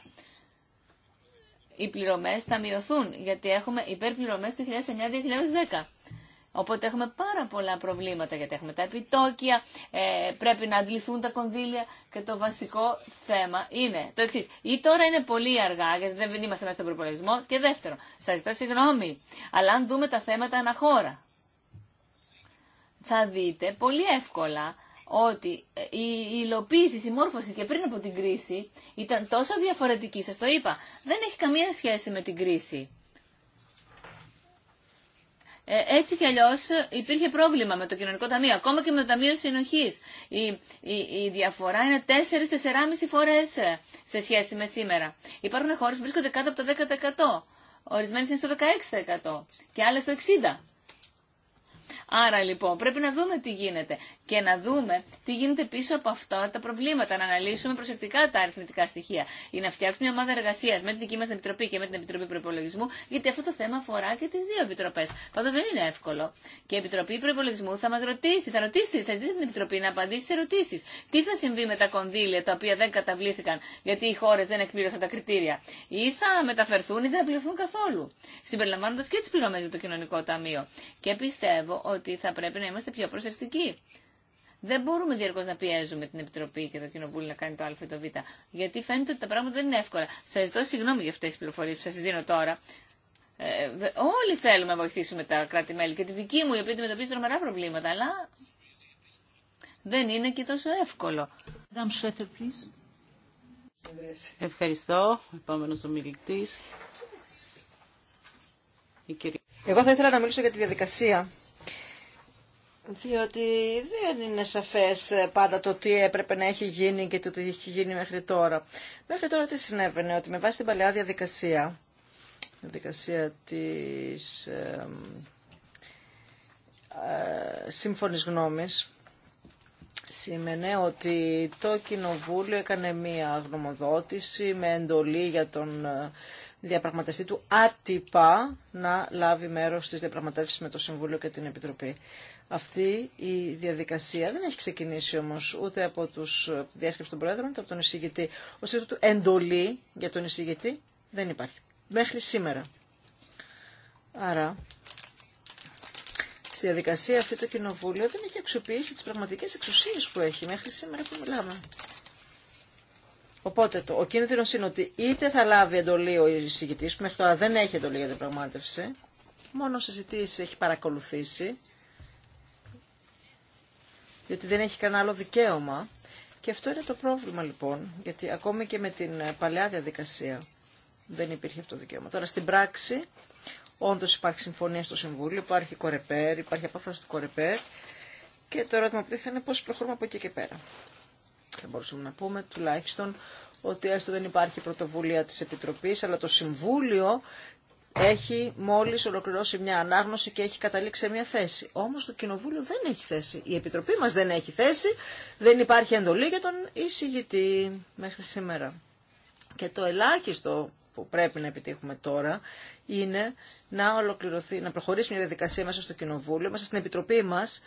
οι πληρωμές θα μειωθούν, γιατί έχουμε υπερπληρωμές το 2009-2010. Οπότε έχουμε πάρα πολλά προβλήματα γιατί έχουμε τα επιτόκια, ε, πρέπει να αντληθούν τα κονδύλια και το βασικό θέμα είναι το εξή. Ή τώρα είναι πολύ αργά γιατί δεν είμαστε μέσα στον προπολογισμό και δεύτερο, σα ζητώ συγγνώμη, αλλά αν δούμε τα θέματα αναχώρα θα δείτε πολύ εύκολα ότι ε, η υλοποίηση, η συμμόρφωση και πριν από την κρίση ήταν τόσο διαφορετική, σας το είπα, δεν έχει καμία σχέση με την κρίση. Ε, έτσι κι αλλιώ ε, υπήρχε πρόβλημα με το κοινωνικό ταμείο, ακόμα και με το ταμείο συνοχή. Η, η, η διαφορά είναι 4-4,5 φορέ ε, σε σχέση με σήμερα. Υπάρχουν χώρε που βρίσκονται κάτω από το 10%. Ορισμένε είναι στο 16% και άλλε στο 60%. Άρα λοιπόν πρέπει να δούμε τι γίνεται και να δούμε τι γίνεται πίσω από αυτά τα προβλήματα, να αναλύσουμε προσεκτικά τα αριθμητικά στοιχεία ή να φτιάξουμε μια ομάδα εργασία με την δική μα Επιτροπή και με την Επιτροπή Προπολογισμού, γιατί αυτό το θέμα αφορά και τι δύο επιτροπέ. Πάντω δεν είναι εύκολο. Και η Επιτροπή Προπολογισμού θα μα ρωτήσει, θα ρωτήσει, θα ζητήσει την Επιτροπή να απαντήσει σε ερωτήσει. Τι θα συμβεί με τα κονδύλια τα οποία δεν καταβλήθηκαν γιατί οι χώρε δεν εκπλήρωσαν τα κριτήρια. Ή θα μεταφερθούν ή δεν θα πληρωθούν καθόλου. Συμπεριλαμβάνοντα και τι πληρωμέ για το κοινωνικό ταμείο. Και πιστεύω ότι θα πρέπει να είμαστε πιο προσεκτικοί. Δεν μπορούμε διαρκώ να πιέζουμε την Επιτροπή και το Κοινοβούλιο να κάνει το Α ή το Β. Γιατί φαίνεται ότι τα πράγματα δεν είναι εύκολα. Σα ζητώ συγγνώμη για αυτέ τι πληροφορίε που σα δίνω τώρα. Ε, όλοι θέλουμε να βοηθήσουμε τα κράτη-μέλη και τη δική μου η οποία αντιμετωπίζει τρομερά προβλήματα, αλλά δεν είναι και τόσο εύκολο. Ευχαριστώ. Επόμενο ομιλητή. Εγώ θα ήθελα να μιλήσω για τη διαδικασία διότι δεν είναι σαφές ε, πάντα το τι έπρεπε να έχει γίνει και το τι έχει γίνει μέχρι τώρα. Μέχρι τώρα τι συνέβαινε, ότι με βάση την παλαιά διαδικασία, διαδικασία της ε, ε, σύμφωνης γνώμης, σήμαινε ότι το Κοινοβούλιο έκανε μία γνωμοδότηση με εντολή για τον ε, διαπραγματευτή του άτυπα να λάβει μέρος στις διαπραγματεύσεις με το Συμβούλιο και την Επιτροπή. Αυτή η διαδικασία δεν έχει ξεκινήσει όμω ούτε από του διάσκεψη των Πρόεδρων, ούτε από τον εισηγητή. ω του εντολή για τον εισηγητή δεν υπάρχει. Μέχρι σήμερα. Άρα, στη διαδικασία αυτή το κοινοβούλιο δεν έχει αξιοποιήσει τις πραγματικέ εξουσίε που έχει μέχρι σήμερα που μιλάμε. Οπότε το, ο κίνδυνο είναι ότι είτε θα λάβει εντολή ο εισηγητή, που μέχρι τώρα δεν έχει εντολή για την πραγμάτευση, μόνο συζητήσει έχει παρακολουθήσει διότι δεν έχει κανένα άλλο δικαίωμα. Και αυτό είναι το πρόβλημα λοιπόν, γιατί ακόμη και με την παλαιά διαδικασία δεν υπήρχε αυτό το δικαίωμα. Τώρα στην πράξη, όντω υπάρχει συμφωνία στο Συμβούλιο, υπάρχει κορεπέρ, υπάρχει απόφαση του κορεπέρ και το ερώτημα που είναι πώ προχωρούμε από εκεί και πέρα. Θα μπορούσαμε να πούμε τουλάχιστον ότι έστω δεν υπάρχει πρωτοβουλία της Επιτροπής, αλλά το Συμβούλιο έχει μόλις ολοκληρώσει μια ανάγνωση και έχει καταλήξει σε μια θέση. Όμως το Κοινοβούλιο δεν έχει θέση. Η Επιτροπή μας δεν έχει θέση. Δεν υπάρχει εντολή για τον εισηγητή μέχρι σήμερα. Και το ελάχιστο που πρέπει να επιτύχουμε τώρα είναι να ολοκληρωθεί, να προχωρήσει μια διαδικασία μέσα στο Κοινοβούλιο, μέσα στην Επιτροπή μας,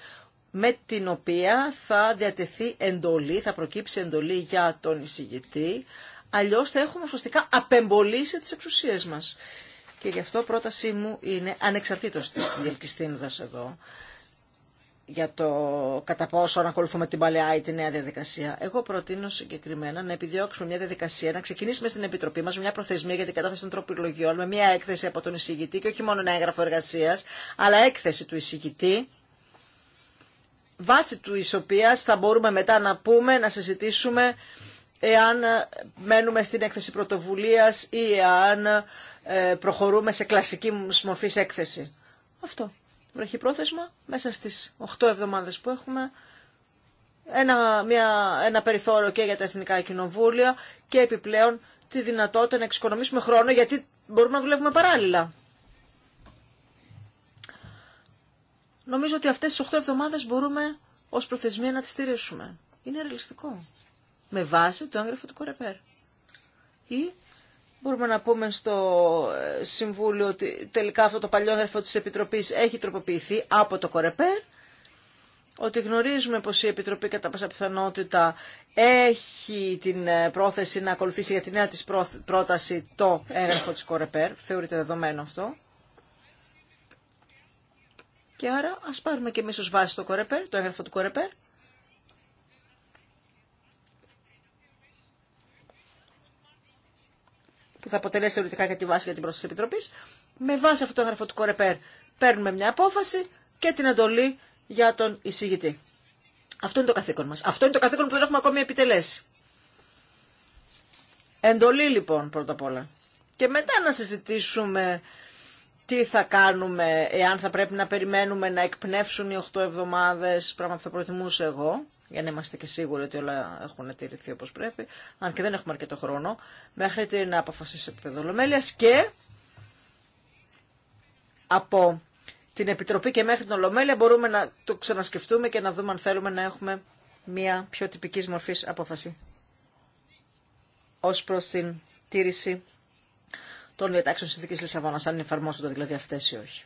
με την οποία θα διατεθεί εντολή, θα προκύψει εντολή για τον εισηγητή, αλλιώς θα έχουμε ουσιαστικά απεμπολίσει τις εξουσίες μας και γι' αυτό πρότασή μου είναι, ανεξαρτήτως της διελκυστίνδας εδώ, για το κατά πόσο να ακολουθούμε την παλαιά ή τη νέα διαδικασία. Εγώ προτείνω συγκεκριμένα να επιδιώξουμε μια διαδικασία, να ξεκινήσουμε στην Επιτροπή μα μια προθεσμία για την κατάθεση των τροπολογιών, με μια έκθεση από τον εισηγητή και όχι μόνο ένα έγγραφο εργασία, αλλά έκθεση του εισηγητή, βάσει του οποία θα μπορούμε μετά να πούμε, να συζητήσουμε εάν μένουμε στην έκθεση πρωτοβουλία ή εάν ε, προχωρούμε σε κλασική μορφή έκθεση. Αυτό. πρόθεσμα μέσα στις 8 εβδομάδες που έχουμε, ένα, μια, ένα περιθώριο και για τα εθνικά κοινοβούλια και επιπλέον τη δυνατότητα να εξοικονομήσουμε χρόνο γιατί μπορούμε να δουλεύουμε παράλληλα. Νομίζω ότι αυτές τις 8 εβδομάδες μπορούμε ως προθεσμία να τις στηρίσουμε. Είναι ρεαλιστικό. Με βάση το έγγραφο του Κορεπέρ. Ή Μπορούμε να πούμε στο ε, Συμβούλιο ότι τελικά αυτό το παλιό έγγραφο της Επιτροπής έχει τροποποιηθεί από το Κορεπέρ, ότι γνωρίζουμε πως η Επιτροπή κατά πάσα πιθανότητα έχει την ε, πρόθεση να ακολουθήσει για τη νέα της πρόταση το έγγραφο της Κορεπέρ, θεωρείται δεδομένο αυτό. Και άρα ας πάρουμε και εμείς ως βάση το Κορεπέρ, το έγγραφο του Κορεπέρ που θα αποτελέσει θεωρητικά και τη βάση για την πρόσθεση επιτροπή. Με βάση αυτό το έγγραφο του Κορεπέρ παίρνουμε μια απόφαση και την εντολή για τον εισηγητή. Αυτό είναι το καθήκον μα. Αυτό είναι το καθήκον που δεν έχουμε ακόμη επιτελέσει. Εντολή λοιπόν πρώτα απ' όλα. Και μετά να συζητήσουμε τι θα κάνουμε, εάν θα πρέπει να περιμένουμε να εκπνεύσουν οι 8 εβδομάδε πράγμα που θα προτιμούσα εγώ για να είμαστε και σίγουροι ότι όλα έχουν τηρηθεί όπως πρέπει, αν και δεν έχουμε αρκετό χρόνο, μέχρι την αποφασή σε επίπεδο και από την Επιτροπή και μέχρι την Ολομέλεια μπορούμε να το ξανασκεφτούμε και να δούμε αν θέλουμε να έχουμε μια πιο τυπική μορφής απόφαση ως προς την τήρηση των διατάξεων συνθήκης Λισαβόνας, αν εφαρμόζονται δηλαδή αυτές ή όχι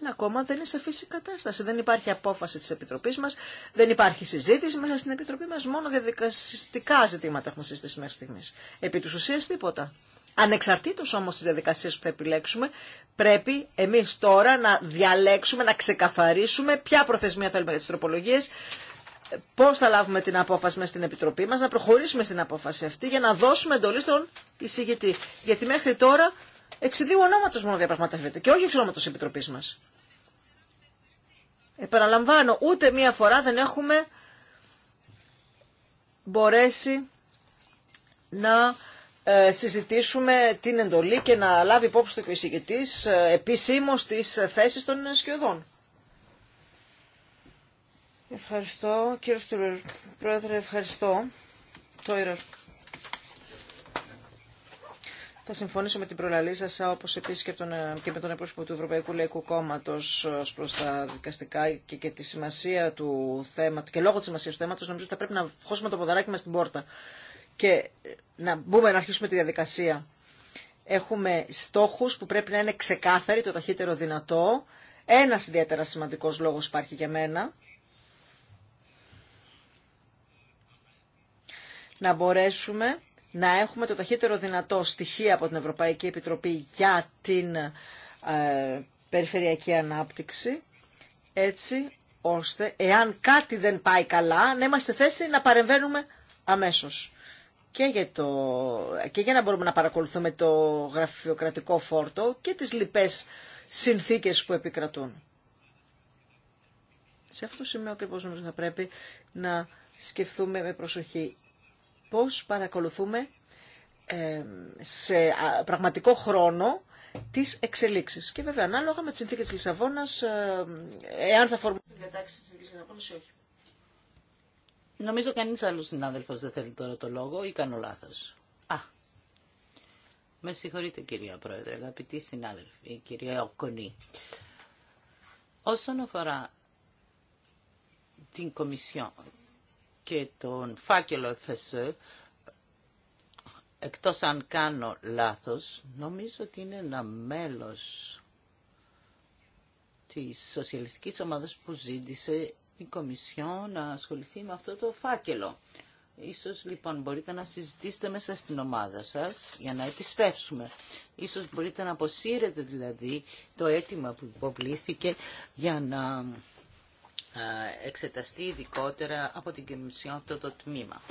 αλλά ακόμα δεν είναι σε φύση κατάσταση. Δεν υπάρχει απόφαση τη επιτροπή μα, δεν υπάρχει συζήτηση μέσα στην Επιτροπή μα μόνο διαδικαστικά ζητήματα έχουμε συζητήσει μέχρι στιγμή. Επί του ουσία τίποτα. Ανεξαρτήτως όμω τη διαδικασία που θα επιλέξουμε, πρέπει εμεί τώρα να διαλέξουμε, να ξεκαθαρίσουμε ποια προθεσμία θέλουμε για τι τροπολογίε, πώ θα λάβουμε την απόφαση μέσα στην Επιτροπή μα, να προχωρήσουμε στην απόφαση αυτή για να δώσουμε εντολή στον εισηγητή. Γιατί μέχρι τώρα ο ονόματο μόνο διαπραγματεύεται και όχι εξ τη Επιτροπή μα. Επαναλαμβάνω, ούτε μία φορά δεν έχουμε μπορέσει να ε, συζητήσουμε την εντολή και να λάβει υπόψη του εισηγητής επίσημος εισηγητής επισήμως των σκιωδών. Ευχαριστώ, κύριε Πρόεδρε, ευχαριστώ. Θα συμφωνήσω με την προλαλή σα, όπως επίσης και, ε, και με τον εκπρόσωπο του Ευρωπαϊκού Λαϊκού Κόμματο ε, ω προ τα δικαστικά και, και τη σημασία του θέματος και λόγω της σημασίας του θέματος νομίζω ότι θα πρέπει να χώσουμε το ποδαράκι μας στην πόρτα και ε, να μπούμε να αρχίσουμε τη διαδικασία. Έχουμε στόχους που πρέπει να είναι ξεκάθαροι το ταχύτερο δυνατό. Ένα ιδιαίτερα σημαντικό λόγο υπάρχει για μένα. Να μπορέσουμε να έχουμε το ταχύτερο δυνατό στοιχείο από την Ευρωπαϊκή Επιτροπή για την ε, περιφερειακή ανάπτυξη, έτσι ώστε εάν κάτι δεν πάει καλά να είμαστε θέση να παρεμβαίνουμε αμέσως. Και για, το, και να μπορούμε να παρακολουθούμε το γραφειοκρατικό φόρτο και τις λοιπές συνθήκες που επικρατούν. Σε αυτό το σημείο ακριβώ νομίζω θα πρέπει να σκεφτούμε με προσοχή πώς παρακολουθούμε ε, σε πραγματικό χρόνο τις εξελίξεις. Και βέβαια ανάλογα με τις συνθήκες της Λισαβόνας, ε, εάν θα φορμούν διατάξεις της συνθήκης της Λισαβόνας ή όχι. Νομίζω κανείς άλλος συνάδελφος δεν θέλει τώρα το λόγο ή κάνω λάθος. Α, με συγχωρείτε κυρία Πρόεδρε, αγαπητοί συνάδελφοι, κυρία Οκονή. Όσον αφορά την Κομισιόν και τον φάκελο FSE, εκτός αν κάνω λάθος, νομίζω ότι είναι ένα μέλος της σοσιαλιστικής ομάδας που ζήτησε η Κομισιό να ασχοληθεί με αυτό το φάκελο. Ίσως λοιπόν μπορείτε να συζητήσετε μέσα στην ομάδα σας για να επισπεύσουμε. Ίσως μπορείτε να αποσύρετε δηλαδή το αίτημα που υποβλήθηκε για να εξεταστεί ειδικότερα από την Κομισιόν το, το τμήμα.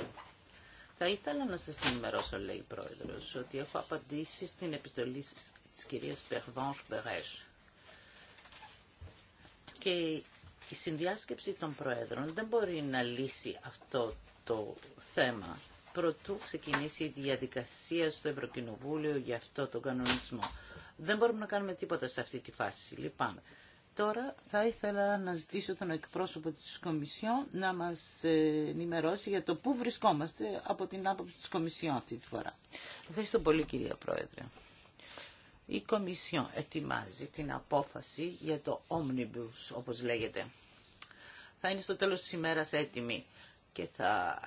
Θα ήθελα να σας ενημερώσω, λέει η Πρόεδρος, ότι έχω απαντήσει στην επιστολή της κυρίας Περβάνς Και η συνδιάσκεψη των Προέδρων δεν μπορεί να λύσει αυτό το θέμα προτού ξεκινήσει η διαδικασία στο Ευρωκοινοβούλιο για αυτό το κανονισμό. Δεν μπορούμε να κάνουμε τίποτα σε αυτή τη φάση. Λυπάμαι. Λοιπόν, Τώρα θα ήθελα να ζητήσω τον εκπρόσωπο της Κομισιόν να μας ενημερώσει για το πού βρισκόμαστε από την άποψη της Κομισιόν αυτή τη φορά. Ευχαριστώ πολύ κυρία Πρόεδρε. Η Κομισιόν ετοιμάζει την απόφαση για το Omnibus, όπως λέγεται. Θα είναι στο τέλος της ημέρας έτοιμη και θα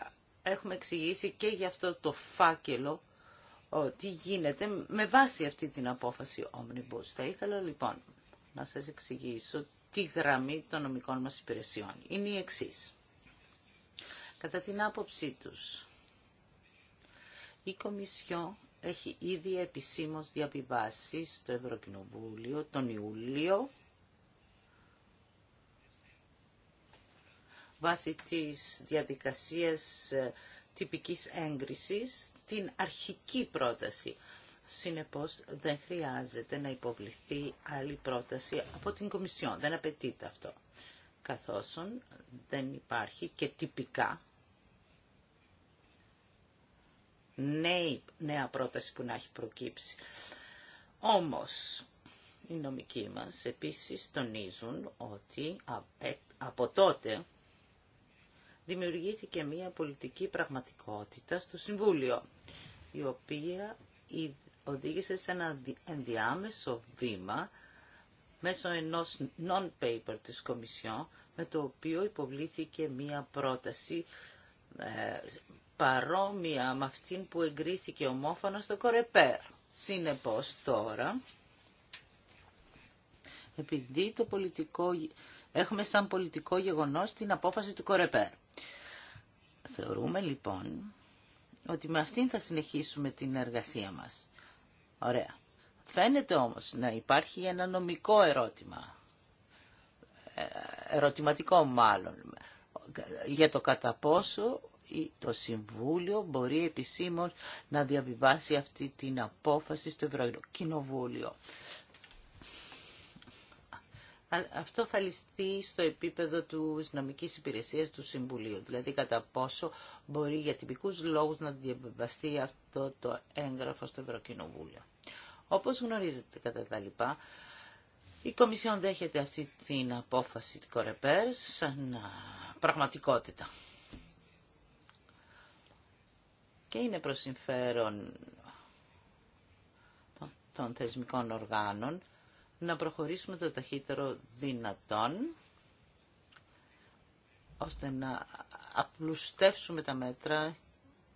έχουμε εξηγήσει και για αυτό το φάκελο τι γίνεται με βάση αυτή την απόφαση Omnibus. Θα ήθελα λοιπόν να σας εξηγήσω τη γραμμή των νομικών μας υπηρεσιών. Είναι η εξή. Κατά την άποψή τους, η Κομισιό έχει ήδη επισήμως διαβιβάσει στο Ευρωκοινοβούλιο τον Ιούλιο βάσει της διαδικασίας τυπικής έγκρισης την αρχική πρόταση Συνεπώς δεν χρειάζεται να υποβληθεί άλλη πρόταση από την Κομισιόν. Δεν απαιτείται αυτό. Καθώς δεν υπάρχει και τυπικά νέα πρόταση που να έχει προκύψει. Όμως, οι νομικοί μας επίσης τονίζουν ότι ε, από τότε δημιουργήθηκε μια πολιτική πραγματικότητα στο Συμβούλιο, η οποία οδήγησε σε ένα ενδιάμεσο βήμα μέσω ενός non-paper της Κομισιόν, με το οποίο υποβλήθηκε μία πρόταση ε, παρόμοια με αυτήν που εγκρίθηκε ομόφωνα στο Κορεπέρ. Συνεπώς τώρα, επειδή το πολιτικό, έχουμε σαν πολιτικό γεγονός την απόφαση του Κορεπέρ. Θεωρούμε λοιπόν ότι με αυτήν θα συνεχίσουμε την εργασία μας. Ωραία. Φαίνεται όμως να υπάρχει ένα νομικό ερώτημα, ε, ερωτηματικό μάλλον, για το κατά πόσο το Συμβούλιο μπορεί επισήμως να διαβιβάσει αυτή την απόφαση στο Ευρωκοινοβούλιο. Αυτό θα ληστεί στο επίπεδο του νομικής υπηρεσίας του Συμβουλίου, δηλαδή κατά πόσο μπορεί για τυπικούς λόγους να διαβιβαστεί αυτό το έγγραφο στο Ευρωκοινοβούλιο. Όπως γνωρίζετε κατά τα λοιπά, η Κομισιόν δέχεται αυτή την απόφαση του Κορεπέρ σαν πραγματικότητα. Και είναι προς συμφέρον των θεσμικών οργάνων να προχωρήσουμε το ταχύτερο δυνατόν ώστε να απλουστεύσουμε τα μέτρα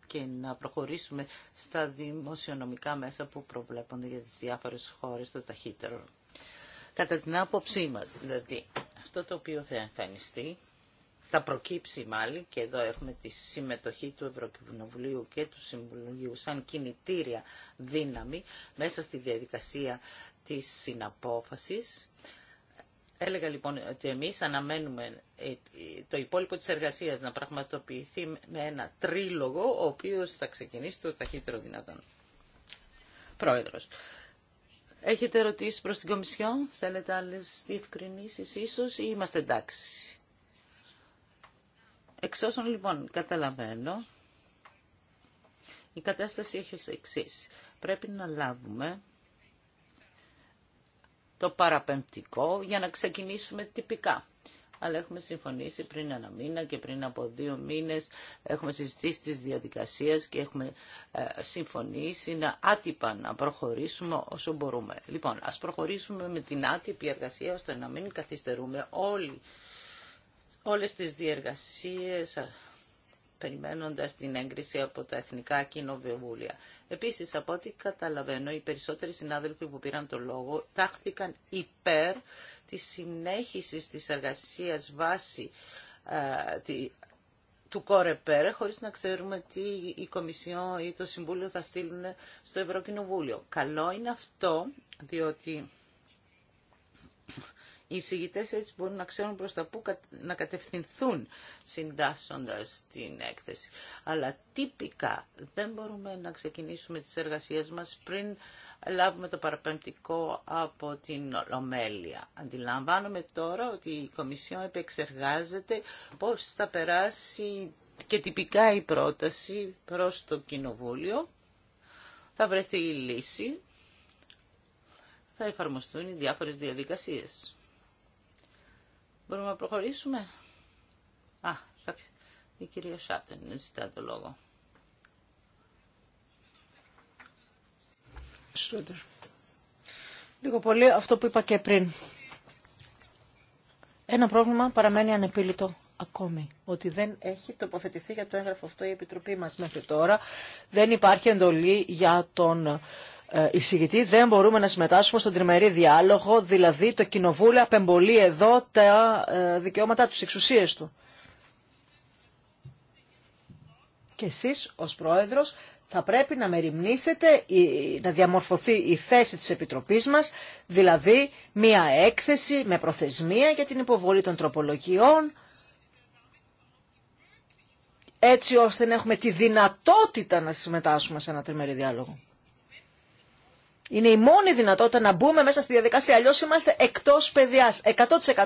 και να προχωρήσουμε στα δημοσιονομικά μέσα που προβλέπονται για τις διάφορες χώρες το ταχύτερο. Κατά την άποψή μας, δηλαδή, αυτό το οποίο θα εμφανιστεί, τα προκύψει μάλλον, και εδώ έχουμε τη συμμετοχή του Ευρωκοινοβουλίου και του Συμβουλίου σαν κινητήρια δύναμη μέσα στη διαδικασία της συναπόφασης, Έλεγα λοιπόν ότι εμείς αναμένουμε ε, το υπόλοιπο της εργασίας να πραγματοποιηθεί με ένα τρίλογο, ο οποίος θα ξεκινήσει το ταχύτερο δυνατόν. Πρόεδρος. Έχετε ερωτήσεις προς την Κομισιόν, θέλετε άλλες διευκρινήσεις ίσως ή είμαστε εντάξει. Εξ όσων λοιπόν καταλαβαίνω, η κατάσταση έχει ως εξής. Πρέπει να λάβουμε το παραπεμπτικό για να ξεκινήσουμε τυπικά. Αλλά έχουμε συμφωνήσει πριν ένα μήνα και πριν από δύο μήνες έχουμε συζητήσει τις διαδικασίες και έχουμε ε, συμφωνήσει να άτυπα να προχωρήσουμε όσο μπορούμε. Λοιπόν, ας προχωρήσουμε με την άτυπη εργασία ώστε να μην καθυστερούμε όλοι, όλες τις διεργασίες περιμένοντας την έγκριση από τα Εθνικά Κοινοβουλία. Επίσης, από ό,τι καταλαβαίνω, οι περισσότεροι συνάδελφοι που πήραν το λόγο τάχθηκαν υπέρ της συνέχισης της εργασίας βάση ε, τη, του Κορεπέρ, χωρίς να ξέρουμε τι η Κομισιό ή το Συμβούλιο θα στείλουν στο Ευρωκοινοβούλιο. Καλό είναι αυτό, διότι οι εισηγητές έτσι μπορούν να ξέρουν προς τα πού να κατευθυνθούν συντάσσοντας την έκθεση. Αλλά τυπικά δεν μπορούμε να ξεκινήσουμε τις εργασίες μας πριν λάβουμε το παραπεμπτικό από την Ολομέλεια. Αντιλαμβάνομαι τώρα ότι η Κομισιόν επεξεργάζεται πώς θα περάσει και τυπικά η πρόταση προς το Κοινοβούλιο. Θα βρεθεί η λύση, θα εφαρμοστούν οι διάφορες διαδικασίες. Μπορούμε να προχωρήσουμε. Α, κάποιο. Η κυρία Σάτεν ζητά το λόγο. Λίγο πολύ αυτό που είπα και πριν. Ένα πρόβλημα παραμένει ανεπίλητο ακόμη, ότι δεν έχει τοποθετηθεί για το έγγραφο αυτό η Επιτροπή μας μέχρι τώρα. Δεν υπάρχει εντολή για τον ε, εισηγητή δεν μπορούμε να συμμετάσχουμε στον τριμερή διάλογο, δηλαδή το κοινοβούλιο απεμπολεί εδώ τα ε, δικαιώματά του, τις του. Και εσεί, ω Πρόεδρος θα πρέπει να μεριμνήσετε, να διαμορφωθεί η θέση της Επιτροπής μας, δηλαδή μία έκθεση με προθεσμία για την υποβολή των τροπολογιών, έτσι ώστε να έχουμε τη δυνατότητα να συμμετάσχουμε σε ένα τριμερή διάλογο. Είναι η μόνη δυνατότητα να μπούμε μέσα στη διαδικασία. Αλλιώ είμαστε εκτό παιδιά. 100%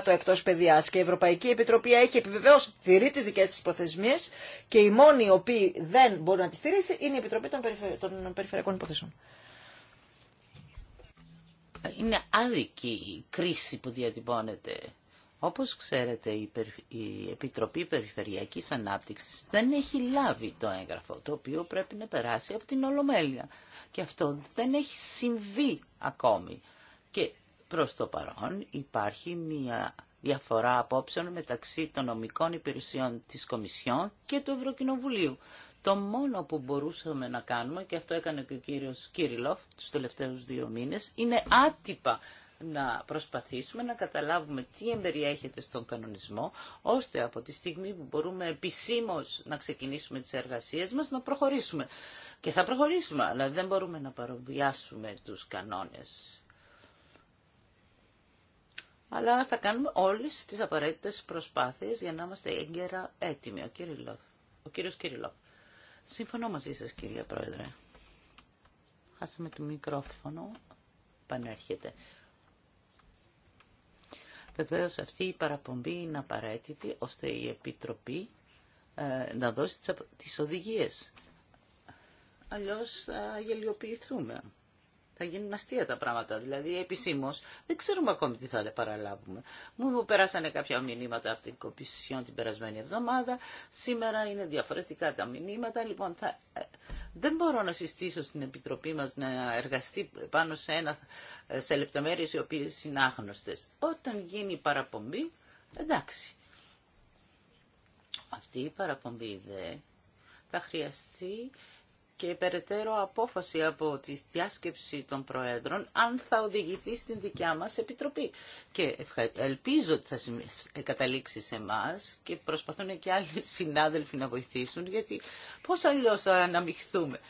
εκτό παιδιά. Και η Ευρωπαϊκή Επιτροπή έχει επιβεβαίωσει ότι τηρεί τι δικέ τη προθεσμίε και η μόνη η οποία δεν μπορεί να τη στηρίσει είναι η Επιτροπή των, των Περιφερειακών Υποθέσεων. Είναι άδικη η κρίση που διατυπώνεται όπως ξέρετε, η Επιτροπή Περιφερειακής Ανάπτυξης δεν έχει λάβει το έγγραφο, το οποίο πρέπει να περάσει από την Ολομέλεια. Και αυτό δεν έχει συμβεί ακόμη. Και προς το παρόν υπάρχει μια διαφορά απόψεων μεταξύ των νομικών υπηρεσιών της Κομισιόν και του Ευρωκοινοβουλίου. Το μόνο που μπορούσαμε να κάνουμε, και αυτό έκανε και ο κύριος Κύριλοφ τους τελευταίους δύο μήνες, είναι άτυπα να προσπαθήσουμε να καταλάβουμε τι εμπεριέχεται στον κανονισμό, ώστε από τη στιγμή που μπορούμε επισήμω να ξεκινήσουμε τις εργασίες μας, να προχωρήσουμε. Και θα προχωρήσουμε, αλλά δεν μπορούμε να παροβιάσουμε τους κανόνες. Αλλά θα κάνουμε όλες τις απαραίτητε προσπάθειε για να είμαστε έγκαιρα έτοιμοι. Ο, κύριο Συμφωνώ μαζί σα, κύριε Πρόεδρε. Χάσαμε το μικρόφωνο. Πανέρχεται. Βεβαίως αυτή η παραπομπή είναι απαραίτητη ώστε η Επιτροπή ε, να δώσει τις οδηγίες. Αλλιώς θα γελιοποιηθούμε θα γίνουν αστεία τα πράγματα. Δηλαδή, επισήμω δεν ξέρουμε ακόμη τι θα παραλάβουμε. Μου περάσανε κάποια μηνύματα από την Κοπισιόν την περασμένη εβδομάδα. Σήμερα είναι διαφορετικά τα μηνύματα. Λοιπόν, θα... Ε, δεν μπορώ να συστήσω στην Επιτροπή μα να εργαστεί πάνω σε, ένα... σε λεπτομέρειε οι οποίε είναι άγνωστε. Όταν γίνει η παραπομπή, εντάξει. Αυτή η παραπομπή δε θα χρειαστεί και υπεραιτέρω απόφαση από τη διάσκεψη των Προέδρων αν θα οδηγηθεί στην δικιά μας Επιτροπή. Και ελπίζω ότι θα καταλήξει σε εμά και προσπαθούν και άλλοι συνάδελφοι να βοηθήσουν γιατί πώς αλλιώς θα αναμειχθούμε.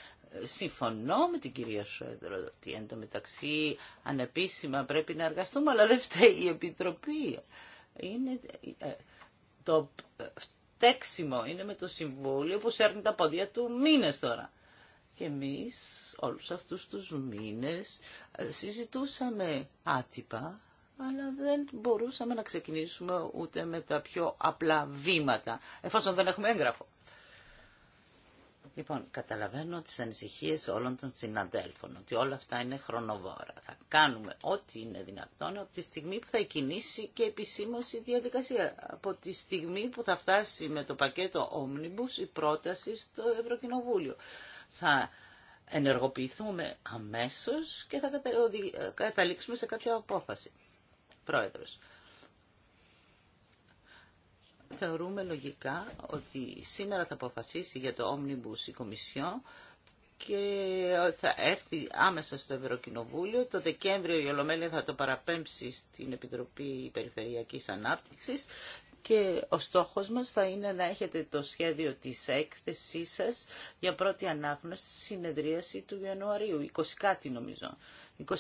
Συμφωνώ με την κυρία Σόεδρο ότι μεταξύ ανεπίσημα πρέπει να εργαστούμε, αλλά δεν φταίει η Επιτροπή. Είναι ε, το φταίξιμο είναι με το Συμβούλιο που σέρνει τα πόδια του μήνες τώρα. Και εμείς όλους αυτούς τους μήνες ε, συζητούσαμε άτυπα, αλλά δεν μπορούσαμε να ξεκινήσουμε ούτε με τα πιο απλά βήματα, εφόσον δεν έχουμε έγγραφο. Λοιπόν, καταλαβαίνω τις ανησυχίες όλων των συναδέλφων, ότι όλα αυτά είναι χρονοβόρα. Θα κάνουμε ό,τι είναι δυνατόν από τη στιγμή που θα κινήσει και επισήμως η διαδικασία. Από τη στιγμή που θα φτάσει με το πακέτο Omnibus η πρόταση στο Ευρωκοινοβούλιο θα ενεργοποιηθούμε αμέσως και θα καταλήξουμε σε κάποια απόφαση. Πρόεδρος. Θεωρούμε λογικά ότι σήμερα θα αποφασίσει για το Omnibus η Κομισιό και θα έρθει άμεσα στο Ευρωκοινοβούλιο. Το Δεκέμβριο η Ολομέλεια θα το παραπέμψει στην Επιτροπή Περιφερειακής Ανάπτυξης και ο στόχος μας θα είναι να έχετε το σχέδιο της έκθεσής σας για πρώτη ανάγνωση στη συνεδρίαση του Ιανουαρίου, 20 κάτι νομίζω,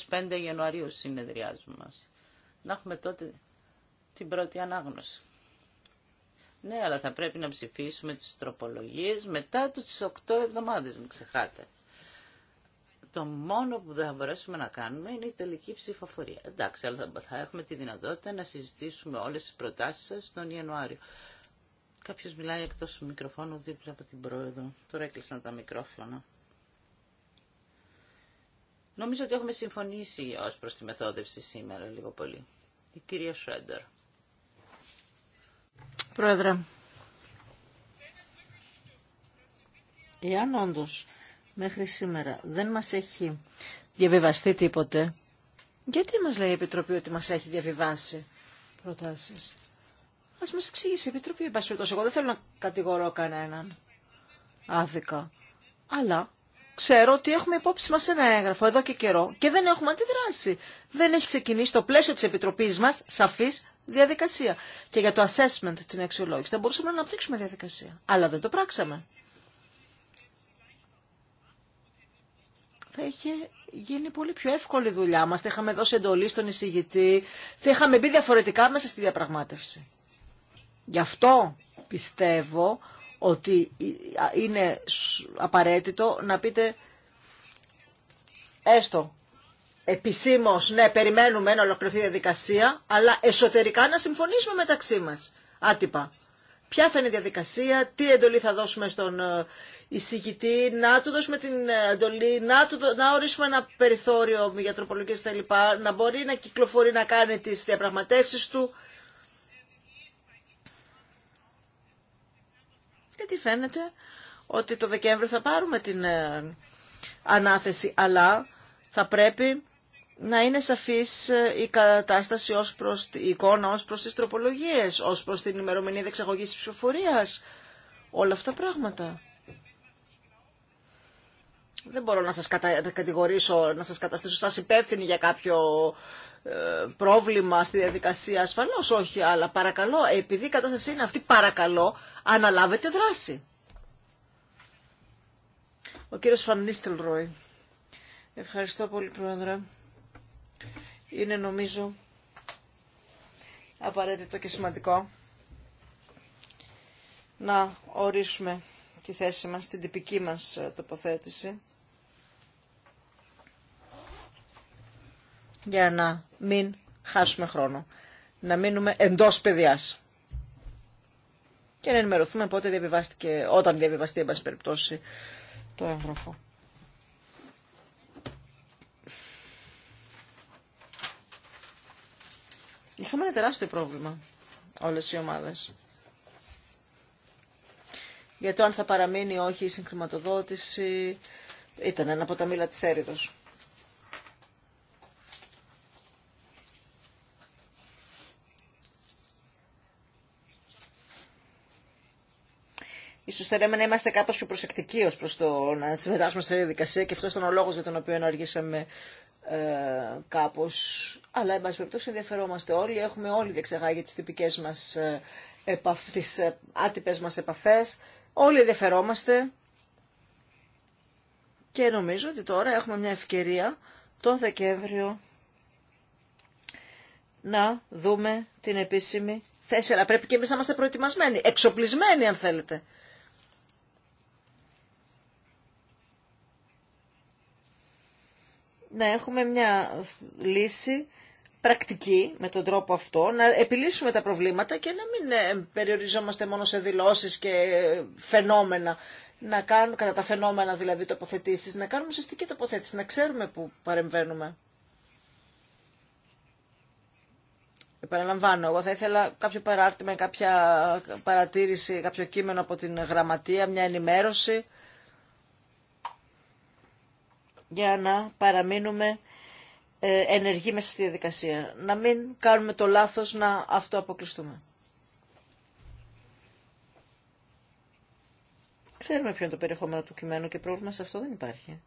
25 Ιανουαρίου συνεδριάζουμε μας. Να έχουμε τότε την πρώτη ανάγνωση. Ναι, αλλά θα πρέπει να ψηφίσουμε τις τροπολογίες μετά τις 8 εβδομάδες, μην ξεχάτε το μόνο που θα μπορέσουμε να κάνουμε είναι η τελική ψηφοφορία. Εντάξει, αλλά θα έχουμε τη δυνατότητα να συζητήσουμε όλες τις προτάσεις σας τον Ιανουάριο. Κάποιος μιλάει εκτός του μικροφώνου δίπλα από την πρόεδρο. Τώρα έκλεισαν τα μικρόφωνα. Νομίζω ότι έχουμε συμφωνήσει ως προς τη μεθόδευση σήμερα λίγο πολύ. Η κυρία Σρέντερ. Πρόεδρε, εάν όντως μέχρι σήμερα. Δεν μας έχει διαβιβαστεί τίποτε. Γιατί μας λέει η Επιτροπή ότι μας έχει διαβιβάσει προτάσεις. Ας μας εξηγήσει η Επιτροπή. Εγώ δεν θέλω να κατηγορώ κανέναν άδικα. Αλλά ξέρω ότι έχουμε υπόψη μας ένα έγγραφο εδώ και καιρό και δεν έχουμε αντιδράσει. Δεν έχει ξεκινήσει το πλαίσιο της Επιτροπής μας σαφής διαδικασία. Και για το assessment, την αξιολόγηση, θα μπορούσαμε να αναπτύξουμε διαδικασία. Αλλά δεν το πράξαμε. θα είχε γίνει πολύ πιο εύκολη δουλειά μας, θα είχαμε δώσει εντολή στον εισηγητή, θα είχαμε μπει διαφορετικά μέσα στη διαπραγμάτευση. Γι' αυτό πιστεύω ότι είναι απαραίτητο να πείτε έστω επισήμω, ναι, περιμένουμε να ολοκληρωθεί η διαδικασία, αλλά εσωτερικά να συμφωνήσουμε μεταξύ μας. Άτυπα. Ποια θα είναι η διαδικασία, τι εντολή θα δώσουμε στον ε, εισηγητή, να του δώσουμε την ε, εντολή, να, να ορίσουμε ένα περιθώριο για τροπολογίες κτλ. Να μπορεί να κυκλοφορεί, να κάνει τις διαπραγματεύσεις του. τι φαίνεται ότι το Δεκέμβριο θα πάρουμε την ε, ανάθεση, αλλά θα πρέπει να είναι σαφής ε, η κατάσταση ως προς η εικόνα, ως προς τις τροπολογίες, ως προς την ημερομηνία δεξαγωγής της Όλα αυτά πράγματα. Δεν μπορώ να σας κατηγορήσω, να σας καταστήσω σας υπεύθυνη για κάποιο ε, πρόβλημα στη διαδικασία ασφαλώς όχι, αλλά παρακαλώ, επειδή η κατάσταση είναι αυτή, παρακαλώ, αναλάβετε δράση. Ο κύριος Φανίστελ Ρόι. Ευχαριστώ πολύ, Πρόεδρε. Είναι, νομίζω, απαραίτητο και σημαντικό να ορίσουμε τη θέση μας, την τυπική μας τοποθέτηση για να μην χάσουμε χρόνο. Να μείνουμε εντός παιδιάς. Και να ενημερωθούμε πότε διαβιβάστηκε, όταν διαβιβαστεί, εν το έγγραφο. Είχαμε ένα τεράστιο πρόβλημα όλες οι ομάδες. Για το αν θα παραμείνει ή όχι συγχρηματοδότηση ήταν ένα από τα μήλα της έρηδος. Ίσως θέλαμε να είμαστε κάπως πιο προσεκτικοί ως προς το να συμμετάσχουμε στη διαδικασία και αυτό ήταν ο λόγος για τον οποίο εναργήσαμε ε, κάπως. Αλλά, εν πάση περιπτώσει, ενδιαφερόμαστε όλοι. Έχουμε όλοι διεξαγάγει τις τυπικές μας, ε, επαφ, ε, άτυπες μας επαφές. Όλοι ενδιαφερόμαστε. Και νομίζω ότι τώρα έχουμε μια ευκαιρία τον Δεκέμβριο να δούμε την επίσημη θέση. Αλλά πρέπει και εμείς να είμαστε προετοιμασμένοι, εξοπλισμένοι αν θέλετε. να έχουμε μια λύση πρακτική με τον τρόπο αυτό, να επιλύσουμε τα προβλήματα και να μην ε, περιοριζόμαστε μόνο σε δηλώσεις και φαινόμενα. Να κάνουμε, κατά τα φαινόμενα δηλαδή τοποθετήσεις, να κάνουμε ουσιαστική τοποθέτηση, να ξέρουμε που παρεμβαίνουμε. Επαναλαμβάνω, εγώ θα ήθελα κάποιο παράρτημα, κάποια παρατήρηση, κάποιο κείμενο από την γραμματεία, μια ενημέρωση για να παραμείνουμε ε, ενεργοί μέσα στη διαδικασία. Να μην κάνουμε το λάθος να αυτοαποκλειστούμε. Ξέρουμε ποιο είναι το περιεχόμενο του κειμένου και πρόβλημα σε αυτό δεν υπάρχει.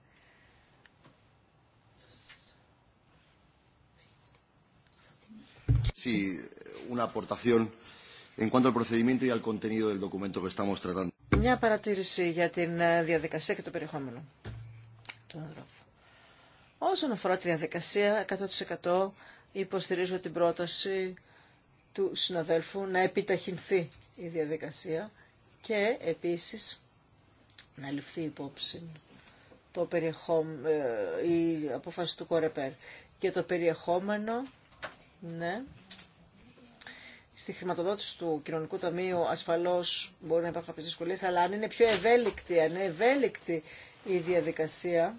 Μια παρατήρηση για την ε, διαδικασία και το περιεχόμενο. Όσον αφορά τη διαδικασία, 100% υποστηρίζω την πρόταση του συναδέλφου να επιταχυνθεί η διαδικασία και επίσης να ληφθεί υπόψη το περιεχόμενο, ε, η απόφαση του Κορεπέρ και το περιεχόμενο ναι, στη χρηματοδότηση του Κοινωνικού Ταμείου ασφαλώς μπορεί να υπάρχουν κάποιες δυσκολίες, αλλά αν είναι πιο ευέλικτη, ευέλικτη η διαδικασία,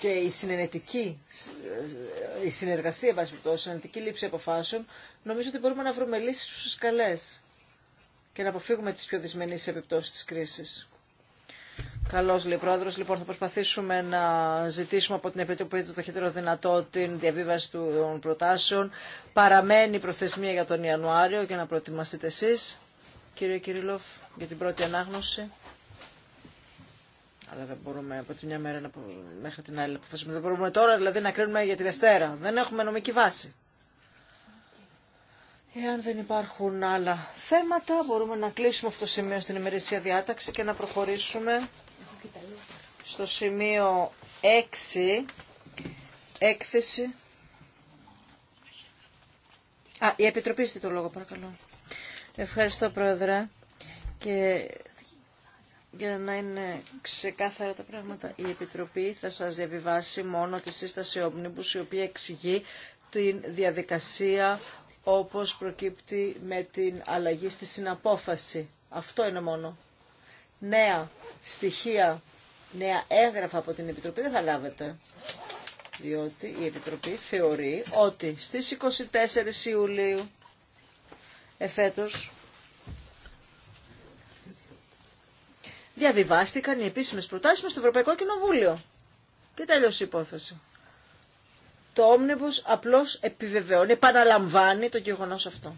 και η συνενετική, ε, η συνεργασία, η συνενετική λήψη αποφάσεων, νομίζω ότι μπορούμε να βρούμε λύσεις στους καλές και να αποφύγουμε τις πιο δυσμενείς επιπτώσεις της κρίσης. Καλώ, λέει πρόεδρο. Λοιπόν, θα προσπαθήσουμε να ζητήσουμε από την Επιτροπή του ταχύτερο δυνατό την διαβίβαση των προτάσεων. Παραμένει η προθεσμία για τον Ιανουάριο για να προετοιμαστείτε εσεί, κύριε Κυρίλοφ, για την πρώτη ανάγνωση. Αλλά δεν μπορούμε από τη μια μέρα να... μέχρι την άλλη να αποφασίσουμε. Δεν μπορούμε τώρα δηλαδή να κρίνουμε για τη Δευτέρα. Δεν έχουμε νομική βάση. Εάν δεν υπάρχουν άλλα θέματα, μπορούμε να κλείσουμε αυτό το σημείο στην ημερήσια διάταξη και να προχωρήσουμε στο σημείο 6, έκθεση. Α, η Επιτροπή, το λόγο, παρακαλώ. Ευχαριστώ, Πρόεδρε. Και για να είναι ξεκάθαρα τα πράγματα, η Επιτροπή θα σας διαβιβάσει μόνο τη σύσταση Omnibus, η οποία εξηγεί τη διαδικασία όπως προκύπτει με την αλλαγή στη συναπόφαση. Αυτό είναι μόνο. Νέα στοιχεία, νέα έγγραφα από την Επιτροπή δεν θα λάβετε. Διότι η Επιτροπή θεωρεί ότι στις 24 Ιουλίου εφέτος διαβιβάστηκαν οι επίσημες προτάσεις μας στο Ευρωπαϊκό Κοινοβούλιο. Και τέλειωσε η υπόθεση. Το ομνεμπος απλώς επιβεβαιώνει, επαναλαμβάνει το γεγονός αυτό.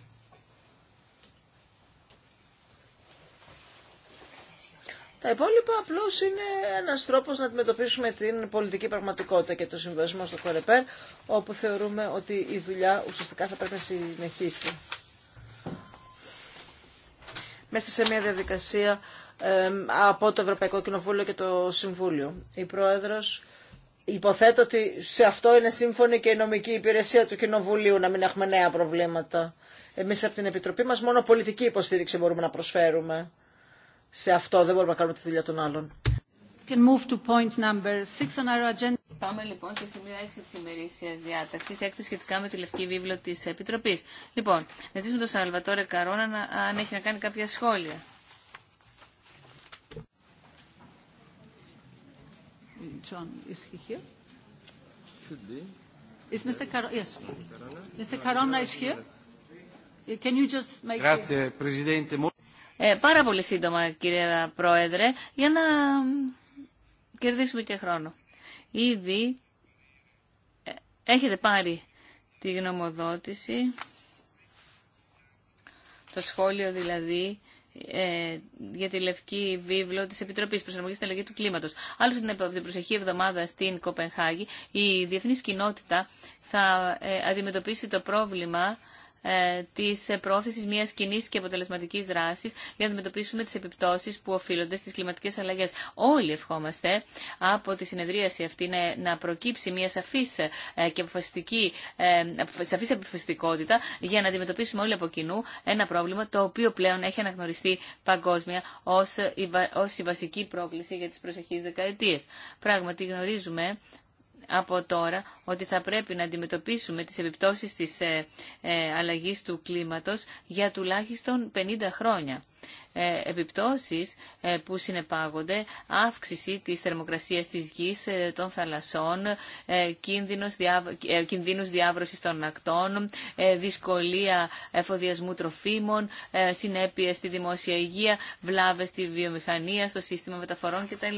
Τα υπόλοιπα απλώ είναι ένα τρόπο να αντιμετωπίσουμε την πολιτική πραγματικότητα και το συμβασμό στο Κορεπέρ, όπου θεωρούμε ότι η δουλειά ουσιαστικά θα πρέπει να συνεχίσει μέσα σε μια διαδικασία από το Ευρωπαϊκό Κοινοβούλιο και το Συμβούλιο. Η Πρόεδρος υποθέτω ότι σε αυτό είναι σύμφωνη και η νομική υπηρεσία του Κοινοβουλίου να μην έχουμε νέα προβλήματα. Εμείς από την Επιτροπή μας μόνο πολιτική υποστήριξη μπορούμε να προσφέρουμε. Σε αυτό δεν μπορούμε να κάνουμε τη δουλειά των άλλων. Can move to point number six on our agenda. Πάμε λοιπόν στο σημείο 6 τη ημερήσια διάταξη, έκτη σχετικά με τη Λευκή Βίβλο τη Επιτροπή. Λοιπόν, να ζήσουμε τον Σαλβατόρε Καρόνα αν έχει να κάνει κάποια σχόλια. John, is he here? Should be. Is Mr. Carona? Yes. Mr. Carona is here. Can you just make? Grazie, Presidente. Ε, πάρα πολύ σύντομα, κύριε Πρόεδρε, για να κερδίσουμε και χρόνο. Ήδη ε, έχετε πάρει τη γνωμοδότηση, το σχόλιο δηλαδή, ε, για τη λευκή βίβλο τη Επιτροπή Προσαρμογή στην Αλλαγή του Κλίματο. Άλλωστε, την προσεχή εβδομάδα στην Κοπενχάγη, η διεθνή κοινότητα θα ε, αντιμετωπίσει το πρόβλημα ε, τη πρόθεση μια κοινή και αποτελεσματική δράση για να αντιμετωπίσουμε τι επιπτώσει που οφείλονται στι κλιματικέ αλλαγέ. Όλοι ευχόμαστε από τη συνεδρίαση αυτή να προκύψει μια σαφής ε, και αποφασιστική, ε, για να αντιμετωπίσουμε όλοι από κοινού ένα πρόβλημα το οποίο πλέον έχει αναγνωριστεί παγκόσμια ω η βασική πρόκληση για τις προσεχείς δεκαετίες. Πράγματι γνωρίζουμε από τώρα ότι θα πρέπει να αντιμετωπίσουμε τις επιπτώσεις της ε, ε, αλλαγής του κλίματος για τουλάχιστον 50 χρόνια. Ε, επιπτώσεις ε, που συνεπάγονται αύξηση της θερμοκρασίας της γης, ε, των θαλασσών, κίνδυνος, κινδύνους διάβρωσης των ακτών, δυσκολία εφοδιασμού τροφίμων, συνέπειες στη δημόσια υγεία, βλάβες στη βιομηχανία, στο σύστημα μεταφορών κτλ.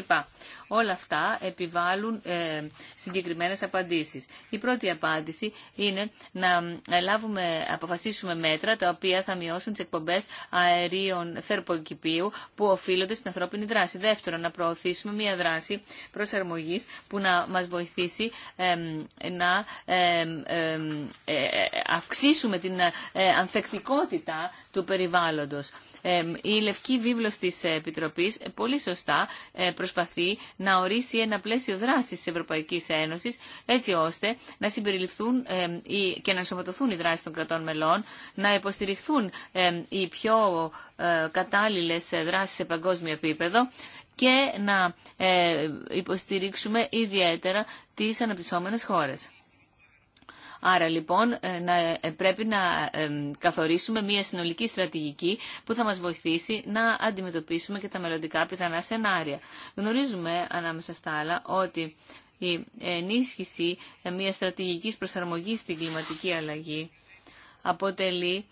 Όλα αυτά επιβάλλουν συγκεκριμένες απαντήσεις. Η πρώτη απάντηση είναι να λάβουμε, αποφασίσουμε μέτρα τα οποία θα μειώσουν τις εκπομπές αερίων, που οφείλονται στην ανθρώπινη δράση. Δεύτερον, να προωθήσουμε μια δράση προσαρμογή που να μα βοηθήσει να ε, ε, αυξήσουμε την ε, ανθεκτικότητα του περιβάλλοντος. Η Λευκή Βίβλος της Επιτροπής ε, πολύ σωστά ε, προσπαθεί να ορίσει ένα πλαίσιο δράσης της Ευρωπαϊκής Ένωσης έτσι ώστε να συμπεριληφθούν και να ενσωματωθούν οι δράσεις των κρατών μελών, να υποστηριχθούν οι πιο ε, κατάλληλες δράσεις σε παγκόσμιο επίπεδο και να υποστηρίξουμε ιδιαίτερα τις αναπτυσσόμενες χώρες. Άρα λοιπόν ε, να, ε, πρέπει να καθορίσουμε μια συνολική στρατηγική που θα μας βοηθήσει να αντιμετωπίσουμε και τα μελλοντικά πιθανά σενάρια. Γνωρίζουμε ανάμεσα στα άλλα ότι η ενίσχυση ε, μια στρατηγικής προσαρμογής στην κλιματική αλλαγή αποτελεί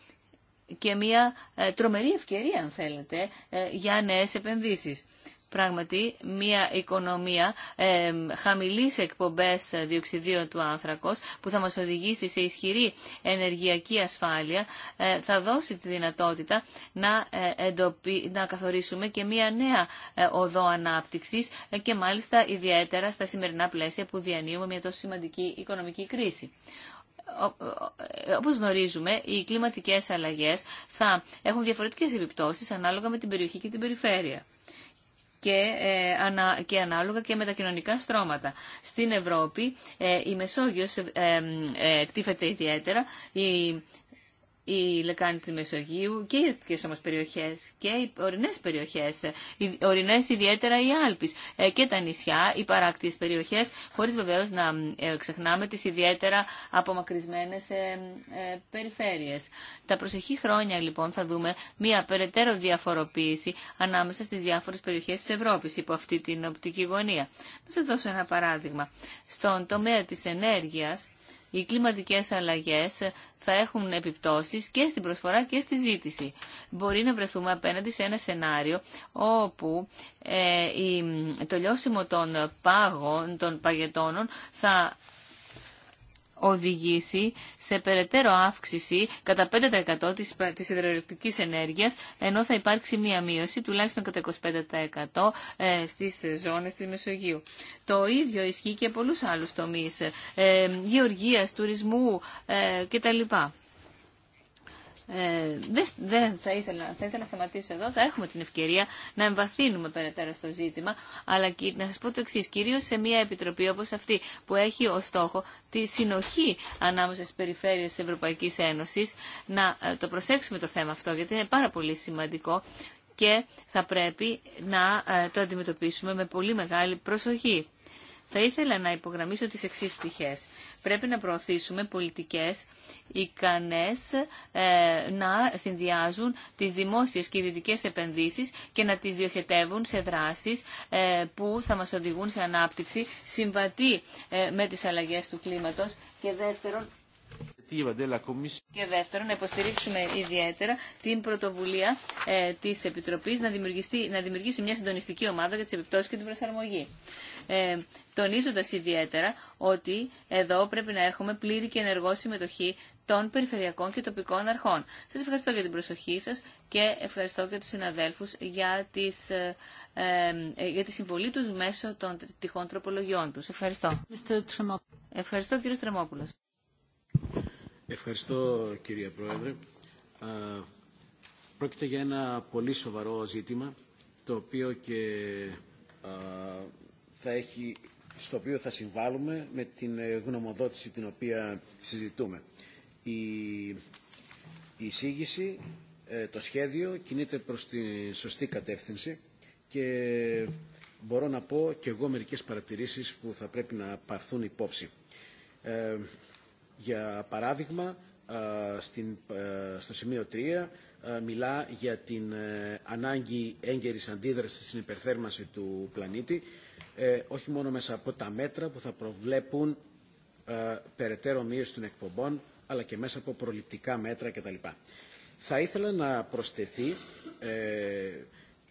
και μια τρομερή ευκαιρία, αν θέλετε, για νέες επενδύσεις πράγματι μια οικονομία ε, χαμηλής εκπομπές διοξιδίων του άνθρακος που θα μας οδηγήσει σε ισχυρή ενεργειακή ασφάλεια ε, θα δώσει τη δυνατότητα να, ε, να καθορίσουμε και μια νέα ε, οδό ανάπτυξης και μάλιστα ιδιαίτερα στα σημερινά πλαίσια που διανύουμε μια τόσο σημαντική οικονομική κρίση όπως γνωρίζουμε, οι κλιματικές αλλαγές θα έχουν διαφορετικές επιπτώσεις ανάλογα με την περιοχή και την περιφέρεια και, ε, και ανάλογα και με τα κοινωνικά στρώματα. Στην Ευρώπη ε, η Μεσόγειος ε, εκτίθεται ιδιαίτερα. Η η λεκάνη της Μεσογείου και οι όμως περιοχές και οι ορεινές περιοχές, οι ορεινές ιδιαίτερα οι Άλπεις ε, και τα νησιά, οι παράκτιες περιοχές, χωρίς βεβαίως να ε, ξεχνάμε τις ιδιαίτερα απομακρυσμένες ε, περιφέρειες. Τα προσεχή χρόνια λοιπόν θα δούμε μια περαιτέρω διαφοροποίηση ανάμεσα στις διάφορες περιοχές της Ευρώπης υπό αυτή την οπτική γωνία. Να σας δώσω ένα παράδειγμα. Στον τομέα της ενέργειας οι κλιματικές αλλαγές θα έχουν επιπτώσεις και στην προσφορά και στη ζήτηση. Μπορεί να βρεθούμε απέναντι σε ένα σενάριο όπου ε, το λιώσιμο των πάγων, των παγετώνων θα οδηγήσει σε περαιτέρω αύξηση κατά 5% της, υδροελεκτικής ενέργειας, ενώ θα υπάρξει μία μείωση τουλάχιστον κατά 25% ε, στις ζώνες της Μεσογείου. Το ίδιο ισχύει και πολλούς άλλους τομείς, ε, ε, γεωργίας, τουρισμού κτλ. Ε, δεν, θα, ήθελα, θα ήθελα να σταματήσω εδώ. Θα έχουμε την ευκαιρία να εμβαθύνουμε περαιτέρω στο ζήτημα. Αλλά και, να σα πω το εξή. Κυρίω σε μια επιτροπή όπω αυτή που έχει ω στόχο τη συνοχή ανάμεσα στι περιφέρειε τη Ευρωπαϊκή Ένωση, να ε, το προσέξουμε το θέμα αυτό γιατί είναι πάρα πολύ σημαντικό και θα πρέπει να ε, το αντιμετωπίσουμε με πολύ μεγάλη προσοχή. Θα ήθελα να υπογραμμίσω τις εξή πτυχές. Πρέπει να προωθήσουμε πολιτικές ικανές ε, να συνδυάζουν τις δημόσιες και ιδιωτικέ επενδύσεις και να τις διοχετεύουν σε δράσεις ε, που θα μας οδηγούν σε ανάπτυξη συμβατή ε, με τις αλλαγές του κλίματος και δεύτερον και δεύτερον, να υποστηρίξουμε ιδιαίτερα την πρωτοβουλία ε, τη Επιτροπή να, να δημιουργήσει μια συντονιστική ομάδα για τι επιπτώσει και την προσαρμογή. Ε, Τονίζοντα ιδιαίτερα ότι εδώ πρέπει να έχουμε πλήρη και ενεργό συμμετοχή των περιφερειακών και τοπικών αρχών. Σα ευχαριστώ για την προσοχή σα και ευχαριστώ και του συναδέλφου για, ε, ε, για τη συμβολή του μέσω των τυχών τροπολογιών του. Ευχαριστώ. Ευχαριστώ, κύριο Στρεμόπουλο. Ευχαριστώ κύριε Πρόεδρε. Πρόκειται για ένα πολύ σοβαρό ζήτημα το οποίο και θα έχει, στο οποίο θα συμβάλλουμε με την ε, γνωμοδότηση την οποία συζητούμε. Η, η εισήγηση, ε, το σχέδιο κινείται προς τη σωστή κατεύθυνση και μπορώ να πω και εγώ μερικές παρατηρήσεις που θα πρέπει να παρθούν υπόψη. Ε, για παράδειγμα, ε, ε, στο σημείο 3 ε, μιλά για την ανάγκη έγκαιρης αντίδρασης στην υπερθέρμανση του πλανήτη, όχι μόνο μέσα από τα μέτρα που θα προβλέπουν περαιτέρω μείωση των εκπομπών, αλλά και μέσα από προληπτικά μέτρα κτλ. Θα ήθελα να προσθεθεί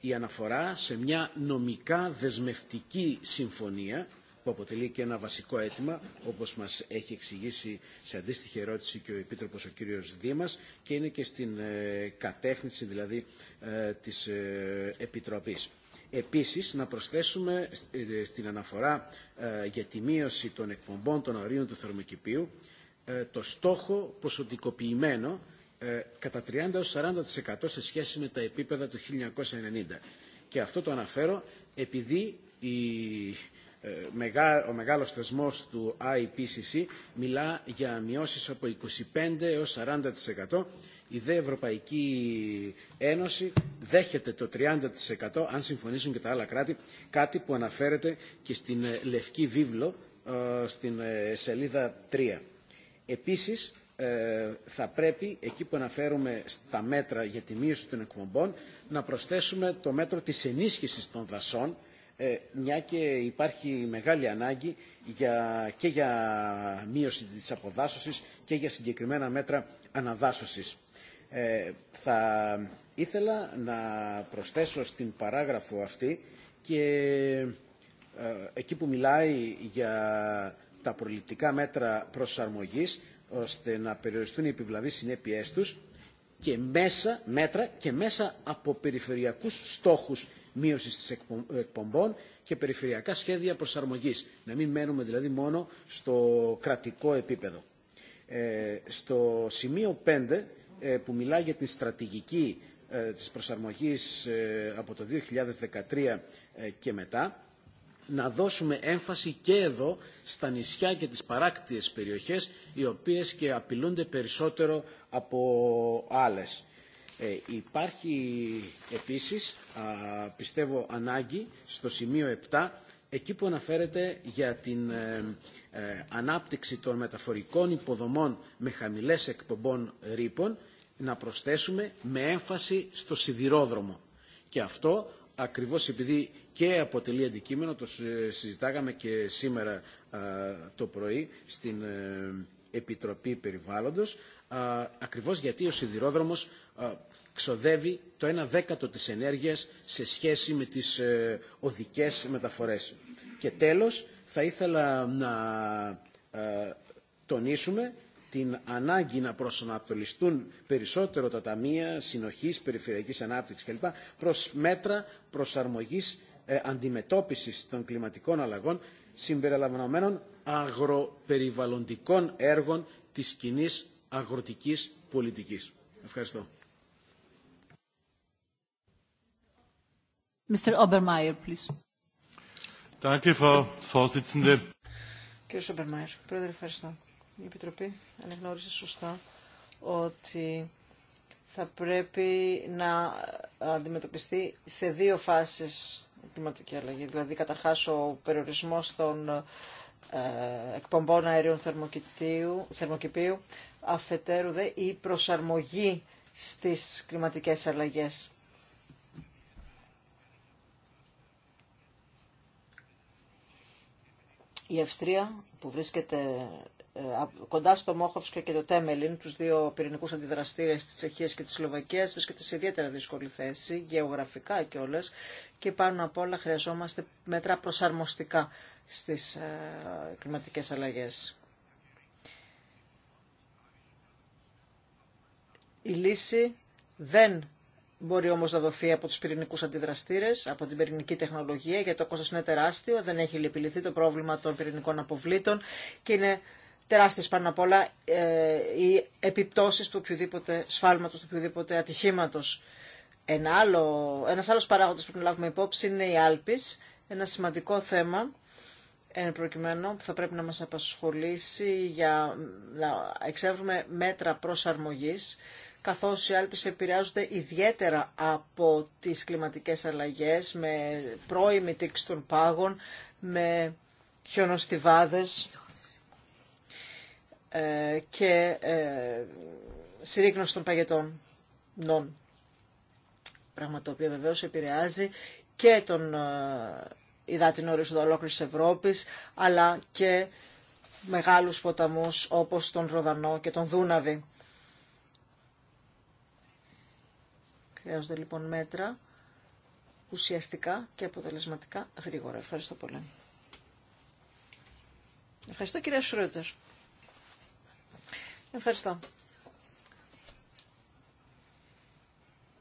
η αναφορά σε μια νομικά δεσμευτική συμφωνία που αποτελεί και ένα βασικό αίτημα, όπως μας έχει εξηγήσει σε αντίστοιχη ερώτηση και ο Επίτροπος ο κύριος Δήμας και είναι και στην ε, κατεύθυνση δηλαδή ε, της ε, Επιτροπής. Επίσης, να προσθέσουμε στην αναφορά για τη μείωση των εκπομπών των ορίων του θερμοκηπίου το στόχο ποσοτικοποιημένο κατά 30-40% σε σχέση με τα επίπεδα του 1990. Και αυτό το αναφέρω επειδή η ε, ο μεγάλος θεσμός του IPCC μιλά για μειώσεις από 25 έως 40%. Η ΔΕ Ευρωπαϊκή Ένωση δέχεται το 30% αν συμφωνήσουν και τα άλλα κράτη, κάτι που αναφέρεται και στην ε, Λευκή Βίβλο, ε, στην σελίδα 3. Επίσης, θα πρέπει εκεί που αναφέρουμε στα μέτρα για τη μείωση των εκπομπών να προσθέσουμε το μέτρο της ενίσχυσης των δασών ε, μια και υπάρχει μεγάλη ανάγκη για, και για μείωση της αποδάσωσης και για συγκεκριμένα μέτρα αναδάσωσης. Ε, θα ήθελα να προσθέσω στην παράγραφο αυτή και ε, εκεί που μιλάει για τα προληπτικά μέτρα προσαρμογής ώστε να περιοριστούν οι επιβλαβείς συνέπειές τους και μέσα μέτρα και μέσα από περιφερειακούς στόχους μείωσης της εκπομπών και περιφερειακά σχέδια προσαρμογής. Να μην μένουμε δηλαδή μόνο στο κρατικό επίπεδο. Ε, στο σημείο 5 ε, που μιλάει για τη στρατηγική ε, της προσαρμογής από το 2013 και μετά να δώσουμε έμφαση και εδώ στα νησιά και τις παράκτιες περιοχές οι οποίες και απειλούνται περισσότερο από άλλες. Ε, υπάρχει επίσης, α, πιστεύω, ανάγκη στο σημείο 7 εκεί που αναφέρεται για την ε, ε, ανάπτυξη των μεταφορικών υποδομών με χαμηλές εκπομπών ρήπων να προσθέσουμε με έμφαση στο σιδηρόδρομο. Και αυτό ακριβώς επειδή και αποτελεί αντικείμενο, το συζητάγαμε και σήμερα το πρωί στην ε, Επιτροπή Περιβάλλοντος, ακριβώς γιατί ο σιδηρόδρομος ξοδεύει το 1 δέκατο της ενέργειας σε σχέση με τις ε, οδικές μεταφορές. Και τέλος, θα ήθελα να τονίσουμε την ανάγκη να προσανατολιστούν περισσότερο τα ταμεία συνοχής, περιφερειακής ανάπτυξης κλπ. προς μέτρα προσαρμογής ε, αντιμετώπισης των κλιματικών αλλαγών συμπεριλαμβανομένων αγροπεριβαλλοντικών έργων της κοινή αγροτικής πολιτικής. Ευχαριστώ. Mr. Obermeier, please. Danke, Frau Vorsitzende. Κύριε Obermeier, πρόεδρε, ευχαριστώ η Επιτροπή αναγνώρισε σωστά ότι θα πρέπει να αντιμετωπιστεί σε δύο φάσεις η κλιματική αλλαγή. Δηλαδή, καταρχάς, ο περιορισμός των ε, εκπομπών αερίων θερμοκηπίου, αφετέρου δε η προσαρμογή στις κλιματικές αλλαγές. Η Αυστρία που βρίσκεται ε, κοντά στο Μόχοφσκο και το Τέμελιν, τους δύο πυρηνικούς αντιδραστήρες της Τσεχίας και της Σλοβακίας, βρίσκεται σε ιδιαίτερα δύσκολη θέση, γεωγραφικά κιόλα και πάνω απ' όλα χρειαζόμαστε μέτρα προσαρμοστικά στις ε, κλιματικές αλλαγές. Η λύση δεν Μπορεί όμω να δοθεί από του πυρηνικού αντιδραστήρε, από την πυρηνική τεχνολογία, γιατί το κόστο είναι τεράστιο, δεν έχει λυπηληθεί το πρόβλημα των πυρηνικών αποβλήτων και είναι τεράστιες πάνω απ' όλα ε, οι επιπτώσεις του οποιοδήποτε σφάλματος, του οποιοδήποτε ατυχήματος. Ένα άλλο, ένας άλλος παράγοντας που πρέπει να λάβουμε υπόψη είναι η Άλπης, ένα σημαντικό θέμα εν προκειμένου που θα πρέπει να μας απασχολήσει για να εξεύρουμε μέτρα προσαρμογής καθώς οι Άλπεις επηρεάζονται ιδιαίτερα από τις κλιματικές αλλαγές με πρώιμη τήξη των πάγων, με χιονοστιβάδες ε, και ε, συρρήγνωση των παγετών νόν. Πράγμα το οποίο βεβαίως επηρεάζει και τον ε, υδάτινο ορίζοντα ολόκληρη Ευρώπης, αλλά και μεγάλους ποταμούς όπως τον Ροδανό και τον Δούναβη. Χρειάζονται λοιπόν μέτρα ουσιαστικά και αποτελεσματικά γρήγορα. Ευχαριστώ πολύ. Ευχαριστώ κυρία Σρότζερ. Ευχαριστώ.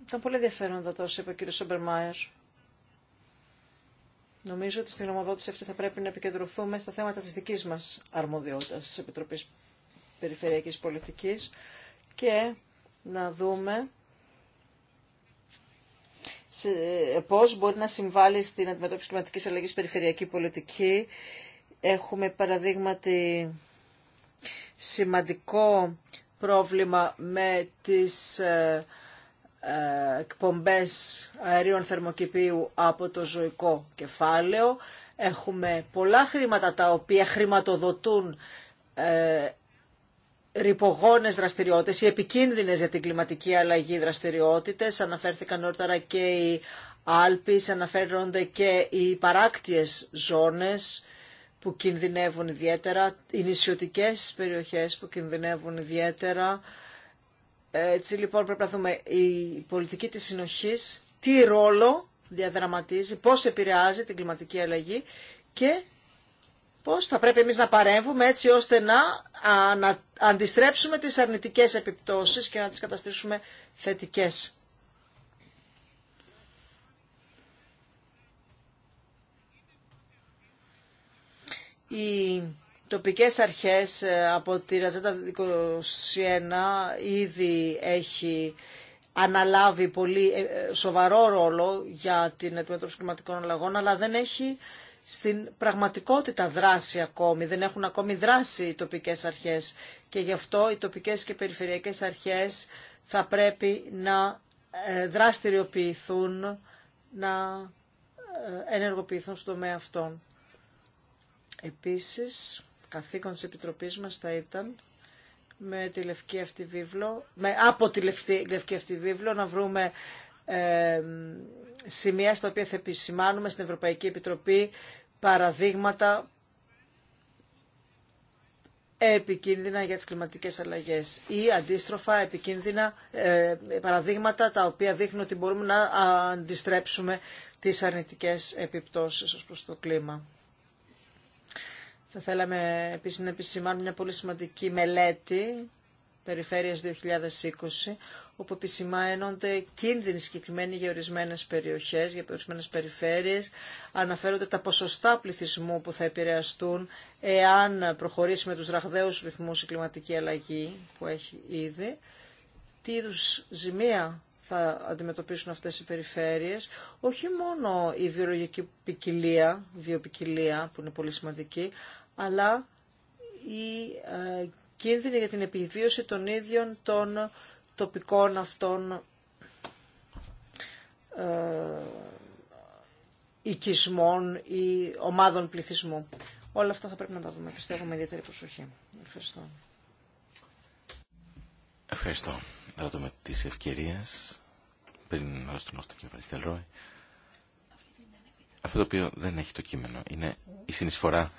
Ήταν πολύ ενδιαφέροντα τόσο είπε ο κύριος Σόμπερ Νομίζω ότι στην γνωμοδότηση αυτή θα πρέπει να επικεντρωθούμε στα θέματα της δικής μας αρμοδιότητας της Επιτροπής Περιφερειακής Πολιτικής και να δούμε ε, πώς μπορεί να συμβάλλει στην αντιμετώπιση κλιματικής αλλαγής περιφερειακή πολιτική. Έχουμε παραδείγματι σημαντικό πρόβλημα με τις ε, ε, εκπομπές αερίων θερμοκηπίου από το ζωικό κεφάλαιο. Έχουμε πολλά χρήματα τα οποία χρηματοδοτούν ε, ρηπογόνες δραστηριότητες ή επικίνδυνες για την κλιματική αλλαγή δραστηριότητες. Αναφέρθηκαν νωρίτερα και οι Άλπεις, αναφέρονται και οι παράκτιες ζώνες που κινδυνεύουν ιδιαίτερα, οι νησιωτικές περιοχές που κινδυνεύουν ιδιαίτερα. Έτσι λοιπόν πρέπει να δούμε η πολιτική της συνοχής τι ρόλο διαδραματίζει, πώς επηρεάζει την κλιματική αλλαγή και πώς θα πρέπει εμείς να παρέμβουμε έτσι ώστε να, αντιστρέψουμε τις αρνητικές επιπτώσεις και να τις καταστήσουμε θετικές. οι τοπικές αρχές ε, από τη Ραζέτα 21 ήδη έχει αναλάβει πολύ ε, ε, σοβαρό ρόλο για την αντιμετώπιση κλιματικών αλλαγών, αλλά δεν έχει στην πραγματικότητα δράση ακόμη, δεν έχουν ακόμη δράσει οι τοπικές αρχές και γι' αυτό οι τοπικές και περιφερειακές αρχές θα πρέπει να δραστηριοποιηθούν, να ενεργοποιηθούν στο τομέα αυτόν. Επίσης, καθήκον της Επιτροπής μας θα ήταν με τη λευκή αυτή βίβλο, με, από τη λευκή, λευκή αυτή να βρούμε σημεία στα οποία θα επισημάνουμε στην Ευρωπαϊκή Επιτροπή παραδείγματα επικίνδυνα για τις κλιματικές αλλαγές ή αντίστροφα επικίνδυνα ε, παραδείγματα τα οποία δείχνουν ότι μπορούμε να αντιστρέψουμε τις αρνητικές επιπτώσεις ως προς το κλίμα. Θα θέλαμε επίσης να επισημάνουμε μια πολύ σημαντική μελέτη Περιφέρειας 2020, όπου επισημαίνονται κίνδυνοι συγκεκριμένοι για ορισμένε περιοχές, για ορισμένε περιφέρειες. Αναφέρονται τα ποσοστά πληθυσμού που θα επηρεαστούν εάν προχωρήσει με τους ραχδαίους ρυθμούς η κλιματική αλλαγή που έχει ήδη. Τι είδου ζημία θα αντιμετωπίσουν αυτές οι περιφέρειες. Όχι μόνο η βιολογική ποικιλία, βιοπικιλία που είναι πολύ σημαντική, αλλά η ε, κίνδυνη για την επιβίωση των ίδιων των τοπικών αυτών ε, οικισμών ή ομάδων πληθυσμού. Όλα αυτά θα πρέπει να τα δούμε, πιστεύω, με ιδιαίτερη προσοχή. Ευχαριστώ. Ευχαριστώ με της ευκαιρίας, πριν να στον Όστο Φαριστέλ Ρόι, αυτό το οποίο δεν έχει το κείμενο είναι η συνεισφορά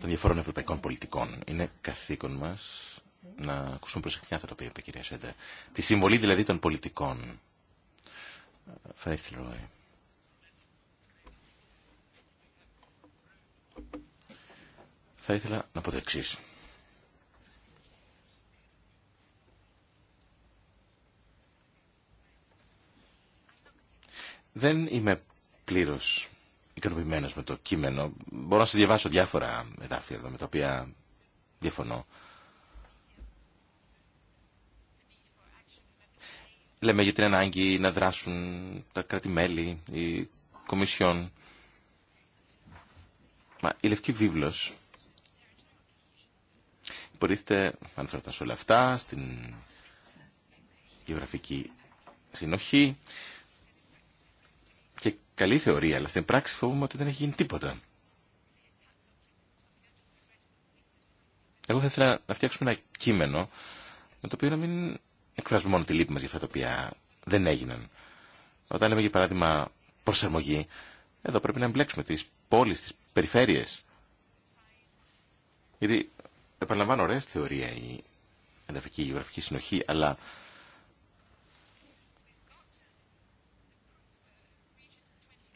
των διαφόρων ευρωπαϊκών πολιτικών. Είναι καθήκον μας να ακούσουμε προσεκτικά αυτό τα οποίο είπε η κυρία Σέντερ. Τη συμβολή δηλαδή των πολιτικών. Ρόι. Θα ήθελα να πω το εξής. Δεν είμαι πλήρω ικανοποιημένο με το κείμενο. Μπορώ να σα διαβάσω διάφορα εδάφια εδώ με τα οποία διαφωνώ. Λέμε για την ανάγκη να δράσουν τα κράτη-μέλη, η Κομισιόν. Μα η Λευκή Βίβλος υπορίθεται, αν σε όλα αυτά, στην γεωγραφική συνοχή, και καλή θεωρία, αλλά στην πράξη φοβούμαι ότι δεν έχει γίνει τίποτα. Εγώ θα ήθελα να φτιάξουμε ένα κείμενο με το οποίο να μην εκφράζουμε μόνο τη λύπη μας για αυτά τα οποία δεν έγιναν. Όταν λέμε για παράδειγμα προσαρμογή, εδώ πρέπει να εμπλέξουμε τις πόλεις, τις περιφέρειες. Γιατί επαναλαμβάνω ωραία θεωρία η εδαφική γεωγραφική συνοχή, αλλά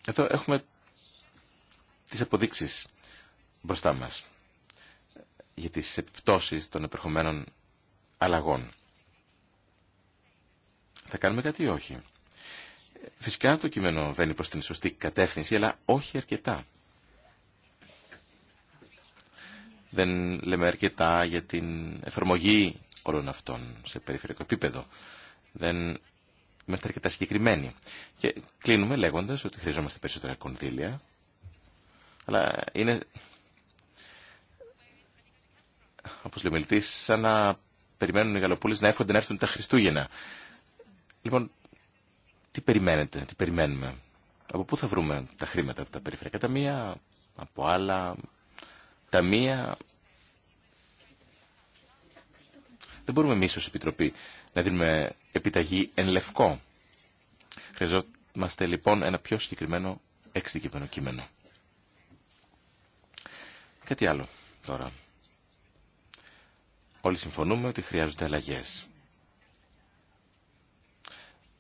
Εδώ έχουμε τις αποδείξεις μπροστά μας για τις επιπτώσεις των επερχομένων αλλαγών. Θα κάνουμε κάτι ή όχι. Φυσικά το κείμενο βαίνει προς την σωστή κατεύθυνση, αλλά όχι αρκετά. Δεν λέμε αρκετά για την εφαρμογή όλων αυτών σε περιφερειακό επίπεδο. Δεν είμαστε αρκετά συγκεκριμένοι. Και κλείνουμε λέγοντα ότι χρειαζόμαστε περισσότερα κονδύλια, αλλά είναι, όπως λέμε, ο σαν να περιμένουν οι Γαλοπούλε να έρχονται να έρθουν τα Χριστούγεννα. Λοιπόν, τι περιμένετε, τι περιμένουμε. Από πού θα βρούμε τα χρήματα από τα περιφερειακά ταμεία, από άλλα ταμεία. Δεν μπορούμε εμεί ω Επιτροπή να δίνουμε επιταγή εν λευκό. Χρειαζόμαστε λοιπόν ένα πιο συγκεκριμένο εξειδικευμένο κείμενο. Κάτι άλλο τώρα. Όλοι συμφωνούμε ότι χρειάζονται αλλαγέ.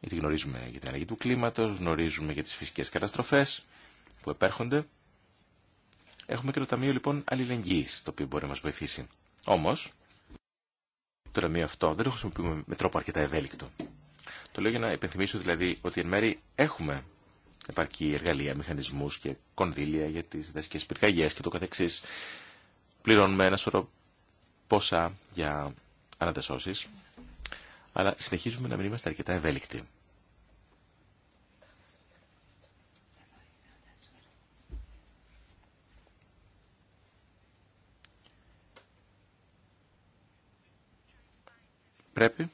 Γιατί γνωρίζουμε για την αλλαγή του κλίματος, γνωρίζουμε για τις φυσικές καταστροφές που επέρχονται. Έχουμε και το Ταμείο λοιπόν Αλληλεγγύης, το οποίο μπορεί να μας βοηθήσει. Όμως, αυτό δεν το χρησιμοποιούμε με τρόπο αρκετά ευέλικτο. Το λέω για να υπενθυμίσω δηλαδή ότι εν μέρη έχουμε επαρκή εργαλεία, μηχανισμούς και κονδύλια για τις δασικέ πυρκαγιέ και το καθεξής. Πληρώνουμε ένα σωρό πόσα για ανατεσώσεις, αλλά συνεχίζουμε να μην είμαστε αρκετά ευέλικτοι. πρέπει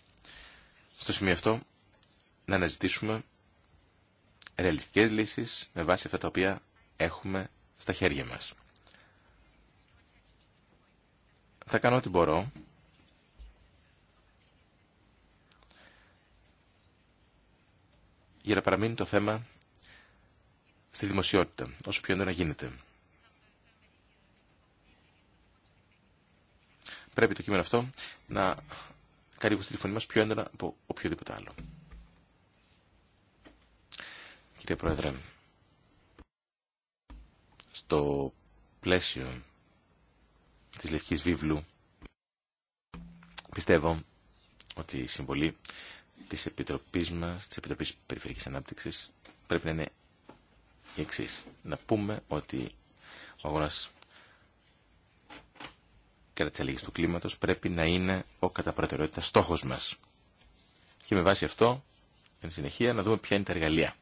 στο σημείο αυτό να αναζητήσουμε ρεαλιστικές λύσεις με βάση αυτά τα οποία έχουμε στα χέρια μας. Θα κάνω ό,τι μπορώ για να παραμείνει το θέμα στη δημοσιότητα, όσο πιο να γίνεται. Πρέπει το κείμενο αυτό να που στη φωνή μας πιο έντονα από οποιοδήποτε άλλο. Κύριε Πρόεδρε, στο πλαίσιο της Λευκής Βίβλου πιστεύω ότι η συμβολή της Επιτροπής μας, της Επιτροπής Περιφερειακής Ανάπτυξης πρέπει να είναι η εξής. Να πούμε ότι ο αγώνας κατά τη αλλαγή του κλίματο πρέπει να είναι ο κατά προτεραιότητα στόχος μας. Και με βάση αυτό, εν συνεχεία, να δούμε ποια είναι τα εργαλεία.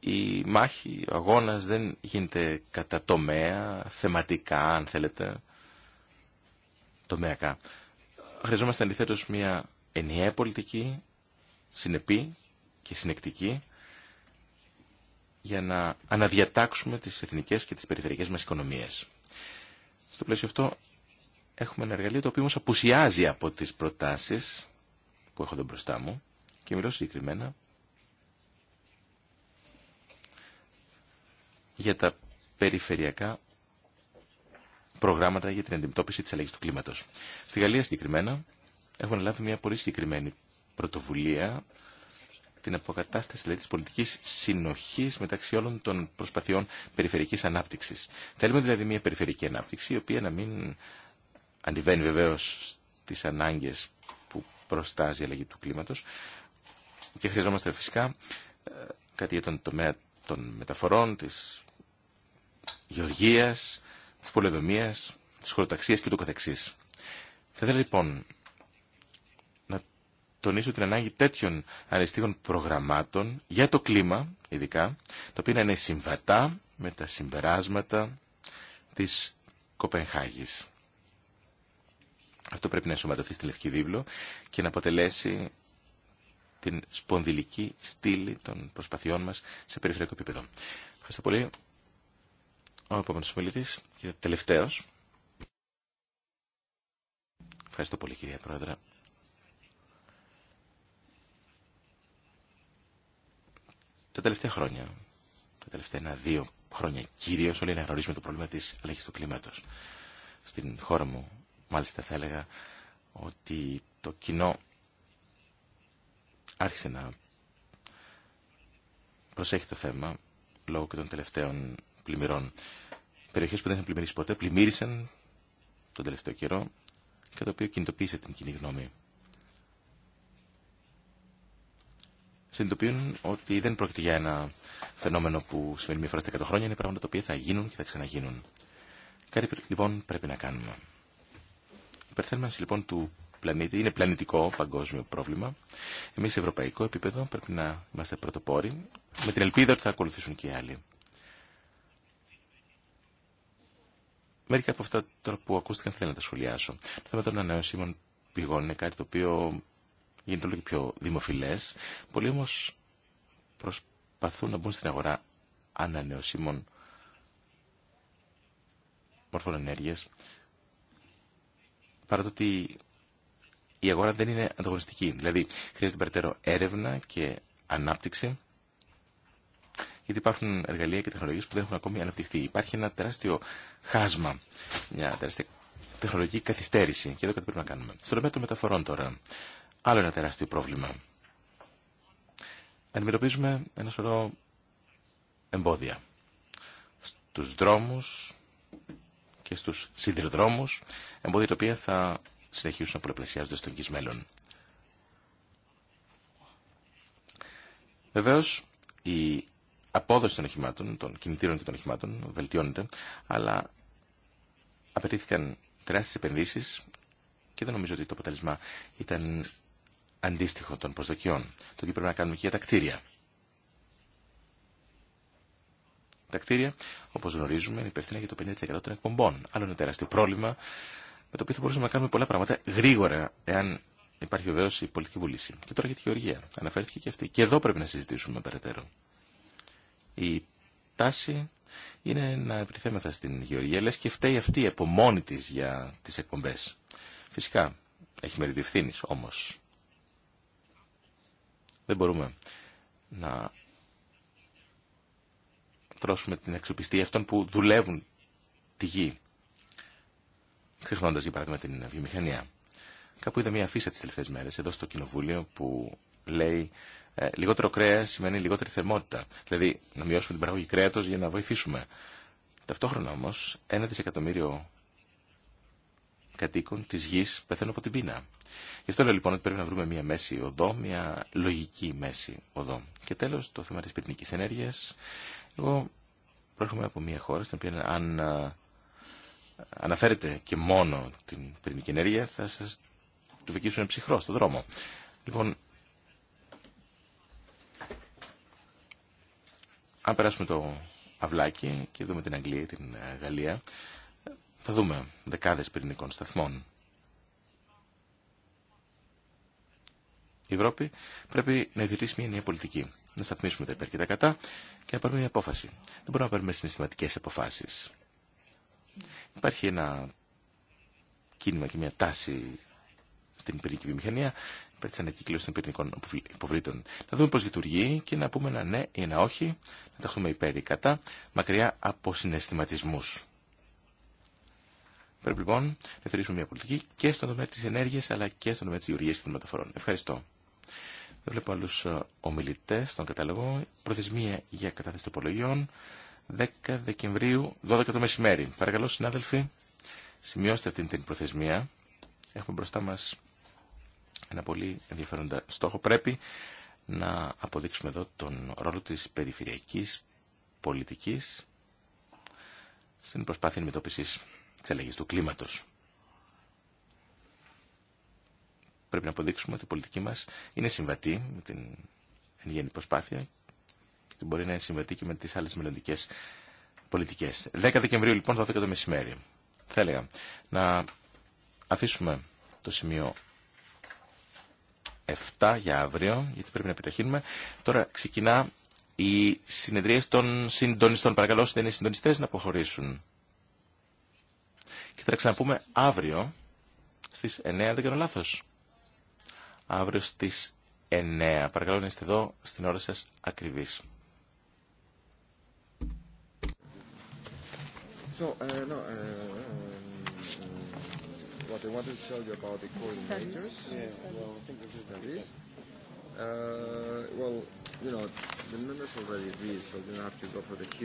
Η μάχη, ο αγώνα δεν γίνεται κατά τομέα, θεματικά αν θέλετε, τομέακα. Χρειαζόμαστε αντιθέτω μια ενιαία πολιτική, συνεπή και συνεκτική, για να αναδιατάξουμε τις εθνικές και τις περιφερειακές μας οικονομίες. Στο πλαίσιο αυτό έχουμε ένα εργαλείο το οποίο όμως απουσιάζει από τις προτάσεις που έχω εδώ μπροστά μου και μιλώ συγκεκριμένα για τα περιφερειακά προγράμματα για την αντιμετώπιση της αλλαγής του κλίματος. Στη Γαλλία συγκεκριμένα έχουμε λάβει μια πολύ συγκεκριμένη πρωτοβουλία την αποκατάσταση δηλαδή, της πολιτικής συνοχής μεταξύ όλων των προσπαθειών περιφερικής ανάπτυξης. Θέλουμε δηλαδή μια περιφερική ανάπτυξη η οποία να μην αντιβαίνει βεβαίως στις ανάγκες που προστάζει η αλλαγή του κλίματος και χρειαζόμαστε φυσικά ε, κάτι για τον τομέα των μεταφορών, της γεωργίας, της πολεοδομίας, της χωροταξίας και του Θα ήθελα λοιπόν τονίσω την ανάγκη τέτοιων αριστείων προγραμμάτων για το κλίμα, ειδικά, τα οποία είναι συμβατά με τα συμπεράσματα της Κοπενχάγης. Αυτό πρέπει να ενσωματωθεί στη Λευκή Βίβλο και να αποτελέσει την σπονδυλική στήλη των προσπαθειών μας σε περιφερειακό επίπεδο. Ευχαριστώ πολύ. Ο επόμενος ομιλητής και τελευταίος. Ευχαριστώ πολύ κυρία Πρόεδρε. Τα τελευταία χρόνια, τα τελευταία ένα-δύο χρόνια κυρίω, όλοι αναγνωρίζουμε το πρόβλημα τη αλλαγή του κλίματο. Στην χώρα μου, μάλιστα, θα έλεγα ότι το κοινό άρχισε να προσέχει το θέμα λόγω και των τελευταίων πλημμυρών. περιοχέ που δεν είχαν πλημμυρίσει ποτέ πλημμύρισαν τον τελευταίο καιρό και το οποίο κινητοποίησε την κοινή γνώμη. συνειδητοποιούν ότι δεν πρόκειται για ένα φαινόμενο που συμβαίνει μία φορά στα 100 χρόνια, είναι πράγματα τα οποία θα γίνουν και θα ξαναγίνουν. Κάτι λοιπόν πρέπει να κάνουμε. Η υπερθέρμανση λοιπόν του πλανήτη είναι πλανητικό παγκόσμιο πρόβλημα. Εμεί σε ευρωπαϊκό επίπεδο πρέπει να είμαστε πρωτοπόροι, με την ελπίδα ότι θα ακολουθήσουν και οι άλλοι. Μερικά από αυτά που ακούστηκαν θέλω να τα σχολιάσω. Το θέμα των ανανεώσιμων πηγών είναι κάτι το οποίο γίνεται όλο και πιο δημοφιλέ, Πολλοί όμω προσπαθούν να μπουν στην αγορά ανανεωσίμων μορφών ενέργεια. παρά το ότι η αγορά δεν είναι ανταγωνιστική. Δηλαδή, χρειάζεται περαιτέρω έρευνα και ανάπτυξη, γιατί υπάρχουν εργαλεία και τεχνολογίε που δεν έχουν ακόμη αναπτυχθεί. Υπάρχει ένα τεράστιο χάσμα, μια τεράστια τεχνολογική καθυστέρηση. Και εδώ κάτι πρέπει να κάνουμε. Στο τομέα των μεταφορών τώρα. Άλλο ένα τεράστιο πρόβλημα. Αντιμετωπίζουμε ένα σωρό εμπόδια. Στους δρόμους και στους σιδηροδρόμους, εμπόδια τα οποία θα συνεχίσουν να προεπλασιάζονται στον εγγύς μέλλον. Βεβαίως, η απόδοση των οχημάτων, των κινητήρων και των οχημάτων βελτιώνεται, αλλά απαιτήθηκαν τεράστιες επενδύσεις και δεν νομίζω ότι το αποτέλεσμα ήταν αντίστοιχο των προσδοκιών. Το τι πρέπει να κάνουμε και για τα κτίρια. Τα κτίρια, όπω γνωρίζουμε, είναι υπεύθυνα για το 50% των εκπομπών. Άλλο ένα τεράστιο πρόβλημα με το οποίο θα μπορούσαμε να κάνουμε πολλά πράγματα γρήγορα, εάν υπάρχει βεβαίω η πολιτική βουλήση. Και τώρα για τη Γεωργία. Αναφέρθηκε και αυτή. Και εδώ πρέπει να συζητήσουμε περαιτέρω. Η τάση είναι να επιθέμεθα στην Γεωργία, λε και φταίει αυτή από μόνη τη για τι εκπομπέ. Φυσικά έχει μερίδιο ευθύνη όμω. Δεν μπορούμε να τρώσουμε την αξιοπιστία αυτών που δουλεύουν τη γη. Ξεχνώντας για παράδειγμα την βιομηχανία. Κάπου είδα μια αφίσα τις τελευταίες μέρες εδώ στο κοινοβούλιο που λέει ε, λιγότερο κρέα σημαίνει λιγότερη θερμότητα. Δηλαδή να μειώσουμε την παραγωγή κρέατος για να βοηθήσουμε. Ταυτόχρονα όμως ένα δισεκατομμύριο κατοίκων της γης πεθαίνουν από την πείνα. Γι' αυτό λέω λοιπόν ότι πρέπει να βρούμε μια μέση οδό, μια λογική μέση οδό. Και τέλος το θέμα τη πυρηνική ενέργεια. Εγώ προέρχομαι από μια χώρα στην οποία αν αναφέρετε και μόνο την πυρηνική ενέργεια θα σα του βικήσουν ψυχρό στον δρόμο. Λοιπόν, αν περάσουμε το αυλάκι και δούμε την Αγγλία, την Γαλλία, θα δούμε δεκάδες πυρηνικών σταθμών. Η Ευρώπη πρέπει να ιδρύσει μια νέα πολιτική. Να σταθμίσουμε τα υπέρ και τα κατά και να πάρουμε μια απόφαση. Δεν μπορούμε να παίρνουμε συναισθηματικές αποφάσεις. Υπάρχει ένα κίνημα και μια τάση στην πυρηνική βιομηχανία υπέρ της ανακύκλωσης των πυρηνικών υποβλήτων. Να δούμε πώς λειτουργεί και να πούμε ένα ναι ή ένα όχι, να ταχθούμε υπέρ ή κατά, μακριά από συναισθηματισμούς. Πρέπει λοιπόν να θεωρήσουμε μια πολιτική και στον τομέα τη ενέργεια αλλά και στον τομέα τη γεωργία και των μεταφορών. Ευχαριστώ. Δεν βλέπω άλλου ε, ομιλητέ στον κατάλογο. Προθεσμία για κατάθεση των υπολογιών 10 Δεκεμβρίου, 12 το μεσημέρι. Παρακαλώ συνάδελφοι, σημειώστε αυτή την προθεσμία. Έχουμε μπροστά μα ένα πολύ ενδιαφέροντα στόχο. Πρέπει να αποδείξουμε εδώ τον ρόλο τη περιφερειακή πολιτική στην προσπάθεια αντιμετώπιση της αλλαγής του κλίματος. Πρέπει να αποδείξουμε ότι η πολιτική μας είναι συμβατή με την εν γέννη προσπάθεια και μπορεί να είναι συμβατή και με τις άλλες μελλοντικέ πολιτικές. 10 Δεκεμβρίου λοιπόν, 12 το μεσημέρι. Θα έλεγα να αφήσουμε το σημείο 7 για αύριο, γιατί πρέπει να επιταχύνουμε. Τώρα ξεκινά οι συνεδρία των συντονιστών. Παρακαλώ, όσοι δεν είναι συντονιστές, να αποχωρήσουν. Και θα τα ξαναπούμε αύριο στις 9, αν δεν κάνω λάθος. Αύριο στις 9. Παρακαλώ να είστε εδώ στην ώρα σας ακριβής. So, uh, no, uh, um, what I wanted to tell you about the coordinators, yeah, well, studies. Uh, well, you know, the members already read, so you don't have to go for the